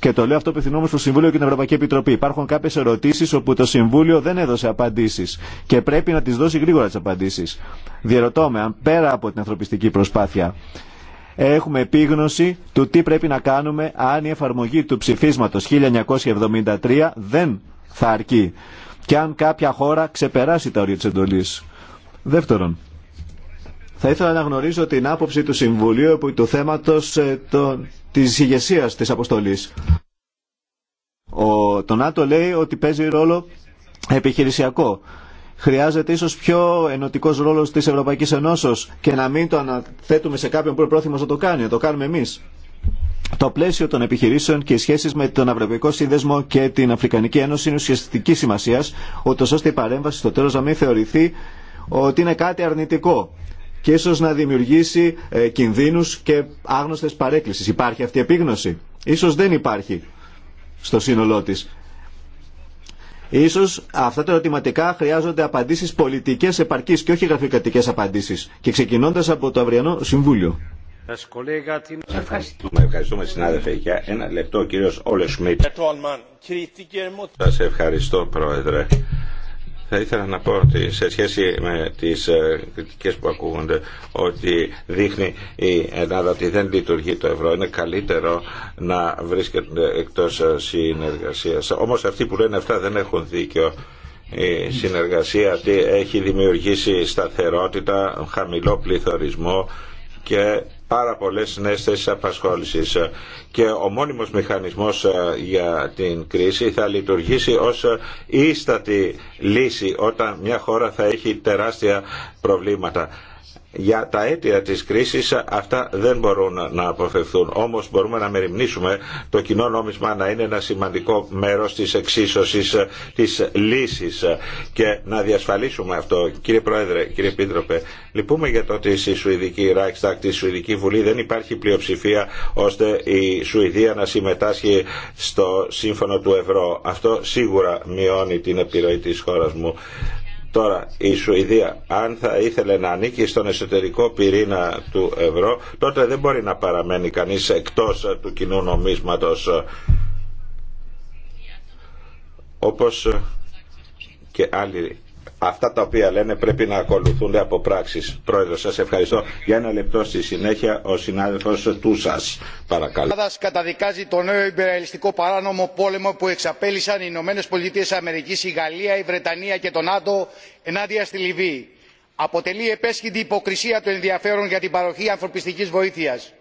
Και το λέω αυτό απευθυνόμενο στο Συμβούλιο και την Ευρωπαϊκή Επιτροπή. Υπάρχουν κάποιε ερωτήσει όπου το Συμβούλιο δεν έδωσε απαντήσει και πρέπει να τι δώσει γρήγορα τι απαντήσει. Διερωτώ με αν πέρα από την ανθρωπιστική προσπάθεια έχουμε επίγνωση του τι πρέπει να κάνουμε αν η εφαρμογή του ψηφίσματο 1973 δεν θα αρκεί και αν κάποια χώρα ξεπεράσει τα όρια τη εντολή. Δεύτερον, θα ήθελα να γνωρίζω την άποψη του Συμβουλίου του θέματος ε, το, της ηγεσία της αποστολής. το ΝΑΤΟ λέει ότι παίζει ρόλο επιχειρησιακό. Χρειάζεται ίσως πιο ενωτικός ρόλος της Ευρωπαϊκής Ενώσεως και να μην το αναθέτουμε σε κάποιον που είναι πρόθυμος να το κάνει, να το κάνουμε εμείς. Το πλαίσιο των επιχειρήσεων και οι σχέσει με τον Ευρωπαϊκό Σύνδεσμο και την Αφρικανική Ένωση είναι ουσιαστική σημασία, ούτω ώστε η παρέμβαση στο τέλο να μην θεωρηθεί ότι είναι κάτι αρνητικό και ίσως να δημιουργήσει ε, κινδύνους και άγνωστες παρέκκλησης. Υπάρχει αυτή η επίγνωση. Ίσως δεν υπάρχει στο σύνολό της. Ίσως αυτά τα ερωτηματικά χρειάζονται απαντήσεις πολιτικές επαρκής και όχι γραφειοκρατικές απαντήσεις. Και ξεκινώντας από το αυριανό Συμβούλιο. Ευχαριστούμε, ευχαριστούμε συνάδελφε για ένα λεπτό κύριος Σας ευχαριστώ πρόεδρε. Θα ήθελα να πω ότι σε σχέση με τις ε, κριτικές που ακούγονται ότι δείχνει η Ελλάδα ότι δεν λειτουργεί το ευρώ, είναι καλύτερο να βρίσκεται εκτός ε, συνεργασίας. Όμως αυτοί που λένε αυτά δεν έχουν δίκιο. Η συνεργασία έχει δημιουργήσει σταθερότητα, χαμηλό πληθωρισμό και πάρα πολλές νέες θέσεις απασχόλησης και ο μόνιμος μηχανισμός ε, για την κρίση θα λειτουργήσει ως ε, ίστατη λύση όταν μια χώρα θα έχει τεράστια προβλήματα για τα αίτια της κρίσης αυτά δεν μπορούν να αποφευθούν. Όμως μπορούμε να μεριμνήσουμε το κοινό νόμισμα να είναι ένα σημαντικό μέρος της εξίσωσης της λύσης και να διασφαλίσουμε αυτό. Κύριε Πρόεδρε, κύριε Πίτροπε, λυπούμε για το ότι στη Σουηδική Ράιξτακ, τη Σουηδική Βουλή δεν υπάρχει πλειοψηφία ώστε η Σουηδία να συμμετάσχει στο σύμφωνο του ευρώ. Αυτό σίγουρα μειώνει την επιρροή της χώρας μου Τώρα η Σουηδία αν θα ήθελε να ανήκει στον εσωτερικό πυρήνα του ευρώ τότε δεν μπορεί να παραμένει κανείς εκτός του κοινού νομίσματος όπως και άλλοι αυτά τα οποία λένε πρέπει να ακολουθούνται από πράξεις. Πρόεδρο, σας ευχαριστώ. Για ένα λεπτό στη συνέχεια ο συνάδελφος ΣΑΣ Παρακαλώ. Η καταδικάζει το νέο υπεραλιστικό παράνομο πόλεμο που εξαπέλυσαν οι Ηνωμένες Πολιτείες Αμερικής, η Γαλλία, η Βρετανία και το ΝΑΤΟ ενάντια στη Λιβύη. Αποτελεί επέσχυντη υποκρισία του ενδιαφέρον για την παροχή ανθρωπιστικής βοήθειας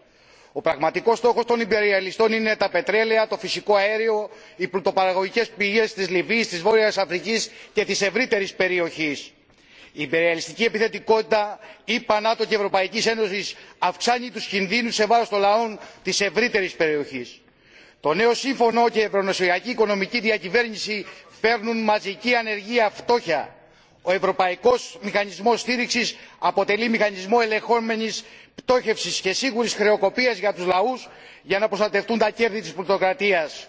ο πραγματικός στόχος των υπεριαλιστών είναι τα πετρέλαια το φυσικό αέριο οι πλουτοπαραγωγικές πηγές της λιβύης της βόρειας αφρικής και της ευρύτερης περιοχής. η υπεριαλιστική επιθετικότητα η νατο και ευρωπαϊκής ένωσης αυξάνει του κινδύνους σε βάρος των λαών της ευρύτερης περιοχής. το νέο σύμφωνο και η ευρωνοσιακή οικονομική διακυβέρνηση φέρνουν μαζική ανεργία φτώχεια ο ευρωπαϊκός μηχανισμός στήριξης αποτελεί μηχανισμό ελεγχόμενης πτώχευσης και σίγουρης χρεοκοπίας για τους λαούς για να προστατευτούν τα κέρδη της πλουτοκρατίας.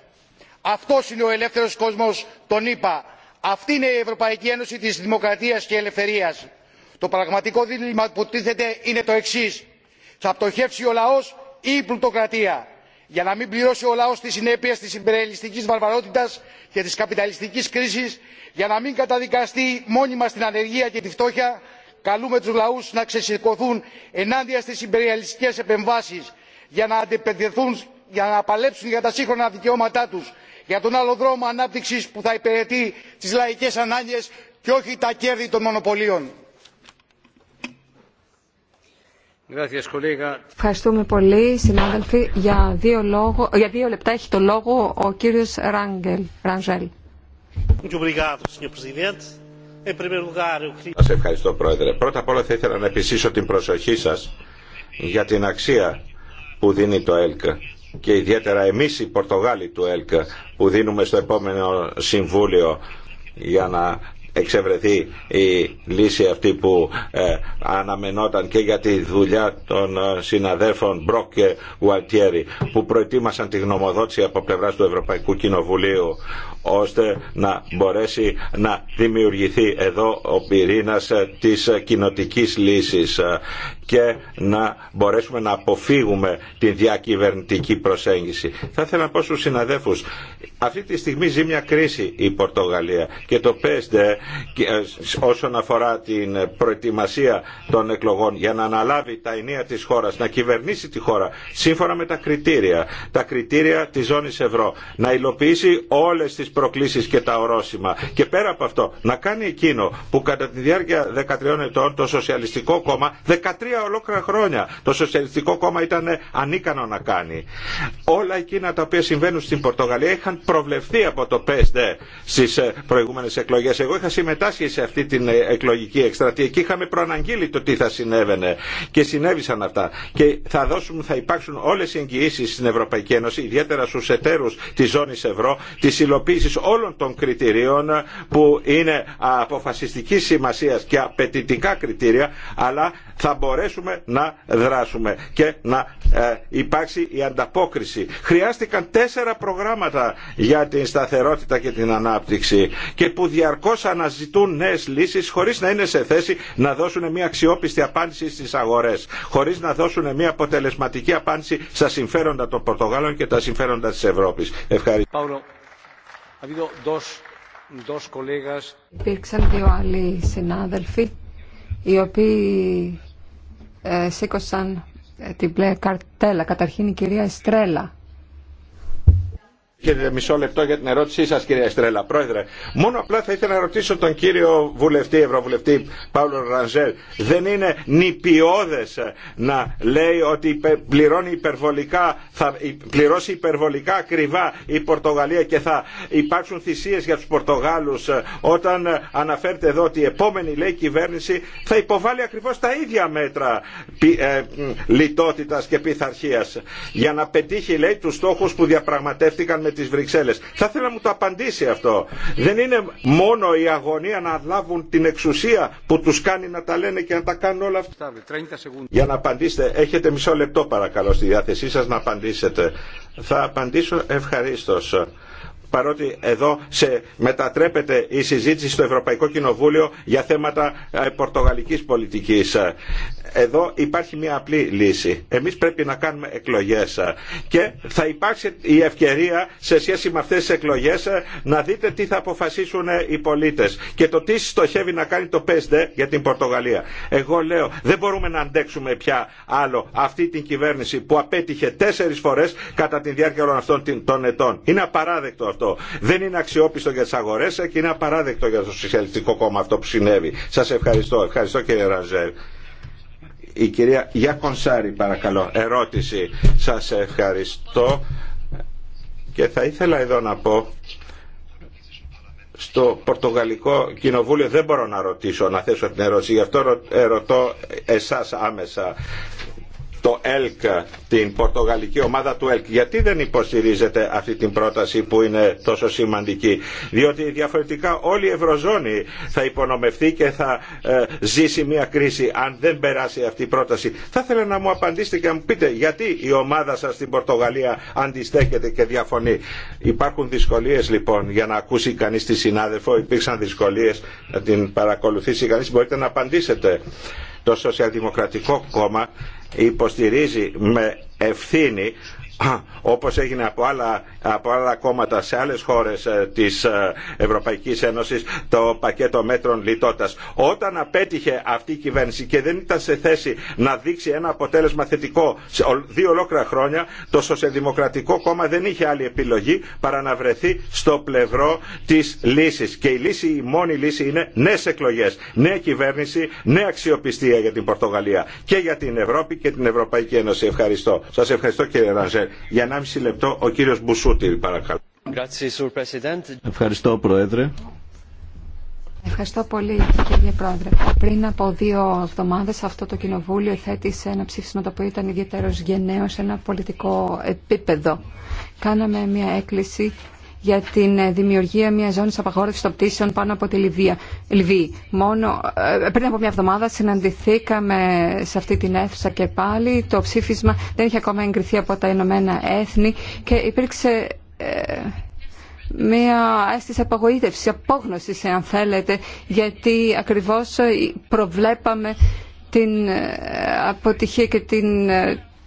αυτός είναι ο ελεύθερος κόσμος των ηπα. αυτή είναι η ευρωπαϊκή ένωση της δημοκρατίας και ελευθερίας. το πραγματικό δίλημα που τίθεται είναι το εξής θα πτωχεύσει ο λαός ή η πλουτοκρατία. για να μην πληρώσει ο λαός τις συνέπειες της υπεριαλιστικής βαρβαρότητας και της καπιταλιστικής κρίσης για να μην καταδικαστεί μόνιμα στην ανεργία και τη φτώχεια καλούμε τους λαούς να ξεσηκωθούν ενάντια στις υπεριαλιστικές επεμβάσεις για να αντεπαιδευθούν για να παλέψουν για τα σύγχρονα δικαιώματά τους για τον άλλο δρόμο ανάπτυξης που θα υπηρετεί τις λαϊκές ανάγκες και όχι τα κέρδη των μονοπωλίων. Ευχαριστούμε πολύ συνάδελφοι. Για δύο, λόγο, για δύο λεπτά έχει το λόγο ο κύριος Ράγγελ, ε, σας ευχαριστώ Πρόεδρε. Πρώτα απ' όλα θα ήθελα να επισήσω την προσοχή σας για την αξία που δίνει το ΕΛΚ και ιδιαίτερα εμείς οι Πορτογάλοι του ΕΛΚ που δίνουμε στο επόμενο Συμβούλιο για να εξευρεθεί η λύση αυτή που ε, αναμενόταν και για τη δουλειά των ε, συναδέλφων Μπροκ και Γουαλτιέρη που προετοίμασαν τη γνωμοδότηση από πλευράς του Ευρωπαϊκού Κοινοβουλίου ώστε να μπορέσει να δημιουργηθεί εδώ ο πυρήνας της κοινοτικής λύσης και να μπορέσουμε να αποφύγουμε την διακυβερνητική προσέγγιση. Θα ήθελα να πω στους συναδέφους, αυτή τη στιγμή ζει μια κρίση η Πορτογαλία και το πέστε ε, όσον αφορά την προετοιμασία των εκλογών για να αναλάβει τα ενία της χώρας, να κυβερνήσει τη χώρα σύμφωνα με τα κριτήρια, τα κριτήρια της ζώνης ευρώ, να υλοποιήσει όλες τις προκλήσεις και τα ορόσημα και πέρα από αυτό να κάνει εκείνο που κατά τη διάρκεια 13 ετών το Σοσιαλιστικό Κόμμα 13 ολόκληρα χρόνια το Σοσιαλιστικό Κόμμα ήταν ανίκανο να κάνει. Όλα εκείνα τα οποία συμβαίνουν στην Πορτογαλία είχαν προβλεφθεί από το ΠΕΣΔΕ στι ε, προηγούμενε εκλογέ. Εγώ είχα συμμετάσχει σε αυτή την ε, εκλογική εκστρατεία και είχαμε προαναγγείλει το τι θα συνέβαινε και συνέβησαν αυτά. Και θα, δώσουν, θα υπάρξουν όλε οι εγγυήσει στην Ευρωπαϊκή Ένωση, ιδιαίτερα στου εταίρου τη ζώνη ευρώ, τη υλοποίηση όλων των κριτηρίων που είναι αποφασιστική σημασία και απαιτητικά κριτήρια, αλλά θα μπορέσουμε να δράσουμε και να ε, υπάρξει η ανταπόκριση. Χρειάστηκαν τέσσερα προγράμματα για την σταθερότητα και την ανάπτυξη και που διαρκώς αναζητούν νέες λύσεις χωρίς να είναι σε θέση να δώσουν μια αξιόπιστη απάντηση στις αγορές, χωρίς να δώσουν μια αποτελεσματική απάντηση στα συμφέροντα των Πορτογάλων και τα συμφέροντα της Ευρώπης. Ευχαριστώ. Υπήρξαν δύο άλλοι συνάδελφοι οι οποίοι ε, σήκωσαν ε, την μπλε καρτέλα. Καταρχήν η κυρία Εστρέλα. Έχετε μισό λεπτό για την ερώτησή σα, κυρία Εστρέλα. Πρόεδρε, μόνο απλά θα ήθελα να ρωτήσω τον κύριο βουλευτή, ευρωβουλευτή Παύλο Ρανζέλ. Δεν είναι νηπιώδε να λέει ότι πληρώνει υπερβολικά, θα πληρώσει υπερβολικά ακριβά η Πορτογαλία και θα υπάρξουν θυσίε για του Πορτογάλου ε, όταν αναφέρεται εδώ ότι η επόμενη, λέει, κυβέρνηση θα υποβάλει ακριβώ τα ίδια μέτρα ε, λιτότητα και πειθαρχία για να πετύχει, λέει, του στόχου που διαπραγματεύτηκαν τις Βρυξέλλες. Θα ήθελα να μου το απαντήσει αυτό. Δεν είναι μόνο η αγωνία να λάβουν την εξουσία που τους κάνει να τα λένε και να τα κάνουν όλα αυτά. Για να απαντήσετε, έχετε μισό λεπτό παρακαλώ στη διάθεσή σας να απαντήσετε. Θα απαντήσω ευχαρίστως παρότι εδώ μετατρέπεται η συζήτηση στο Ευρωπαϊκό Κοινοβούλιο για θέματα ε, πορτογαλικής πολιτικής. Εδώ υπάρχει μια απλή λύση. Εμείς πρέπει να κάνουμε εκλογές και θα υπάρξει η ευκαιρία σε σχέση με αυτές τις εκλογές ε, να δείτε τι θα αποφασίσουν ε, οι πολίτες και το τι στοχεύει να κάνει το ΠΕΣΔΕ για την Πορτογαλία. Εγώ λέω δεν μπορούμε να αντέξουμε πια άλλο αυτή την κυβέρνηση που απέτυχε τέσσερις φορές κατά τη διάρκεια όλων αυτών των ετών. Είναι απαράδεκτο δεν είναι αξιόπιστο για τι αγορέ και είναι απαράδεκτο για το Σοσιαλιστικό Κόμμα αυτό που συνέβη. Σα ευχαριστώ. Ευχαριστώ κύριε Ραζέλ. Η κυρία Γιακονσάρη παρακαλώ. Ερώτηση. Σας ευχαριστώ. Και θα ήθελα εδώ να πω στο Πορτογαλικό Κοινοβούλιο δεν μπορώ να ρωτήσω, να θέσω την ερώτηση. Γι' αυτό ερωτώ εσάς άμεσα το ΕΛΚ, την πορτογαλική ομάδα του ΕΛΚ. Γιατί δεν υποστηρίζετε αυτή την πρόταση που είναι τόσο σημαντική. Διότι διαφορετικά όλη η Ευρωζώνη θα υπονομευτεί και θα ε, ζήσει μια κρίση αν δεν περάσει αυτή η πρόταση. Θα ήθελα να μου απαντήσετε και να μου πείτε γιατί η ομάδα σας στην Πορτογαλία αντιστέκεται και διαφωνεί. Υπάρχουν δυσκολίες λοιπόν για να ακούσει κανείς τη συνάδελφο. Υπήρξαν δυσκολίες να την παρακολουθήσει κανείς. Μπορείτε να απαντήσετε. Το Σοσιαλδημοκρατικό Κόμμα υποστηρίζει με ευθύνη όπως έγινε από άλλα, από άλλα κόμματα σε άλλες χώρες ε, της ε, Ευρωπαϊκής Ένωσης το πακέτο μέτρων λιτότητας. Όταν απέτυχε αυτή η κυβέρνηση και δεν ήταν σε θέση να δείξει ένα αποτέλεσμα θετικό σε δύο ολόκληρα χρόνια, το Σοσιαλδημοκρατικό Κόμμα δεν είχε άλλη επιλογή παρά να βρεθεί στο πλευρό της λύσης. Και η λύση, η μόνη λύση είναι νέες εκλογές, νέα κυβέρνηση, νέα αξιοπιστία για την Πορτογαλία και για την Ευρώπη και την Ευρωπαϊκή Ένωση. Ευχαριστώ. Σας ευχαριστώ κύριε Ραζέλ. Για 1,5 λεπτό ο κύριος Μπουσούτη παρακαλώ. Ευχαριστώ Πρόεδρε. Ευχαριστώ πολύ κύριε Πρόεδρε. Πριν από δύο εβδομάδες αυτό το Κοινοβούλιο θέτησε ένα ψήφισμα το οποίο ήταν ιδιαίτερος γενναίο σε ένα πολιτικό επίπεδο. Κάναμε μια έκκληση για την ε, δημιουργία μιας ζώνης απαγόρευσης των πτήσεων πάνω από τη Λιβύη. Μόνο, ε, πριν από μια εβδομάδα συναντηθήκαμε σε αυτή την αίθουσα και πάλι. Το ψήφισμα δεν είχε ακόμα εγκριθεί από τα Ηνωμένα Έθνη και υπήρξε ε, μια αίσθηση απογοήτευση, απόγνωση αν θέλετε, γιατί ακριβώς προβλέπαμε την αποτυχία και την,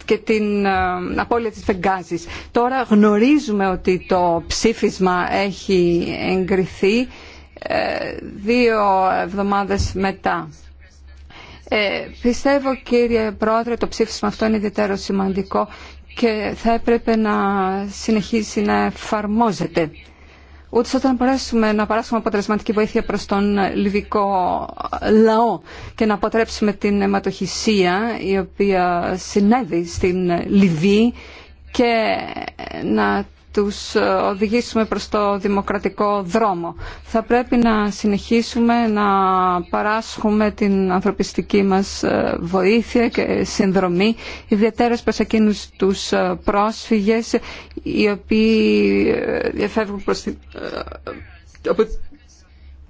και την ε, απώλεια της Φεγγάζης. Τώρα γνωρίζουμε ότι το ψήφισμα έχει εγκριθεί ε, δύο εβδομάδες μετά. Ε, πιστεύω κύριε Πρόεδρε το ψήφισμα αυτό είναι ιδιαίτερο σημαντικό και θα έπρεπε να συνεχίσει να εφαρμόζεται ούτω όταν μπορέσουμε να παράσουμε αποτελεσματική βοήθεια προς τον λιβικό λαό και να αποτρέψουμε την αιματοχυσία η οποία συνέβη στην Λιβύη και να τους ε, οδηγήσουμε προς το δημοκρατικό δρόμο. Θα πρέπει να συνεχίσουμε να παράσχουμε την ανθρωπιστική μας ε, βοήθεια και συνδρομή, ιδιαίτερα προς εκείνους τους ε, πρόσφυγες οι οποίοι διαφεύγουν προς την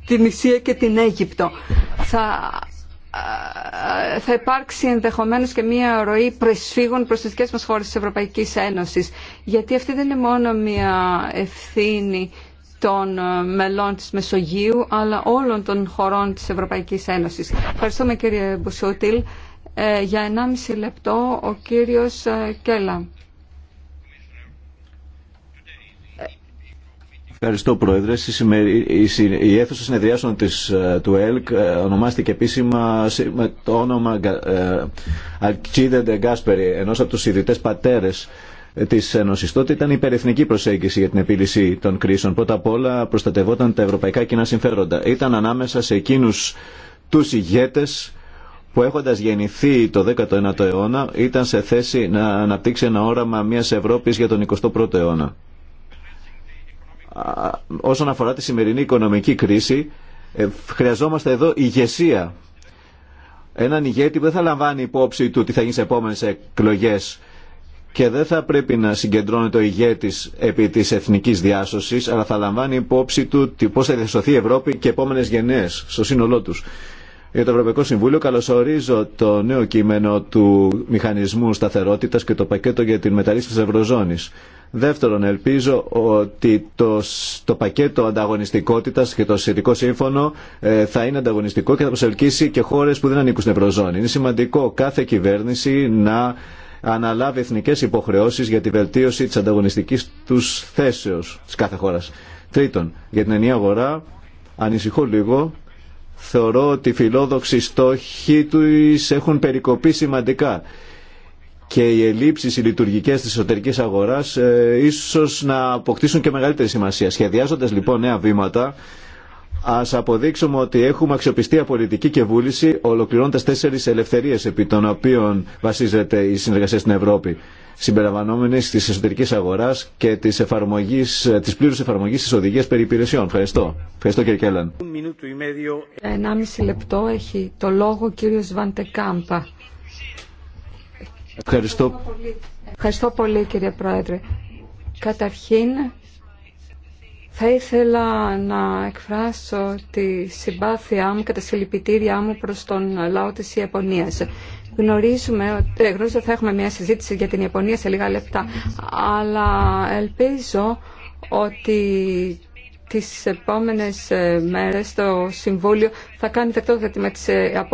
την Ισία και την Αίγυπτο. Θα θα υπάρξει ενδεχομένως και μία ροή προσφύγων προς τις δικές μας χώρες της Ευρωπαϊκής Ένωσης. Γιατί αυτή δεν είναι μόνο μία ευθύνη των ε, μελών της Μεσογείου, αλλά όλων των χωρών της Ευρωπαϊκής Ένωσης. Ευχαριστούμε κύριε Μπουσούτιλ. Ε, για 1,5 λεπτό ο κύριος ε, Κέλα. Ευχαριστώ, Πρόεδρε. Η αίθουσα συνεδριάσεων της, ε, του ΕΛΚ ε, ονομάστηκε επίσημα με το όνομα ε, Αλκίδε Γκάσπερι, ενός από τους ιδρυτές πατέρες τη Ένωση. Τότε ήταν υπερεθνική προσέγγιση για την επίλυση των κρίσεων. Πρώτα απ' όλα προστατευόταν τα ευρωπαϊκά κοινά συμφέροντα. Ήταν ανάμεσα σε εκείνου του ηγέτε που έχοντας γεννηθεί το 19ο αιώνα ήταν σε θέση να αναπτύξει ένα όραμα μιας Ευρώπης για τον 21ο αιώνα όσον αφορά τη σημερινή οικονομική κρίση, ε, χρειαζόμαστε εδώ ηγεσία. Έναν ηγέτη που δεν θα λαμβάνει υπόψη του τι θα γίνει σε επόμενες εκλογές και δεν θα πρέπει να συγκεντρώνεται ο ηγέτης επί της εθνικής διάσωσης, αλλά θα λαμβάνει υπόψη του πώς θα διασωθεί η Ευρώπη και επόμενες γενναίες στο σύνολό τους. Για το Ευρωπαϊκό Συμβούλιο καλωσορίζω το νέο κείμενο του Μηχανισμού Σταθερότητας και το πακέτο για την μεταρρύθμιση της Ευρωζώνης. Δεύτερον, ελπίζω ότι το, το πακέτο ανταγωνιστικότητας και το σχετικό σύμφωνο ε, θα είναι ανταγωνιστικό και θα προσελκύσει και χώρες που δεν ανήκουν στην Ευρωζώνη. Είναι σημαντικό κάθε κυβέρνηση να αναλάβει εθνικές υποχρεώσεις για τη βελτίωση της ανταγωνιστικής τους θέσεως της κάθε χώρας. Τρίτον, για την ενιαία αγορά ανησυχώ λίγο. Θεωρώ ότι οι φιλόδοξοι στόχοι του έχουν περικοπεί σημαντικά και οι ελλείψει οι τη εσωτερική αγορά αγοράς ε, ίσως να αποκτήσουν και μεγαλύτερη σημασία. Σχεδιάζοντα λοιπόν νέα βήματα, α αποδείξουμε ότι έχουμε αξιοπιστία πολιτική και βούληση ολοκληρώνοντας τέσσερι ελευθερίε επί των οποίων βασίζεται η συνεργασία στην Ευρώπη συμπεριλαμβανόμενης τη εσωτερική αγορά και τη εφαρμογής, ε, της πλήρους εφαρμογής της οδηγίας περί υπηρεσιών. Ευχαριστώ. Ευχαριστώ κύριε Κέλλαν. 1,5 λεπτό έχει το λόγο ο Βαντεκάμπα. Ευχαριστώ. πολύ κύριε Πρόεδρε. Καταρχήν θα ήθελα να εκφράσω τη συμπάθειά μου και τα συλληπιτήριά μου προς τον λαό της Ιαπωνίας. Γνωρίζουμε ότι ε, θα έχουμε μια συζήτηση για την Ιαπωνία σε λίγα λεπτά, αλλά ελπίζω ότι τις επόμενες ε, μέρες το Συμβούλιο θα κάνει δεκτό με της ε,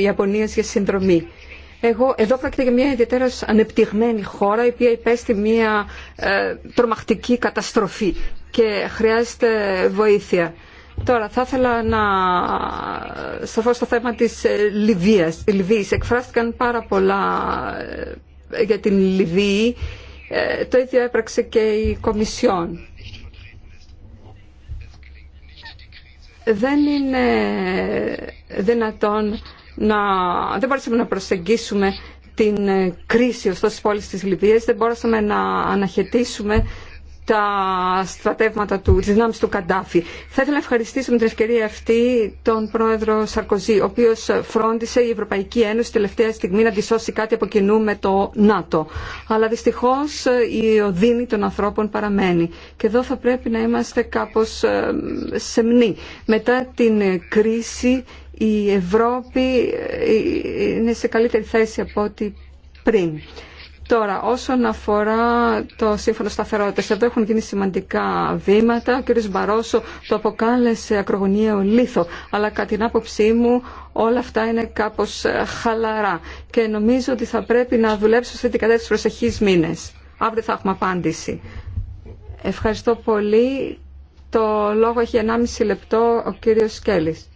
Ιαπωνίας για συνδρομή. Εγώ, εδώ πρόκειται για μια ιδιαίτερα ανεπτυγμένη χώρα η οποία υπέστη μια ε, τρομακτική καταστροφή και χρειάζεται βοήθεια. Τώρα θα ήθελα να σταθώ στο θέμα της ε, Λιβύας. Λιβύης. Εκφράστηκαν πάρα πολλά ε, για την Λιβύη. Ε, το ίδιο έπραξε και η Κομισιόν. Δεν είναι δυνατόν να, δεν μπορέσαμε να προσεγγίσουμε την ε, κρίση ωστόσο της πόλης της Λιβύης, δεν μπορέσαμε να αναχαιτήσουμε τα στρατεύματα του, τις δυνάμεις του Καντάφη. Θα ήθελα να ευχαριστήσω με την ευκαιρία αυτή τον πρόεδρο Σαρκοζή, ο οποίος φρόντισε η Ευρωπαϊκή Ένωση τελευταία στιγμή να τη κάτι από κοινού με το ΝΑΤΟ. Αλλά δυστυχώς η οδύνη των ανθρώπων παραμένει. Και εδώ θα πρέπει να είμαστε κάπως ε, σεμνοί. Μετά την κρίση η Ευρώπη ε, ε, είναι σε καλύτερη θέση από ό,τι πριν. Τώρα, όσον αφορά το σύμφωνο σταθερότητα, εδώ έχουν γίνει σημαντικά βήματα. Ο κ. Μπαρόσο το αποκάλεσε ακρογωνιαίο λίθο. Αλλά κατά την άποψή μου όλα αυτά είναι κάπω ε, χαλαρά. Και νομίζω ότι θα πρέπει να δουλέψω σε την κατεύθυνση προσεχή μήνε. Αύριο θα έχουμε απάντηση. Ευχαριστώ πολύ. Το λόγο έχει 1,5 λεπτό ο κύριος Σκέλης.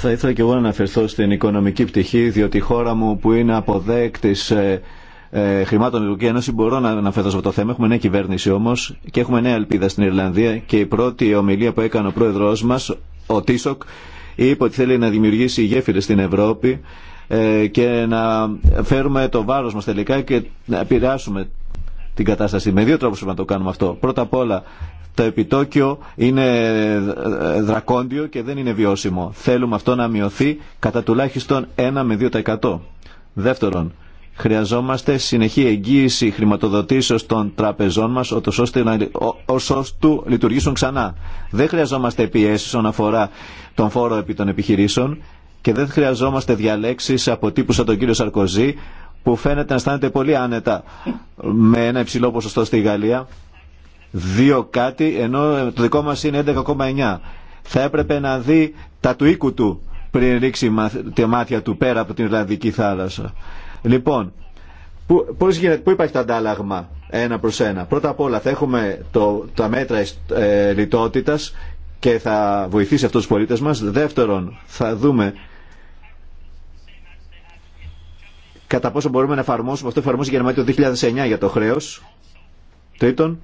Θα ήθελα και εγώ να αναφερθώ στην οικονομική πτυχή, διότι η χώρα μου που είναι αποδέκτης ε, ε χρημάτων Ευρωπαϊκή Ένωση μπορώ να αναφερθώ σε αυτό το θέμα. Έχουμε νέα κυβέρνηση όμω και έχουμε νέα ελπίδα στην Ιρλανδία και η πρώτη ομιλία που έκανε ο πρόεδρό μα, ο Τίσοκ, είπε ότι θέλει να δημιουργήσει γέφυρε στην Ευρώπη ε, και να φέρουμε το βάρο μα τελικά και να επηρεάσουμε την κατάσταση. Με δύο τρόπου πρέπει να το κάνουμε αυτό. Πρώτα απ' όλα το επιτόκιο είναι δρακόντιο και δεν είναι βιώσιμο. Θέλουμε αυτό να μειωθεί κατά τουλάχιστον 1 με 2%. Δεύτερον, χρειαζόμαστε συνεχή εγγύηση χρηματοδοτήσεως των τραπεζών μας ώστε να, λειτουργήσουν ξανά. Δεν χρειαζόμαστε πιέσει όσον αφορά τον φόρο επί των επιχειρήσεων και δεν χρειαζόμαστε διαλέξεις από τύπου σαν τον κύριο Σαρκοζή που φαίνεται να αισθάνεται πολύ άνετα με ένα υψηλό ποσοστό στη Γαλλία Δύο κάτι, ενώ το δικό μας είναι 11,9. Θα έπρεπε να δει τα του οίκου του πριν ρίξει τη μάτια του πέρα από την Ιρλανδική θάλασσα. Λοιπόν, πού, πώς γίνεται, πού υπάρχει το αντάλλαγμα ένα προς ένα. Πρώτα απ' όλα θα έχουμε το, τα μέτρα ε, λιτότητας και θα βοηθήσει αυτούς τους πολίτες μας. Δεύτερον, θα δούμε κατά πόσο μπορούμε να εφαρμόσουμε αυτό εφαρμόζει η Γερμανία το 2009 για το χρέος. Τρίτον,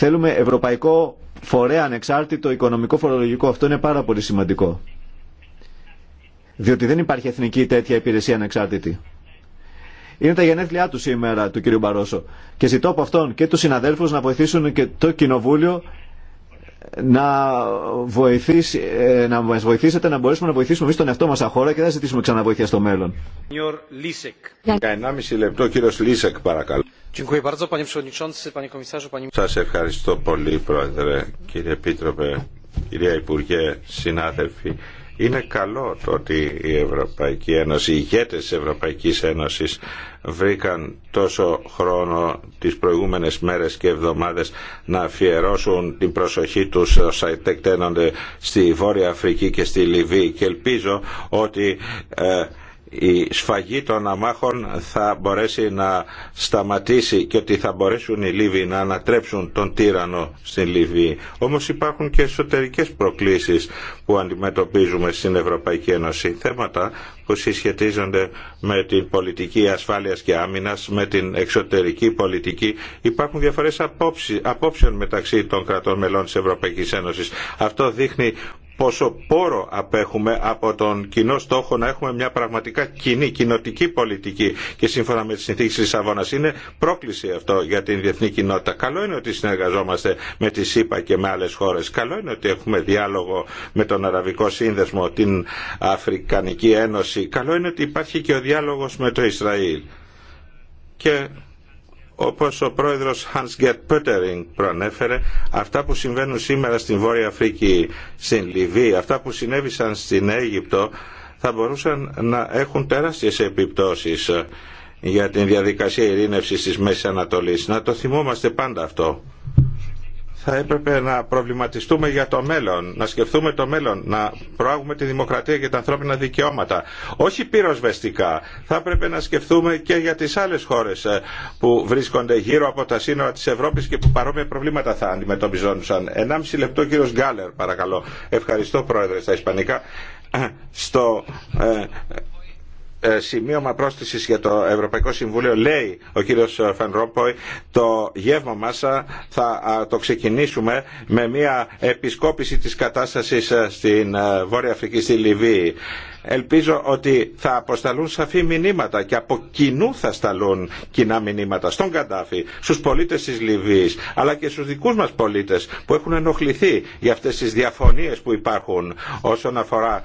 Θέλουμε ευρωπαϊκό φορέα ανεξάρτητο οικονομικό φορολογικό. Αυτό είναι πάρα πολύ σημαντικό. Διότι δεν υπάρχει εθνική τέτοια υπηρεσία ανεξάρτητη. Είναι τα γενέθλιά του σήμερα του κ. Μπαρόσο. Και ζητώ από αυτόν και του συναδέλφου να βοηθήσουν και το Κοινοβούλιο να, βοηθήσει, ε, να μας βοηθήσετε να μπορέσουμε να βοηθήσουμε εμείς τον εαυτό μας σαν χώρα και να ζητήσουμε ξανά βοήθεια στο μέλλον. Σα κύριος Λίσεκ παρακαλώ. Σας ευχαριστώ πολύ πρόεδρε, κύριε Επίτροπε, κυρία Υπουργέ, συνάδελφοι. Είναι καλό το ότι η Ευρωπαϊκή Ένωση, οι ηγέτες της Ευρωπαϊκής Ένωσης βρήκαν τόσο χρόνο τις προηγούμενες μέρες και εβδομάδες να αφιερώσουν την προσοχή τους όσα εκτένονται στη Βόρεια Αφρική και στη Λιβύη και ελπίζω ότι ε, η σφαγή των αμάχων θα μπορέσει να σταματήσει και ότι θα μπορέσουν οι Λίβοι να ανατρέψουν τον τύρανο στην Λιβύη. Όμως υπάρχουν και εσωτερικές προκλήσεις που αντιμετωπίζουμε στην Ευρωπαϊκή Ένωση. Θέματα που συσχετίζονται με την πολιτική ασφάλειας και άμυνας, με την εξωτερική πολιτική. Υπάρχουν διαφορές απόψεων μεταξύ των κρατών μελών της Ευρωπαϊκής Ένωσης. Αυτό δείχνει πόσο πόρο απέχουμε από τον κοινό στόχο να έχουμε μια πραγματικά κοινή κοινοτική πολιτική και σύμφωνα με τις συνθήκες της Λισαβόνας είναι πρόκληση αυτό για την διεθνή κοινότητα. Καλό είναι ότι συνεργαζόμαστε με τη ΣΥΠΑ και με άλλες χώρες. Καλό είναι ότι έχουμε διάλογο με τον Αραβικό Σύνδεσμο, την Αφρικανική Ένωση. Καλό είναι ότι υπάρχει και ο διάλογος με το Ισραήλ. Και όπως ο πρόεδρος Hans Gert Pöttering προανέφερε, αυτά που συμβαίνουν σήμερα στην Βόρεια Αφρική, στην Λιβύη, αυτά που συνέβησαν στην Αίγυπτο, θα μπορούσαν να έχουν τεράστιες επιπτώσεις για την διαδικασία ειρήνευσης της Μέσης Ανατολής. Να το θυμόμαστε πάντα αυτό θα έπρεπε να προβληματιστούμε για το μέλλον, να σκεφτούμε το μέλλον, να προάγουμε τη δημοκρατία και τα ανθρώπινα δικαιώματα. Όχι πυροσβεστικά. Θα έπρεπε να σκεφτούμε και για τις άλλες χώρες ε, που βρίσκονται γύρω από τα σύνορα της Ευρώπης και που παρόμοια προβλήματα θα αντιμετωπιζόντουσαν. 1,5 λεπτό κύριος Γκάλερ παρακαλώ. Ευχαριστώ πρόεδρε στα Ισπανικά. (clears throat) Στο ε, ε, σημείωμα πρόσθεσης για το Ευρωπαϊκό Συμβούλιο λέει ο κύριος Φανρόμποϊ το γεύμα μας ε, θα το ξεκινήσουμε με μια επισκόπηση της κατάστασης ε, στην Βόρεια Αφρική στη Λιβύη Ελπίζω ότι θα αποσταλούν σαφή μηνύματα και από κοινού θα σταλούν κοινά μηνύματα στον Καντάφη, στους πολίτες της Λιβύης, αλλά και στους δικούς μας πολίτες που έχουν ενοχληθεί για αυτές τις διαφωνίες που υπάρχουν όσον αφορά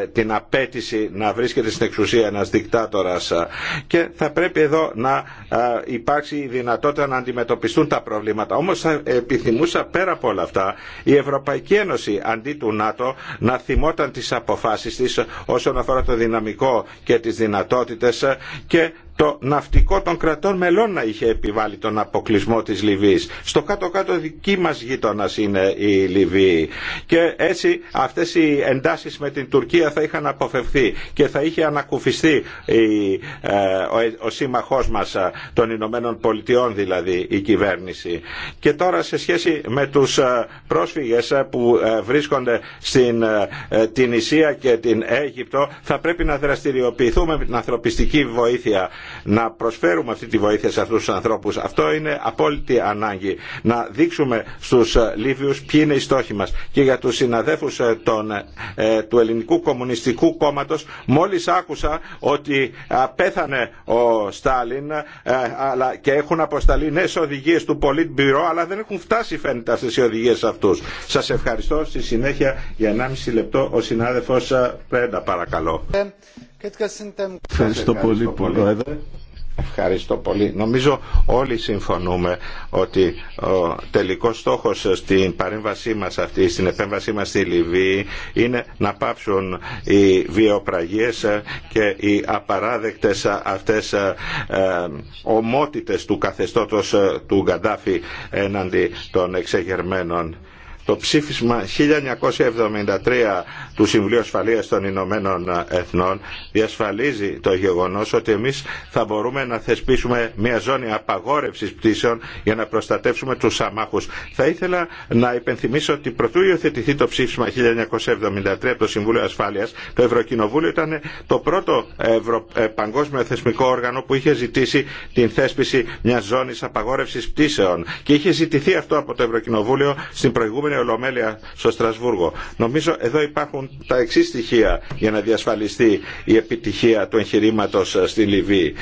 ε, την απέτηση να βρίσκεται στην εξουσία ένας δικτάτορας. Και θα πρέπει εδώ να ε, υπάρξει η δυνατότητα να αντιμετωπιστούν τα προβλήματα. Όμως θα επιθυμούσα πέρα από όλα αυτά η Ευρωπαϊκή Ένωση αντί του ΝΑΤΟ να θυμόταν τις αποφάσεις της όσον αφορά το δυναμικό και τις δυνατότητες ε, και το ναυτικό των κρατών μελών να είχε επιβάλει τον αποκλεισμό της Λιβύης. Στο κάτω-κάτω δική μας γείτονα είναι η Λιβύη. Και έτσι αυτές οι εντάσεις με την Τουρκία θα είχαν αποφευθεί και θα είχε ανακουφιστεί ε, ο σύμμαχός μας ε, των Ηνωμένων Πολιτειών δηλαδή η κυβέρνηση. Και τώρα σε σχέση με τους ε, πρόσφυγες που βρίσκονται στην Ισία και την Αίγυπτο θα πρέπει να δραστηριοποιηθούμε με την ανθρωπιστική βοήθεια να προσφέρουμε αυτή τη βοήθεια σε αυτούς τους ανθρώπους. Αυτό είναι απόλυτη ανάγκη. Να δείξουμε στους ε, Λίβιους ποιοι είναι οι στόχοι μας. Και για τους συναδέφους ε, των, ε, του Ελληνικού Κομμουνιστικού Κόμματος μόλις άκουσα ότι πέθανε ο Στάλιν αλλά και έχουν αποσταλεί νέες οδηγίες του Πολίτμπυρο αλλά δεν έχουν φτάσει φαίνεται αυτές οι οδηγίες αυτούς. Σας ευχαριστώ. Στη συνέχεια για 1,5 λεπτό ο συνάδελφος Πρέντα παρακαλώ. Ευχαριστώ πολύ, Ευχαριστώ πολύ. Νομίζω όλοι συμφωνούμε ότι ο τελικός στόχος στην παρέμβασή μας αυτή, στην επέμβασή μας στη Λιβύη είναι να πάψουν οι βιοπραγίες και οι απαράδεκτες αυτές ε, ομότητες του καθεστώτος του Γκαντάφη έναντι των εξεγερμένων το ψήφισμα 1973 του Συμβουλίου Ασφαλείας των Ηνωμένων Εθνών διασφαλίζει το γεγονός ότι εμείς θα μπορούμε να θεσπίσουμε μια ζώνη απαγόρευσης πτήσεων για να προστατεύσουμε τους αμάχους. Θα ήθελα να υπενθυμίσω ότι πρωτού υιοθετηθεί το ψήφισμα 1973 από το Συμβούλιο Ασφάλειας, το Ευρωκοινοβούλιο ήταν το πρώτο ε, παγκόσμιο θεσμικό όργανο που είχε ζητήσει την θέσπιση μιας ζώνης απαγόρευσης πτήσεων και είχε ζητηθεί αυτό από το Ευρωκοινοβούλιο στην προηγούμενη είναι Ολομέλεια στο Στρασβούργο. Νομίζω εδώ υπάρχουν τα εξή στοιχεία για να διασφαλιστεί η επιτυχία του εγχειρήματο στη Λιβύη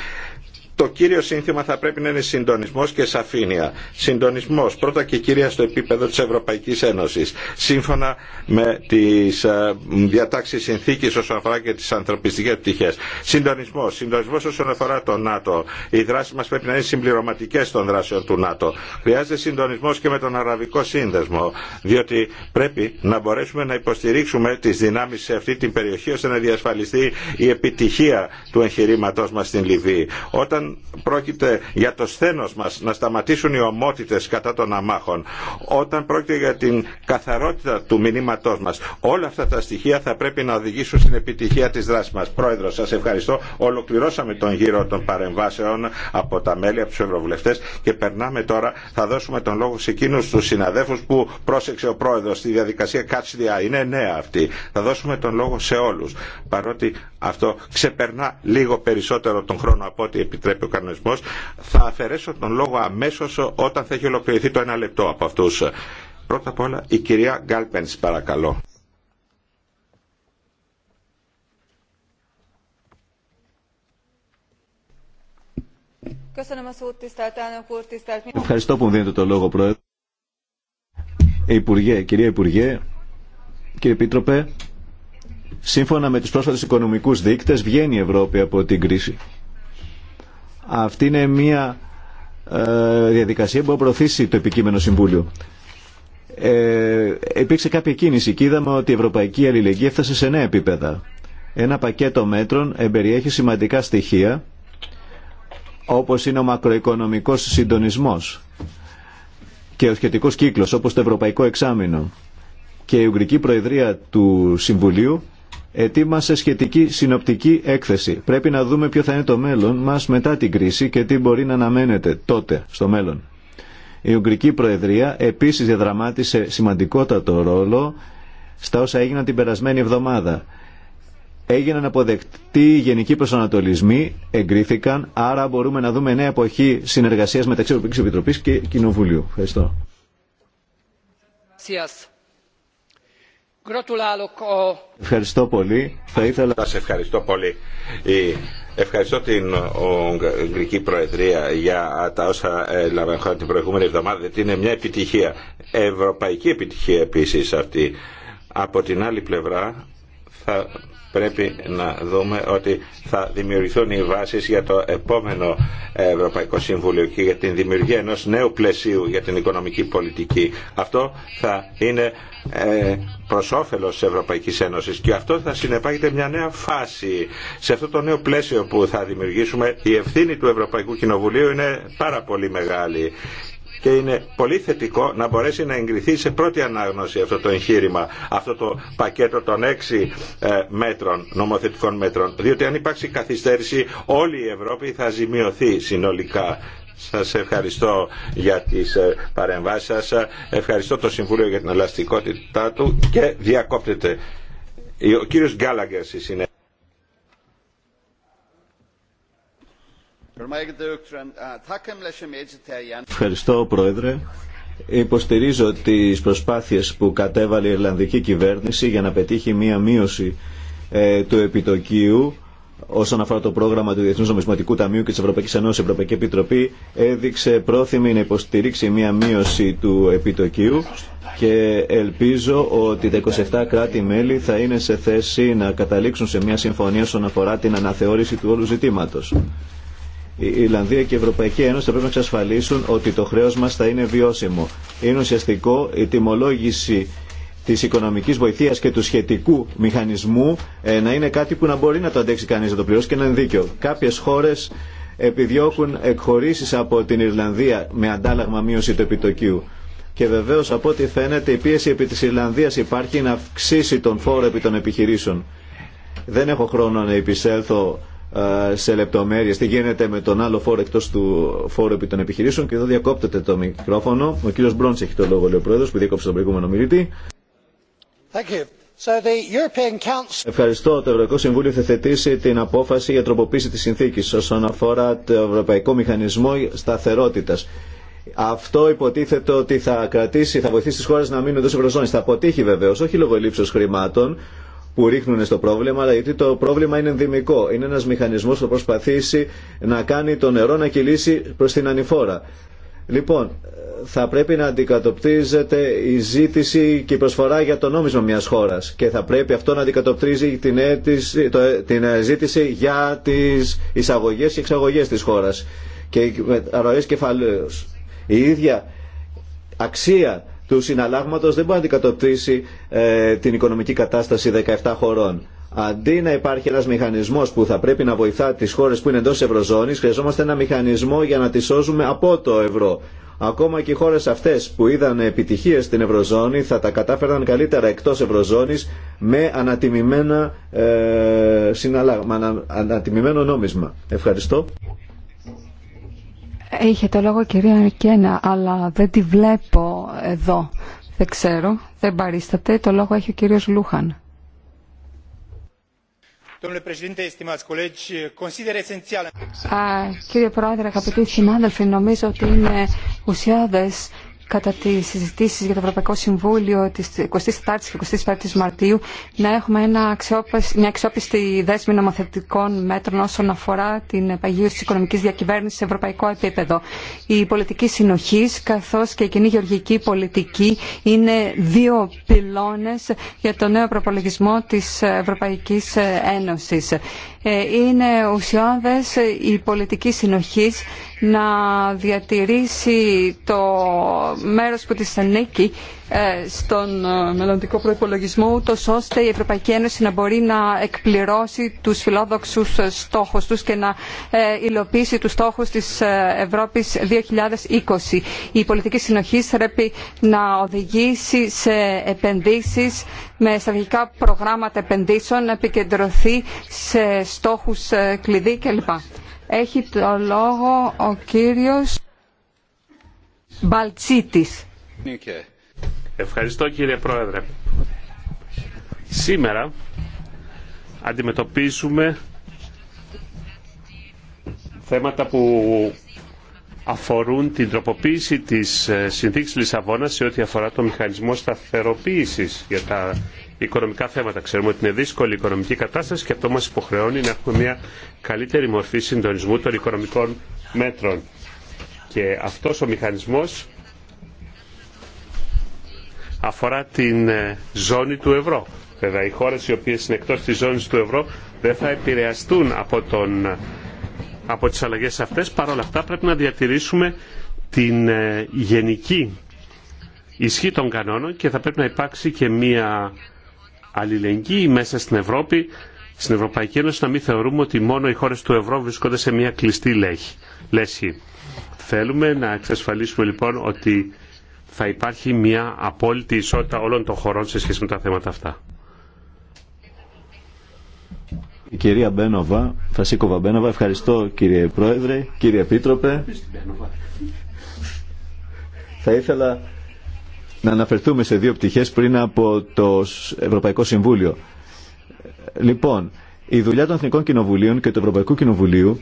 το κύριο σύνθημα θα πρέπει να είναι συντονισμό και σαφήνεια. Συντονισμό πρώτα και κυρία στο επίπεδο τη Ευρωπαϊκή Ένωση. Σύμφωνα με τι ε, διατάξει συνθήκη όσον αφορά και τι ανθρωπιστικέ πτυχέ. Συντονισμό. Συντονισμό όσον αφορά το ΝΑΤΟ. Οι δράσει μα πρέπει να είναι συμπληρωματικέ των δράσεων του ΝΑΤΟ. Χρειάζεται συντονισμό και με τον Αραβικό Σύνδεσμο. Διότι πρέπει να μπορέσουμε να υποστηρίξουμε τι δυνάμει σε αυτή την περιοχή ώστε να διασφαλιστεί η επιτυχία του εγχειρήματό μα στην Λιβύη. Όταν πρόκειται για το σθένος μας να σταματήσουν οι ομότητες κατά των αμάχων, όταν πρόκειται για την καθαρότητα του μηνύματός μας, όλα αυτά τα στοιχεία θα πρέπει να οδηγήσουν στην επιτυχία της δράσης μας. Πρόεδρο, σας ευχαριστώ. Ολοκληρώσαμε τον γύρο των παρεμβάσεων από τα μέλη, από τους ευρωβουλευτές και περνάμε τώρα, θα δώσουμε τον λόγο σε εκείνους τους συναδέφους που πρόσεξε ο πρόεδρος στη διαδικασία Κάτσιδια. Είναι νέα αυτή. Θα δώσουμε τον λόγο σε όλους, παρότι αυτό ξεπερνά λίγο περισσότερο τον χρόνο από ό,τι επιτρέπει ο κανονισμό. Θα αφαιρέσω τον λόγο αμέσω όταν θα έχει ολοκληρωθεί το ένα λεπτό από αυτού. Πρώτα απ' όλα η κυρία Γκάλπεν, παρακαλώ. Ευχαριστώ που μου δίνετε το λόγο, Πρόεδρε. Ε, Υπουργέ, κυρία Υπουργέ, κύριε Επίτροπε, σύμφωνα με τους πρόσφατες οικονομικούς δείκτες βγαίνει η Ευρώπη από την κρίση. Αυτή είναι μια ε, διαδικασία που προωθήσει το επικείμενο Συμβούλιο. Ε, υπήρξε κάποια κίνηση και είδαμε ότι η Ευρωπαϊκή Αλληλεγγύη έφτασε σε νέα επίπεδα. Ένα πακέτο μέτρων εμπεριέχει σημαντικά στοιχεία όπως είναι ο μακροοικονομικός συντονισμός και ο σχετικός κύκλος όπως το Ευρωπαϊκό Εξάμεινο και η Ουγγρική Προεδρία του Συμβουλίου ετοίμασε σχετική συνοπτική έκθεση. Πρέπει να δούμε ποιο θα είναι το μέλλον μας μετά την κρίση και τι μπορεί να αναμένεται τότε στο μέλλον. Η Ουγγρική Προεδρία επίσης διαδραμάτισε σημαντικότατο ρόλο στα όσα έγιναν την περασμένη εβδομάδα. Έγιναν αποδεκτοί γενικοί προσανατολισμοί, εγκρίθηκαν, άρα μπορούμε να δούμε νέα εποχή συνεργασίας μεταξύ Ευρωπαϊκής Επιτροπής και Κοινοβουλίου. Ευχαριστώ. Ευχαριστώ πολύ. Θα Σας ευχαριστώ πολύ. Ευχαριστώ την Ουγγρική Προεδρία για τα όσα έλαβαν ε, την προηγούμενη εβδομάδα, γιατί είναι μια επιτυχία. Ευρωπαϊκή επιτυχία επίσης αυτή. Από την άλλη πλευρά θα πρέπει να δούμε ότι θα δημιουργηθούν οι βάσεις για το επόμενο Ευρωπαϊκό Συμβούλιο και για την δημιουργία ενός νέου πλαισίου για την οικονομική πολιτική. Αυτό θα είναι ε, προς όφελος της Ευρωπαϊκής Ένωσης και αυτό θα συνεπάγεται μια νέα φάση. Σε αυτό το νέο πλαίσιο που θα δημιουργήσουμε η ευθύνη του Ευρωπαϊκού Κοινοβουλίου είναι πάρα πολύ μεγάλη και είναι πολύ θετικό να μπορέσει να εγκριθεί σε πρώτη ανάγνωση αυτό το εγχείρημα, αυτό το πακέτο των έξι ε, μέτρων, νομοθετικών μέτρων. Διότι αν υπάρξει καθυστέρηση όλη η Ευρώπη θα ζημιωθεί συνολικά. Σας ευχαριστώ για τις ε, παρεμβάσεις σας. Ευχαριστώ το Συμβούλιο για την ελαστικότητά του και διακόπτεται. Ο κύριος Γκάλαγκερ στη Ευχαριστώ, Πρόεδρε. Υποστηρίζω τις προσπάθειες που κατέβαλε η Ιρλανδική κυβέρνηση για να πετύχει μία μείωση ε, του επιτοκίου όσον αφορά το πρόγραμμα του Διεθνούς Νομισματικού Ταμείου και της Ευρωπαϊκής Ενώσης, η Ευρωπαϊκή Επιτροπή έδειξε πρόθυμη να υποστηρίξει μία μείωση του επιτοκίου και ελπίζω ότι τα 27 κράτη-μέλη θα είναι σε θέση να καταλήξουν σε μία συμφωνία όσον αφορά την αναθεώρηση του όλου ζητήματος η Ιρλανδία και η Ευρωπαϊκή Ένωση θα πρέπει να εξασφαλίσουν ότι το χρέο μα θα είναι βιώσιμο. Είναι ουσιαστικό η τιμολόγηση τη οικονομική βοηθείας και του σχετικού μηχανισμού ε, να είναι κάτι που να μπορεί να το αντέξει κανεί να το πληρώσει και να είναι δίκαιο. Κάποιες χώρες επιδιώκουν εκχωρήσει από την Ιρλανδία με αντάλλαγμα μείωση του επιτοκίου. Και βεβαίω από ό,τι φαίνεται η πίεση επί τη Ιρλανδία υπάρχει να αυξήσει τον φόρο επί των επιχειρήσεων. Δεν έχω χρόνο να επισέλθω ε, σε λεπτομέρειες τι γίνεται με τον άλλο φόρο εκτός του φόρου επί των επιχειρήσεων και εδώ διακόπτεται το μικρόφωνο. Ο κύριος Μπρόντς έχει το λόγο, λέει ο Πρόεδρος, που διέκοψε τον προηγούμενο μιλήτη. So Council... Ευχαριστώ. Το Ευρωπαϊκό Συμβούλιο θα θετήσει την απόφαση για τροποποίηση της συνθήκης όσον αφορά το Ευρωπαϊκό Μηχανισμό Σταθερότητας. Αυτό υποτίθεται ότι θα κρατήσει, θα βοηθήσει τι χώρε να μείνουν εντό ευρωζώνη. Θα αποτύχει βεβαίω, όχι λόγω ελλείψεω χρημάτων, που ρίχνουν στο πρόβλημα, αλλά γιατί το πρόβλημα είναι ενδημικό. Είναι ένας μηχανισμός που προσπαθήσει να κάνει το νερό να κυλήσει προς την ανηφόρα. Λοιπόν, θα πρέπει να αντικατοπτρίζεται η ζήτηση και η προσφορά για το νόμισμα μιας χώρας και θα πρέπει αυτό να αντικατοπτρίζει την, αίτηση, την ζήτηση για τις εισαγωγές και εξαγωγές της χώρας και ροές κεφαλαίους. Η ίδια αξία του συναλλάγματο δεν μπορεί να αντικατοπτρίσει ε, την οικονομική κατάσταση 17 χωρών. Αντί να υπάρχει ένα μηχανισμό που θα πρέπει να βοηθά τι χώρε που είναι εντός Ευρωζώνης, χρειαζόμαστε ένα μηχανισμό για να τι σώζουμε από το ευρώ. Ακόμα και οι χώρε αυτέ που είδαν επιτυχίε στην Ευρωζώνη θα τα κατάφεραν καλύτερα εκτό Ευρωζώνης με ε, ανατιμημένο νόμισμα. Ευχαριστώ. Είχε το λόγο κυρία Αρκένα, αλλά δεν τη βλέπω εδώ. Δεν ξέρω, δεν παρίσταται. Το λόγο έχει ο κύριος Λούχαν. κύριε Πρόεδρε, αγαπητοί συνάδελφοι, νομίζω ότι είναι ουσιώδες κατά τις συζητήσει για το Ευρωπαϊκό Συμβούλιο τη 24 η και 25 η Μαρτίου να έχουμε ένα μια αξιόπιστη δέσμη νομοθετικών μέτρων όσον αφορά την παγίωση τη οικονομική διακυβέρνησης σε ευρωπαϊκό επίπεδο. Η πολιτική συνοχή, καθώς και η κοινή γεωργική πολιτική είναι δύο πυλώνες για το νέο προπολογισμό τη Ευρωπαϊκή Ένωση. Ε, είναι ουσιώδες η πολιτική συνοχής να διατηρήσει το μέρος που της ανήκει ε, στον ε, μελλοντικό προπολογισμό, ούτω ώστε η Ευρωπαϊκή Ένωση να μπορεί να εκπληρώσει του φιλόδοξου ε, στόχου του και να υλοποιήσει του στόχους της Ευρώπη 2020. Η πολιτική συνοχή πρέπει να οδηγήσει σε επενδύσει με στρατηγικά προγράμματα επενδύσεων, να επικεντρωθεί σε στόχου κλειδί κλπ. Έχει το λόγο ο κύριος Μπαλτσίτης. Ευχαριστώ κύριε Πρόεδρε. Σήμερα αντιμετωπίσουμε θέματα που αφορούν την τροποποίηση της ε, συνθήκης Λισαβόνας σε ό,τι αφορά το μηχανισμό σταθεροποίησης για τα οικονομικά θέματα. Ξέρουμε ότι είναι δύσκολη η οικονομική κατάσταση και αυτό μας υποχρεώνει να έχουμε μια καλύτερη μορφή συντονισμού των οικονομικών μέτρων. Και αυτός ο μηχανισμός αφορά την ε, ζώνη του ευρώ. Βέβαια, οι χώρες οι οποίες είναι εκτός της ζώνης του ευρώ δεν θα επηρεαστούν από, τον, από τις αλλαγές αυτές. Παρ' όλα αυτά πρέπει να διατηρήσουμε την ε, γενική ισχύ των κανόνων και θα πρέπει να υπάρξει και μία αλληλεγγύη μέσα στην Ευρώπη, στην Ευρωπαϊκή Ένωση, να μην θεωρούμε ότι μόνο οι χώρες του ευρώ βρισκόνται σε μία κλειστή λέσχη. Θέλουμε να εξασφαλίσουμε λοιπόν ότι θα υπάρχει μια απόλυτη ισότητα όλων των χωρών σε σχέση με τα θέματα αυτά. Η κυρία Μπένοβα, Φασίκοβα Μπένοβα, ευχαριστώ κύριε Πρόεδρε, κύριε Επίτροπε. Θα ήθελα να αναφερθούμε σε δύο πτυχές πριν από το Ευρωπαϊκό Συμβούλιο. Λοιπόν, η δουλειά των Εθνικών Κοινοβουλίων και του Ευρωπαϊκού Κοινοβουλίου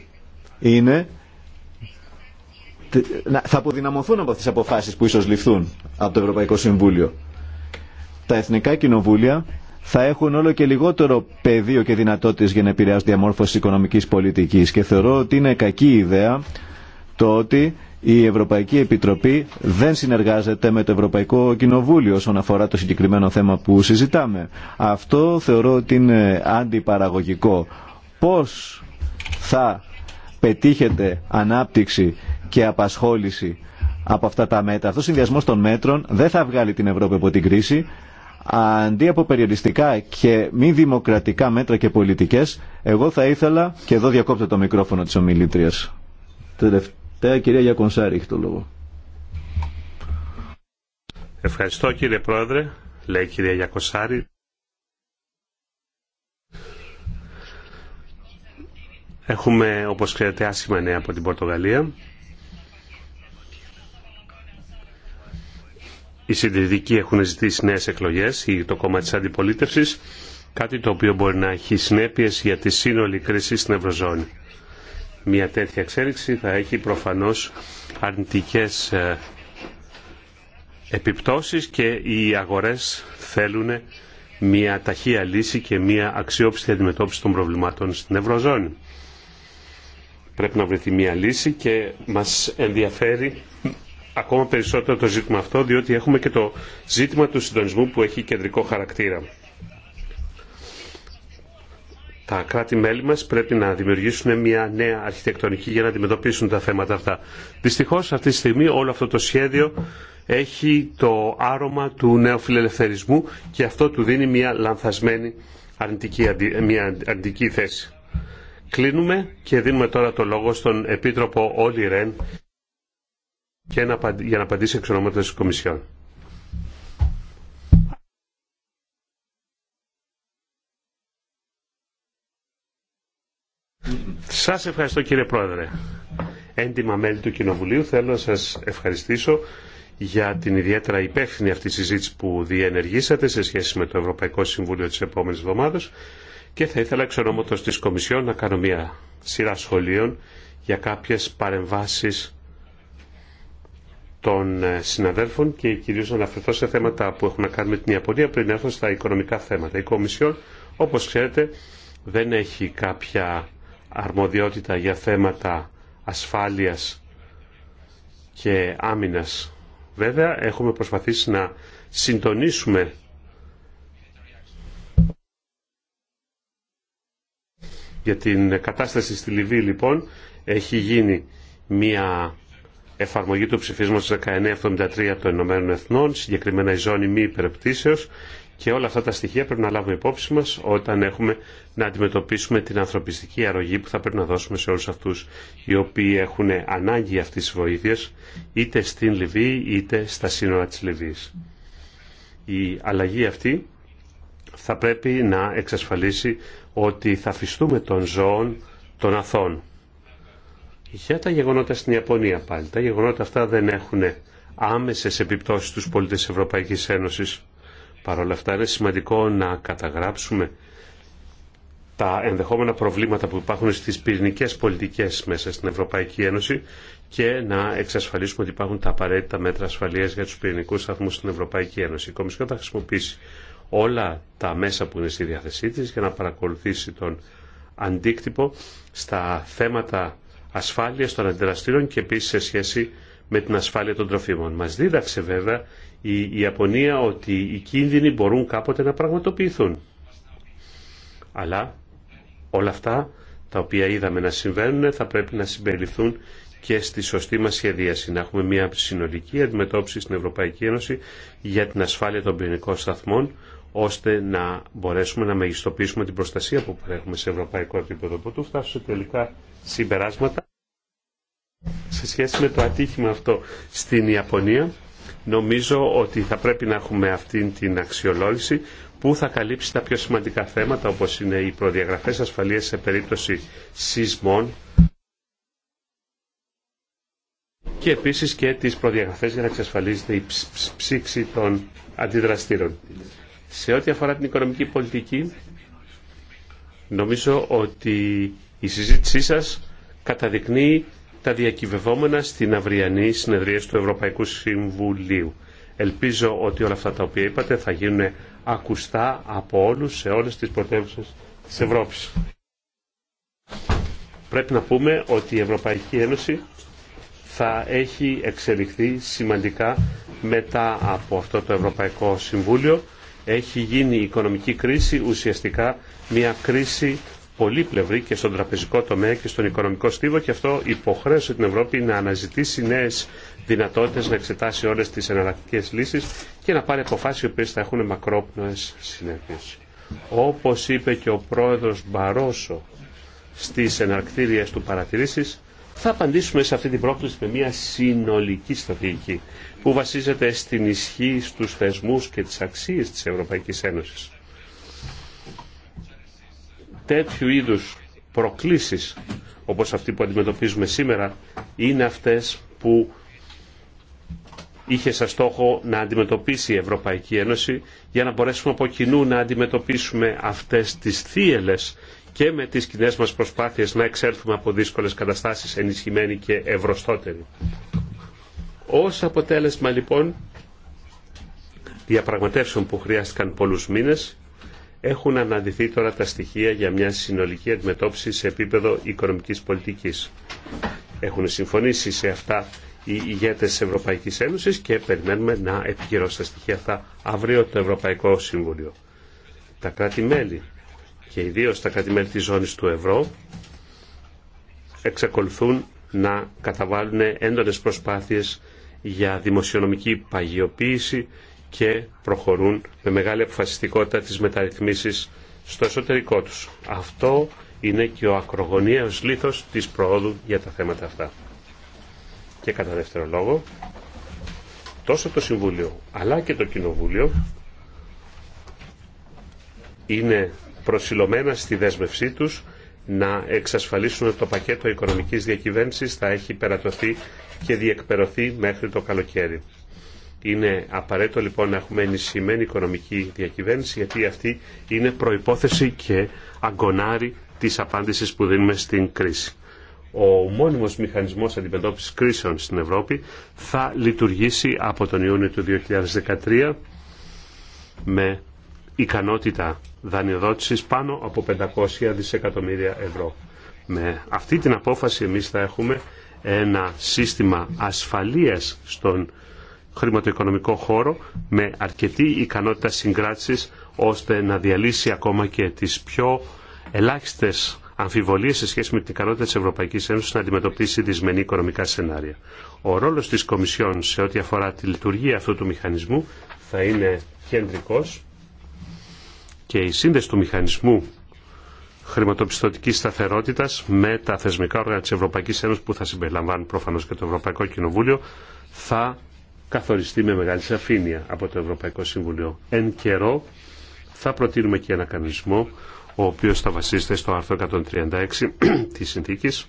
είναι θα αποδυναμωθούν από τις αποφάσεις που ίσως ληφθούν από το Ευρωπαϊκό Συμβούλιο. Τα εθνικά κοινοβούλια θα έχουν όλο και λιγότερο πεδίο και δυνατότητες για να επηρεάσουν διαμόρφωση οικονομικής πολιτικής και θεωρώ ότι είναι κακή ιδέα το ότι η Ευρωπαϊκή Επιτροπή δεν συνεργάζεται με το Ευρωπαϊκό Κοινοβούλιο όσον αφορά το συγκεκριμένο θέμα που συζητάμε. Αυτό θεωρώ ότι είναι αντιπαραγωγικό. Πώς θα πετύχετε ανάπτυξη και απασχόληση από αυτά τα μέτρα. Αυτό ο συνδυασμό των μέτρων δεν θα βγάλει την Ευρώπη από την κρίση. Αντί από περιοριστικά και μη δημοκρατικά μέτρα και πολιτικέ, εγώ θα ήθελα, και εδώ διακόπτω το μικρόφωνο τη ομιλήτρια. Τελευταία κυρία Γιακονσάρη έχει το λόγο. Ευχαριστώ κύριε Πρόεδρε, λέει η κυρία Γιακοσάρη. Έχουμε, όπως ξέρετε, άσχημα νέα από την Πορτογαλία. οι συντηρητικοί έχουν ζητήσει νέες εκλογές ή το κόμμα της αντιπολίτευσης, κάτι το οποίο μπορεί να έχει συνέπειες για τη σύνολη κρίση στην Ευρωζώνη. Μια τέτοια εξέλιξη θα έχει προφανώς αρνητικές ε, επιπτώσεις και οι αγορές θέλουν μια ταχεία λύση και μια αξιόπιστη αντιμετώπιση των προβλημάτων στην Ευρωζώνη. Πρέπει να βρεθεί μια λύση και μας ενδιαφέρει ακόμα περισσότερο το ζήτημα αυτό, διότι έχουμε και το ζήτημα του συντονισμού που έχει κεντρικό χαρακτήρα. Τα κράτη-μέλη μας πρέπει να δημιουργήσουν μια νέα αρχιτεκτονική για να αντιμετωπίσουν τα θέματα αυτά. Δυστυχώς αυτή τη στιγμή όλο αυτό το σχέδιο έχει το άρωμα του νέου φιλελευθερισμού και αυτό του δίνει μια λανθασμένη αρνητική, θέση. Κλείνουμε και δίνουμε τώρα το λόγο στον Επίτροπο Όλη Ρεν και για να απαντήσει εξ ονόματος της Κομισιόν. Σας ευχαριστώ κύριε Πρόεδρε. Έντιμα μέλη του Κοινοβουλίου θέλω να σας ευχαριστήσω για την ιδιαίτερα υπεύθυνη αυτή συζήτηση που διενεργήσατε σε σχέση με το Ευρωπαϊκό Συμβούλιο της επόμενης εβδομάδας και θα ήθελα εξ ονόματος της Κομισιόν να κάνω μια σειρά σχολείων για κάποιες παρεμβάσεις των ε, συναδέλφων και κυρίω να αναφερθώ σε θέματα που έχουν να κάνουν με την Ιαπωνία πριν έρθω στα οικονομικά θέματα. Η Κομισιόν, όπω ξέρετε, δεν έχει κάποια αρμοδιότητα για θέματα ασφάλεια και άμυνας. Βέβαια, έχουμε προσπαθήσει να συντονίσουμε για την κατάσταση στη Λιβύη, λοιπόν, έχει γίνει μία εφαρμογή του ψηφίσματο 1973 των Ηνωμένων Εθνών, συγκεκριμένα η ζώνη μη υπερπτήσεω, και όλα αυτά τα στοιχεία πρέπει να λάβουμε υπόψη μα όταν έχουμε να αντιμετωπίσουμε την ανθρωπιστική αρρωγή που θα πρέπει να δώσουμε σε όλου αυτού, οι οποίοι έχουν ανάγκη αυτή τη βοήθεια, είτε στην Λιβύη είτε στα σύνορα τη Λιβύη. Η αλλαγή αυτή θα πρέπει να εξασφαλίσει ότι θα φυστούμε των ζώων των αθών. Για τα γεγονότα στην Ιαπωνία πάλι. Τα γεγονότα αυτά δεν έχουν άμεσες επιπτώσεις στους πολίτες της Ευρωπαϊκής Ένωσης. Παρ' όλα αυτά είναι σημαντικό να καταγράψουμε τα ενδεχόμενα προβλήματα που υπάρχουν στις πυρηνικές πολιτικές μέσα στην Ευρωπαϊκή Ένωση και να εξασφαλίσουμε ότι υπάρχουν τα απαραίτητα μέτρα ασφαλείας για τους πυρηνικούς σταθμούς στην Ευρωπαϊκή Ένωση. Η Κομισιόν θα χρησιμοποιήσει όλα τα μέσα που είναι στη διάθεσή τη για να παρακολουθήσει τον αντίκτυπο στα θέματα Ασφάλεια των αντιδραστήρων και επίσης σε σχέση με την ασφάλεια των τροφίμων. Μας δίδαξε βέβαια η Ιαπωνία ότι οι κίνδυνοι μπορούν κάποτε να πραγματοποιηθούν. Αλλά όλα αυτά τα οποία είδαμε να συμβαίνουν θα πρέπει να συμπεριληφθούν και στη σωστή μας σχεδίαση. Να έχουμε μια συνολική αντιμετώπιση στην Ευρωπαϊκή Ένωση για την ασφάλεια των πυρηνικών σταθμών ώστε να μπορέσουμε να μεγιστοποιήσουμε την προστασία που παρέχουμε σε ευρωπαϊκό επίπεδο. του φτάσω σε τελικά συμπεράσματα σε σχέση με το ατύχημα αυτό στην Ιαπωνία. Νομίζω ότι θα πρέπει να έχουμε αυτή την αξιολόγηση που θα καλύψει τα πιο σημαντικά θέματα όπως είναι οι προδιαγραφές ασφαλείας σε περίπτωση σεισμών και επίσης και τις προδιαγραφές για να εξασφαλίζεται η ψήξη των αντιδραστήρων. Σε ό,τι αφορά την οικονομική πολιτική, νομίζω ότι η συζήτησή σας καταδεικνύει τα διακυβευόμενα στην αυριανή συνεδρία του Ευρωπαϊκού Συμβουλίου. Ελπίζω ότι όλα αυτά τα οποία είπατε θα γίνουν ακουστά από όλους σε όλες τις πρωτεύουσε της Ευρώπης. Πρέπει να πούμε ότι η Ευρωπαϊκή Ένωση θα έχει εξελιχθεί σημαντικά μετά από αυτό το Ευρωπαϊκό Συμβούλιο έχει γίνει η οικονομική κρίση ουσιαστικά μια κρίση πολύπλευρη και στον τραπεζικό τομέα και στον οικονομικό στίβο και αυτό υποχρέωσε την Ευρώπη να αναζητήσει νέες δυνατότητες να εξετάσει όλες τις εναλλακτικές λύσεις και να πάρει αποφάσεις οι οποίες θα έχουν μακρόπνοες συνέπειες. Όπως είπε και ο πρόεδρος Μπαρόσο στις εναρκτήριες του παρατηρήσεις, θα απαντήσουμε σε αυτή την πρόκληση με μια συνολική στρατηγική που βασίζεται στην ισχύ, στους θεσμούς και τις αξίες της Ευρωπαϊκής Ένωσης. Τέτοιου είδους προκλήσεις, όπως αυτή που αντιμετωπίζουμε σήμερα, είναι αυτές που είχε σαν στόχο να αντιμετωπίσει η Ευρωπαϊκή Ένωση για να μπορέσουμε από κοινού να αντιμετωπίσουμε αυτές τις θύελες και με τις κοινέ μας προσπάθειες να εξέλθουμε από δύσκολες καταστάσεις ενισχυμένοι και ευρωστότεροι. Ως αποτέλεσμα λοιπόν διαπραγματεύσεων που χρειάστηκαν πολλούς μήνες έχουν αναδυθεί τώρα τα στοιχεία για μια συνολική αντιμετώπιση σε επίπεδο οικονομικής πολιτικής. Έχουν συμφωνήσει σε αυτά οι ηγέτες της Ευρωπαϊκής Ένωσης και περιμένουμε να επικυρώσουν τα στοιχεία αυτά αύριο το Ευρωπαϊκό Συμβούλιο. Τα κράτη-μέλη και ιδίως τα κράτη-μέλη της ζώνης του ευρώ εξακολουθούν να καταβάλουν έντονες προσπάθειες για δημοσιονομική παγιοποίηση και προχωρούν με μεγάλη αποφασιστικότητα τις μεταρρυθμίσεις στο εσωτερικό τους. Αυτό είναι και ο ακρογωνίας λίθος της προόδου για τα θέματα αυτά. Και κατά δεύτερο λόγο, τόσο το Συμβούλιο αλλά και το Κοινοβούλιο είναι προσιλωμένα στη δέσμευσή τους να εξασφαλίσουν ότι το πακέτο οικονομικής διακυβέρνησης θα έχει περατωθεί και διεκπερωθεί μέχρι το καλοκαίρι. Είναι απαραίτητο λοιπόν να έχουμε ενισχυμένη οικονομική διακυβέρνηση γιατί αυτή είναι προϋπόθεση και αγκονάρι της απάντησης που δίνουμε στην κρίση. Ο μόνιμος μηχανισμός αντιμετώπισης κρίσεων στην Ευρώπη θα λειτουργήσει από τον Ιούνιο του 2013 με ικανότητα δανειοδότησης πάνω από 500 δισεκατομμύρια ευρώ. Με αυτή την απόφαση εμείς θα έχουμε ένα σύστημα ασφαλείας στον χρηματοοικονομικό χώρο με αρκετή ικανότητα συγκράτησης ώστε να διαλύσει ακόμα και τις πιο ελάχιστες αμφιβολίες σε σχέση με την ικανότητα της Ευρωπαϊκής Ένωσης να αντιμετωπίσει δυσμενή οικονομικά σενάρια. Ο ρόλος της Κομισιόν σε ό,τι αφορά τη λειτουργία αυτού του μηχανισμού θα είναι κεντρικός και η σύνδεση του μηχανισμού χρηματοπιστωτικής σταθερότητας με τα θεσμικά όργανα της Ευρωπαϊκής Ένωσης που θα συμπεριλαμβάνουν προφανώς και το Ευρωπαϊκό Κοινοβούλιο θα καθοριστεί με μεγάλη σαφήνεια από το Ευρωπαϊκό Συμβουλίο. Εν καιρό θα προτείνουμε και ένα κανονισμό ο οποίος θα βασίζεται στο άρθρο 136 (clears throat) της συνθήκης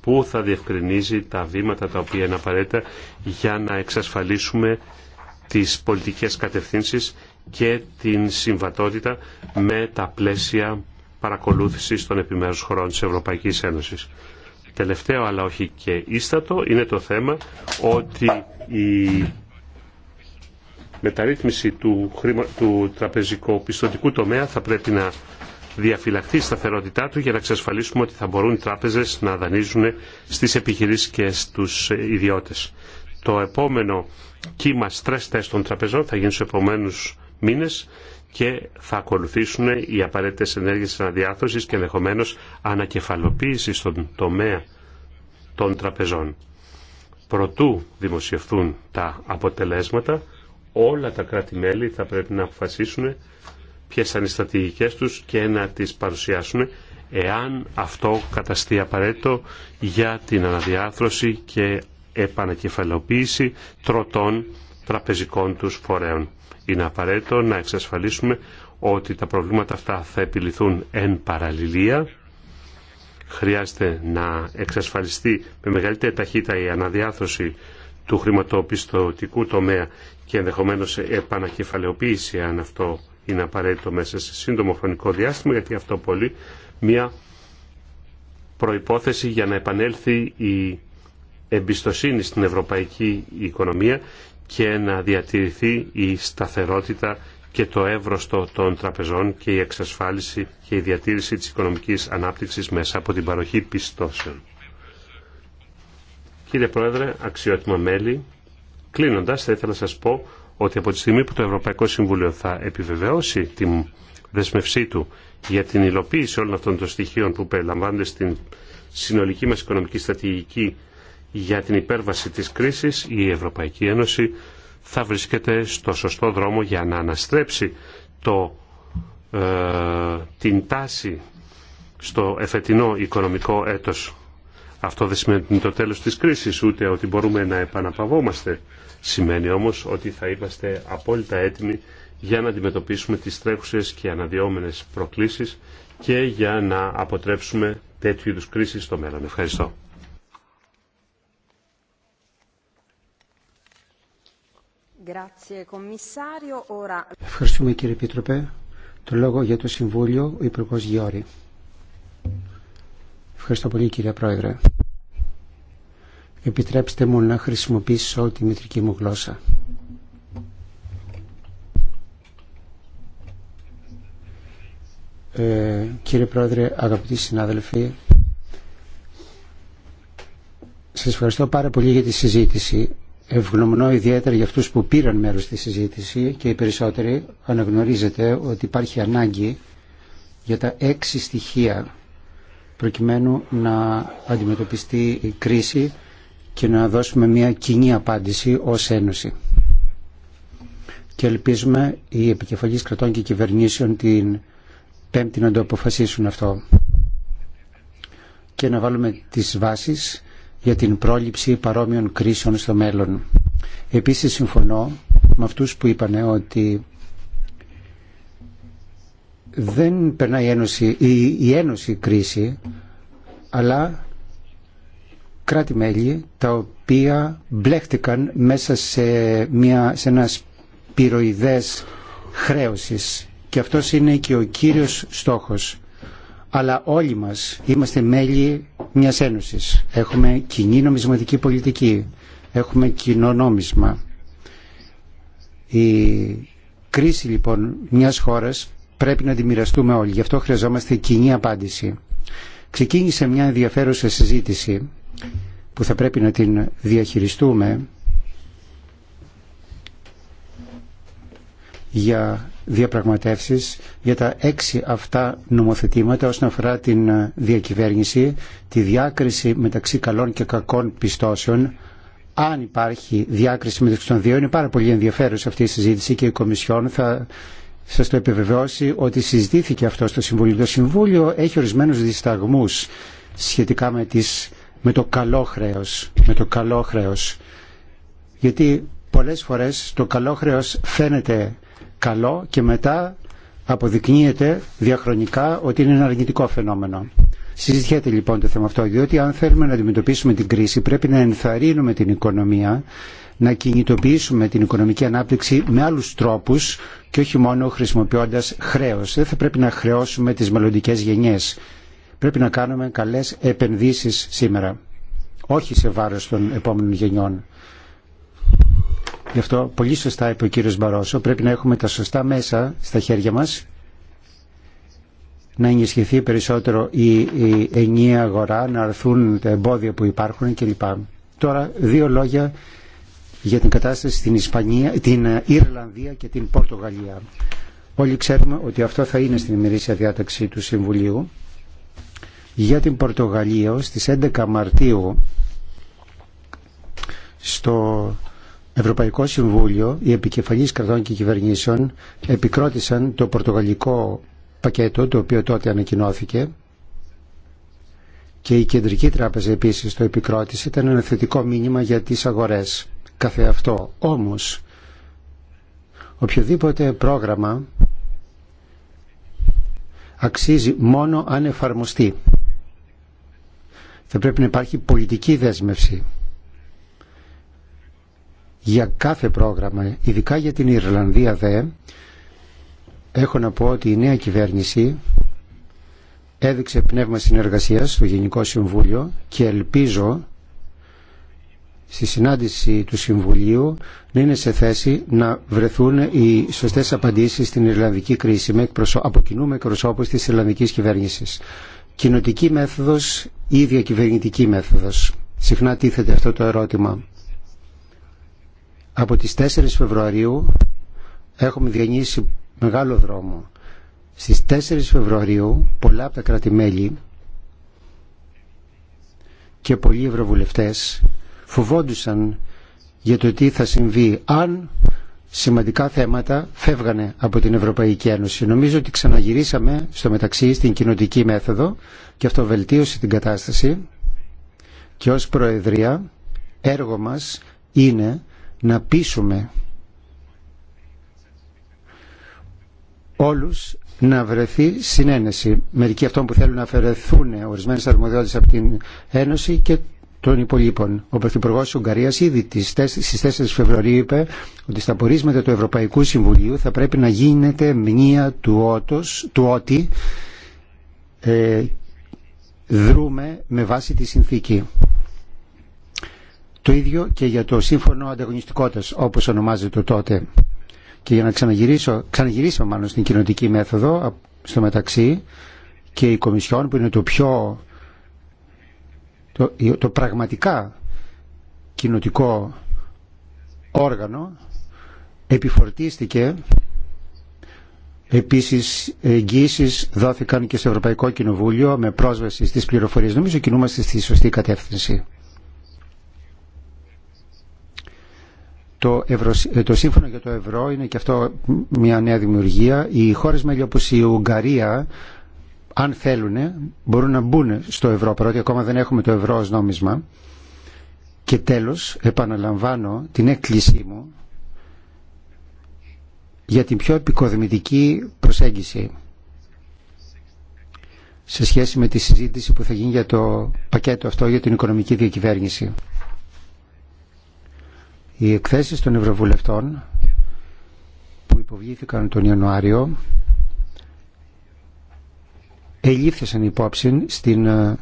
που θα διευκρινίζει τα βήματα τα οποία είναι απαραίτητα για να εξασφαλίσουμε τις πολιτικές κατευθύνσεις και την συμβατότητα με τα πλαίσια παρακολούθησης των επιμέρους χωρών της Ευρωπαϊκής Ένωσης. Τελευταίο αλλά όχι και ίστατο είναι το θέμα ότι η μεταρρύθμιση του, χρήμα, του τραπεζικού πιστοτικού τομέα θα πρέπει να διαφυλαχθεί η σταθερότητά του για να εξασφαλίσουμε ότι θα μπορούν οι τράπεζες να δανείζουν στις επιχειρήσεις και στους ιδιώτες. Το επόμενο κύμα stress test των τραπεζών θα γίνει στους επόμενους μήνες και θα ακολουθήσουν οι απαραίτητες ενέργειες αναδιάθρωσης και ενδεχομένω ανακεφαλοποίηση στον τομέα των τραπεζών. Προτού δημοσιευθούν τα αποτελέσματα, όλα τα κράτη-μέλη θα πρέπει να αποφασίσουν ποιε θα είναι οι στρατηγικές τους και να τις παρουσιάσουν εάν αυτό καταστεί απαραίτητο για την αναδιάθρωση και επανακεφαλοποίηση τροτών τραπεζικών τους φορέων. Είναι απαραίτητο να εξασφαλίσουμε ότι τα προβλήματα αυτά θα επιληθούν εν παραλληλία. Χρειάζεται να εξασφαλιστεί με μεγαλύτερη ταχύτητα η αναδιάθρωση του χρηματοπιστωτικού τομέα και ενδεχομένως επανακεφαλαιοποίηση αν αυτό είναι απαραίτητο μέσα σε σύντομο χρονικό διάστημα γιατί αυτό πολύ μια προϋπόθεση για να επανέλθει η εμπιστοσύνη στην ευρωπαϊκή οικονομία και να διατηρηθεί η σταθερότητα και το εύρωστο των τραπεζών και η εξασφάλιση και η διατήρηση της οικονομικής ανάπτυξης μέσα από την παροχή πιστώσεων. Κύριε Πρόεδρε, αξιότιμα μέλη, κλείνοντας θα ήθελα να σας πω ότι από τη στιγμή που το Ευρωπαϊκό Συμβούλιο θα επιβεβαιώσει την δεσμευσή του για την υλοποίηση όλων αυτών των στοιχείων που περιλαμβάνονται στην συνολική μας οικονομική στρατηγική για την υπέρβαση της κρίσης η Ευρωπαϊκή Ένωση θα βρίσκεται στο σωστό δρόμο για να αναστρέψει το, ε, την τάση στο εφετινό οικονομικό έτος. Αυτό δεν σημαίνει το τέλος της κρίσης, ούτε ότι μπορούμε να επαναπαυόμαστε. Σημαίνει όμως ότι θα είμαστε απόλυτα έτοιμοι για να αντιμετωπίσουμε τις τρέχουσες και αναδυόμενες προκλήσεις και για να αποτρέψουμε τέτοιου είδους κρίσεις στο μέλλον. Ευχαριστώ. Ευχαριστούμε κύριε Επίτροπε. Το λόγο για το Συμβούλιο ο Υπουργός Γιώρη. Ευχαριστώ πολύ κύριε Πρόεδρε. Επιτρέψτε μου να χρησιμοποιήσω τη μητρική μου γλώσσα. Ε, κύριε Πρόεδρε, αγαπητοί συνάδελφοι, σας ευχαριστώ πάρα πολύ για τη συζήτηση. Ευγνωμονώ ιδιαίτερα για αυτούς που πήραν μέρος στη συζήτηση και οι περισσότεροι αναγνωρίζετε ότι υπάρχει ανάγκη για τα έξι στοιχεία προκειμένου να αντιμετωπιστεί η κρίση και να δώσουμε μια κοινή απάντηση ως Ένωση. Και ελπίζουμε οι επικεφαλής κρατών και κυβερνήσεων την Πέμπτη να το αποφασίσουν αυτό και να βάλουμε τις βάσεις για την πρόληψη παρόμοιων κρίσεων στο μέλλον. Επίσης συμφωνώ με αυτούς που είπαν ότι δεν περνάει η Ένωση, Ένωση κρίση, αλλά κράτη-μέλη τα οποία μπλέχτηκαν μέσα σε, μια, σε ένα σπυροειδές χρέωσης. Και αυτός είναι και ο κύριος στόχος αλλά όλοι μας είμαστε μέλη μιας ένωσης. Έχουμε κοινή νομισματική πολιτική, έχουμε κοινό νόμισμα. Η κρίση λοιπόν μιας χώρας πρέπει να τη μοιραστούμε όλοι, γι' αυτό χρειαζόμαστε κοινή απάντηση. Ξεκίνησε μια ενδιαφέρουσα συζήτηση που θα πρέπει να την διαχειριστούμε για διαπραγματεύσεις για τα έξι αυτά νομοθετήματα όσον αφορά την ε, διακυβέρνηση, τη διάκριση μεταξύ καλών και κακών πιστώσεων. Αν υπάρχει διάκριση μεταξύ των δύο, είναι πάρα πολύ ενδιαφέρουσα αυτή η συζήτηση και η Κομισιόν θα σας το επιβεβαιώσει ότι συζητήθηκε αυτό στο Συμβούλιο. Το Συμβούλιο έχει ορισμένους δισταγμούς σχετικά με, τις, με, το καλό χρέος, με το καλό Γιατί πολλές φορές το καλό χρέος φαίνεται καλό και μετά αποδεικνύεται διαχρονικά ότι είναι ένα αρνητικό φαινόμενο. Συζητιέται λοιπόν το θέμα αυτό, διότι αν θέλουμε να αντιμετωπίσουμε την κρίση πρέπει να ενθαρρύνουμε την οικονομία, να κινητοποιήσουμε την οικονομική ανάπτυξη με άλλους τρόπους και όχι μόνο χρησιμοποιώντας χρέος. Δεν θα πρέπει να χρεώσουμε τις μελλοντικέ γενιές. Πρέπει να κάνουμε καλές επενδύσεις σήμερα, όχι σε βάρος των επόμενων γενιών. Γι' αυτό πολύ σωστά είπε ο κύριος Μπαρόσο, πρέπει να έχουμε τα σωστά μέσα στα χέρια μας, να ενισχυθεί περισσότερο η, η ενιαία αγορά, να αρθούν τα εμπόδια που υπάρχουν κλπ. Τώρα δύο λόγια για την κατάσταση στην Ισπανία, την Ιρλανδία και την Πορτογαλία. Όλοι ξέρουμε ότι αυτό θα είναι στην ημερήσια διάταξη του Συμβουλίου. Για την Πορτογαλία στις 11 Μαρτίου στο Ευρωπαϊκό Συμβούλιο, οι επικεφαλείς κρατών και κυβερνήσεων επικρότησαν το πορτογαλικό πακέτο το οποίο τότε ανακοινώθηκε και η Κεντρική Τράπεζα επίσης το επικρότησε ήταν ένα θετικό μήνυμα για τις αγορές αυτό, Όμως οποιοδήποτε πρόγραμμα αξίζει μόνο αν εφαρμοστεί. Θα πρέπει να υπάρχει πολιτική δέσμευση για κάθε πρόγραμμα, ειδικά για την Ιρλανδία δε, έχω να πω ότι η νέα κυβέρνηση έδειξε πνεύμα συνεργασίας στο Γενικό Συμβούλιο και ελπίζω στη συνάντηση του Συμβουλίου να είναι σε θέση να βρεθούν οι σωστές απαντήσεις στην Ιρλανδική κρίση με από κοινού με της Ιρλανδικής κυβέρνησης. Κοινοτική μέθοδος ή διακυβερνητική μέθοδος. Συχνά τίθεται αυτό το ερώτημα. Από τις 4 Φεβρουαρίου έχουμε διανύσει μεγάλο δρόμο. Στις 4 Φεβρουαρίου πολλά από τα κράτη-μέλη και πολλοί ευρωβουλευτές φοβόντουσαν για το τι θα συμβεί αν σημαντικά θέματα φεύγανε από την Ευρωπαϊκή Ένωση. Νομίζω ότι ξαναγυρίσαμε στο μεταξύ στην κοινοτική μέθοδο και αυτό βελτίωσε την κατάσταση και ως Προεδρία έργο μας είναι να πείσουμε όλους να βρεθεί συνένεση. Μερικοί αυτών που θέλουν να αφαιρεθούν ορισμένε αρμοδιότητε από την Ένωση και των υπολείπων. Ο Πρωθυπουργό τη Ουγγαρία ήδη στι 4 Φεβρουαρίου είπε ότι στα πορίσματα του Ευρωπαϊκού Συμβουλίου θα πρέπει να γίνεται μνήμα του, του ότι ε, δρούμε με βάση τη συνθήκη. Το ίδιο και για το σύμφωνο ανταγωνιστικότητας όπως ονομάζεται τότε. Και για να ξαναγυρίσω, ξαναγυρίσω μάλλον στην κοινοτική μέθοδο στο μεταξύ και η Κομισιόν που είναι το πιο το, το πραγματικά κοινοτικό όργανο επιφορτίστηκε Επίσης εγγύησεις δόθηκαν και στο Ευρωπαϊκό Κοινοβούλιο με πρόσβαση στις πληροφορίες. Νομίζω κινούμαστε στη σωστή κατεύθυνση. Το, ε, το σύμφωνο για το ευρώ είναι και αυτό μια νέα δημιουργία. Οι χώρες μέλη όπως η Ουγγαρία, αν θέλουν, μπορούν να μπουν στο ευρώ, παρότι ακόμα δεν έχουμε το ευρώ ως νόμισμα. Και τέλος, επαναλαμβάνω την έκκλησή μου για την πιο επικοδημητική προσέγγιση σε σχέση με τη συζήτηση που θα γίνει για το πακέτο αυτό για την οικονομική διακυβέρνηση. Οι εκθέσεις των Ευρωβουλευτών που υποβλήθηκαν τον Ιανουάριο ελήφθησαν υπόψη στην ε,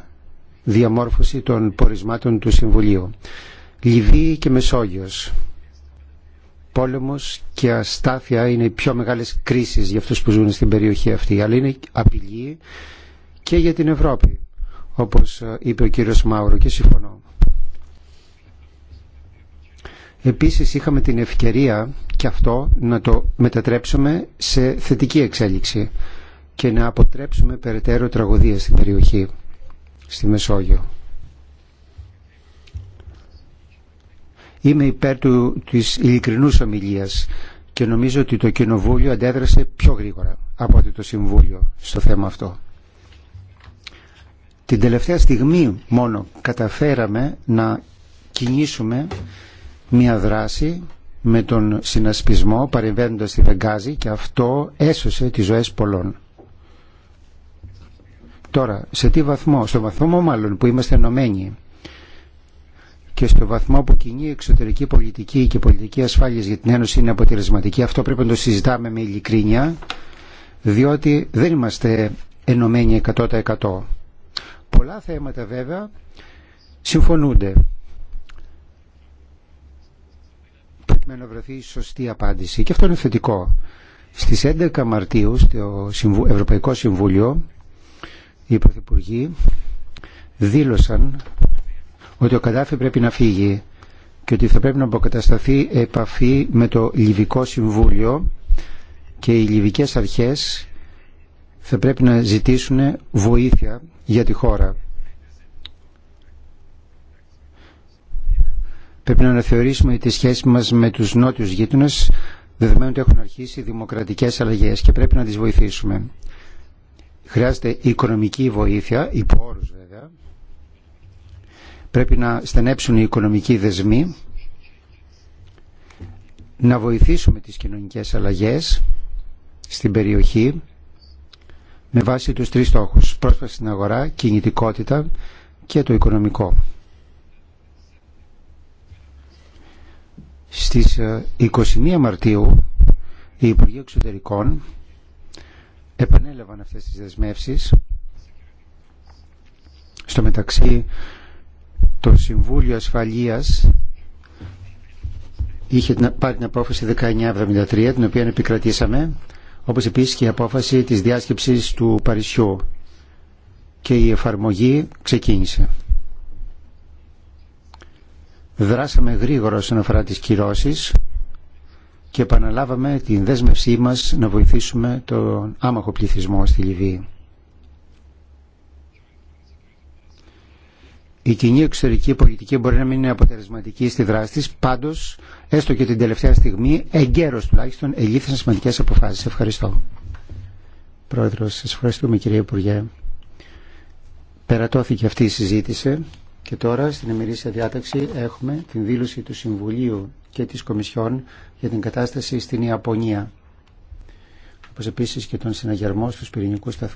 διαμόρφωση των πορισμάτων του Συμβουλίου. Λιβύη και Μεσόγειος. Πόλεμος και αστάθεια είναι οι πιο μεγάλες κρίσεις για αυτούς που ζουν στην περιοχή αυτή, αλλά είναι απειλή και για την Ευρώπη, όπως ε, είπε ο κύριος Μάουρο και συμφωνώ. Επίσης είχαμε την ευκαιρία και αυτό να το μετατρέψουμε σε θετική εξέλιξη και να αποτρέψουμε περαιτέρω τραγωδία στην περιοχή, στη Μεσόγειο. Είμαι υπέρ του, της ειλικρινούς ομιλίας και νομίζω ότι το Κοινοβούλιο αντέδρασε πιο γρήγορα από ότι το Συμβούλιο στο θέμα αυτό. Την τελευταία στιγμή μόνο καταφέραμε να κινήσουμε μια δράση με τον συνασπισμό παρεμβαίνοντας στη Βεγγάζη και αυτό έσωσε τις ζωές πολλών. Τώρα, σε τι βαθμό, στο βαθμό μάλλον που είμαστε ενωμένοι και στο βαθμό που κοινή εξωτερική πολιτική και πολιτική ασφάλειας για την Ένωση είναι αποτελεσματική, αυτό πρέπει να το συζητάμε με ειλικρίνεια, διότι δεν είμαστε ενωμένοι 100%. Πολλά θέματα βέβαια συμφωνούνται πρέπει να βρεθεί η σωστή απάντηση και αυτό είναι θετικό. Στις 11 Μαρτίου στο Ευρωπαϊκό Συμβούλιο οι Πρωθυπουργοί δήλωσαν ότι ο Καντάφη πρέπει να φύγει και ότι θα πρέπει να αποκατασταθεί επαφή με το Λιβικό Συμβούλιο και οι Λιβικές Αρχές θα πρέπει να ζητήσουν βοήθεια για τη χώρα. Πρέπει να αναθεωρήσουμε τη σχέση μας με τους νότιους γείτονες, δεδομένου ότι έχουν αρχίσει δημοκρατικές αλλαγές και πρέπει να τις βοηθήσουμε. Χρειάζεται οικονομική βοήθεια, υπό όρους βέβαια. Πρέπει να στενέψουν οι οικονομικοί δεσμοί, να βοηθήσουμε τις κοινωνικές αλλαγές στην περιοχή με βάση τους τρεις στόχους πρόσφαση στην αγορά, κινητικότητα και το οικονομικό. Στις 21 ε, Μαρτίου οι Υπουργοί Εξωτερικών επανέλαβαν αυτές τις δεσμεύσεις. Στο μεταξύ το Συμβούλιο Ασφαλείας είχε πάρει την απόφαση 1973 την οποία επικρατήσαμε όπως επίσης και η απόφαση της διάσκεψης του Παρισιού και η εφαρμογή ξεκίνησε. Δράσαμε γρήγορα όσον αφορά τις κυρώσεις και επαναλάβαμε την δέσμευσή μας να βοηθήσουμε τον άμαχο πληθυσμό στη Λιβύη. Η κοινή εξωτερική πολιτική μπορεί να μην είναι αποτελεσματική στη δράση της, πάντως, έστω και την τελευταία στιγμή, εγκαίρως τουλάχιστον, ελήφθησαν σημαντικές αποφάσεις. Ευχαριστώ. Πρόεδρος, σας ευχαριστούμε κύριε Υπουργέ. Περατώθηκε αυτή η συζήτηση. Και τώρα στην ημερήσια διάταξη έχουμε την δήλωση του Συμβουλίου και της Κομισιόν για την κατάσταση στην Ιαπωνία, όπως επίσης και τον συναγερμό στους πυρηνικούς σταθμούς.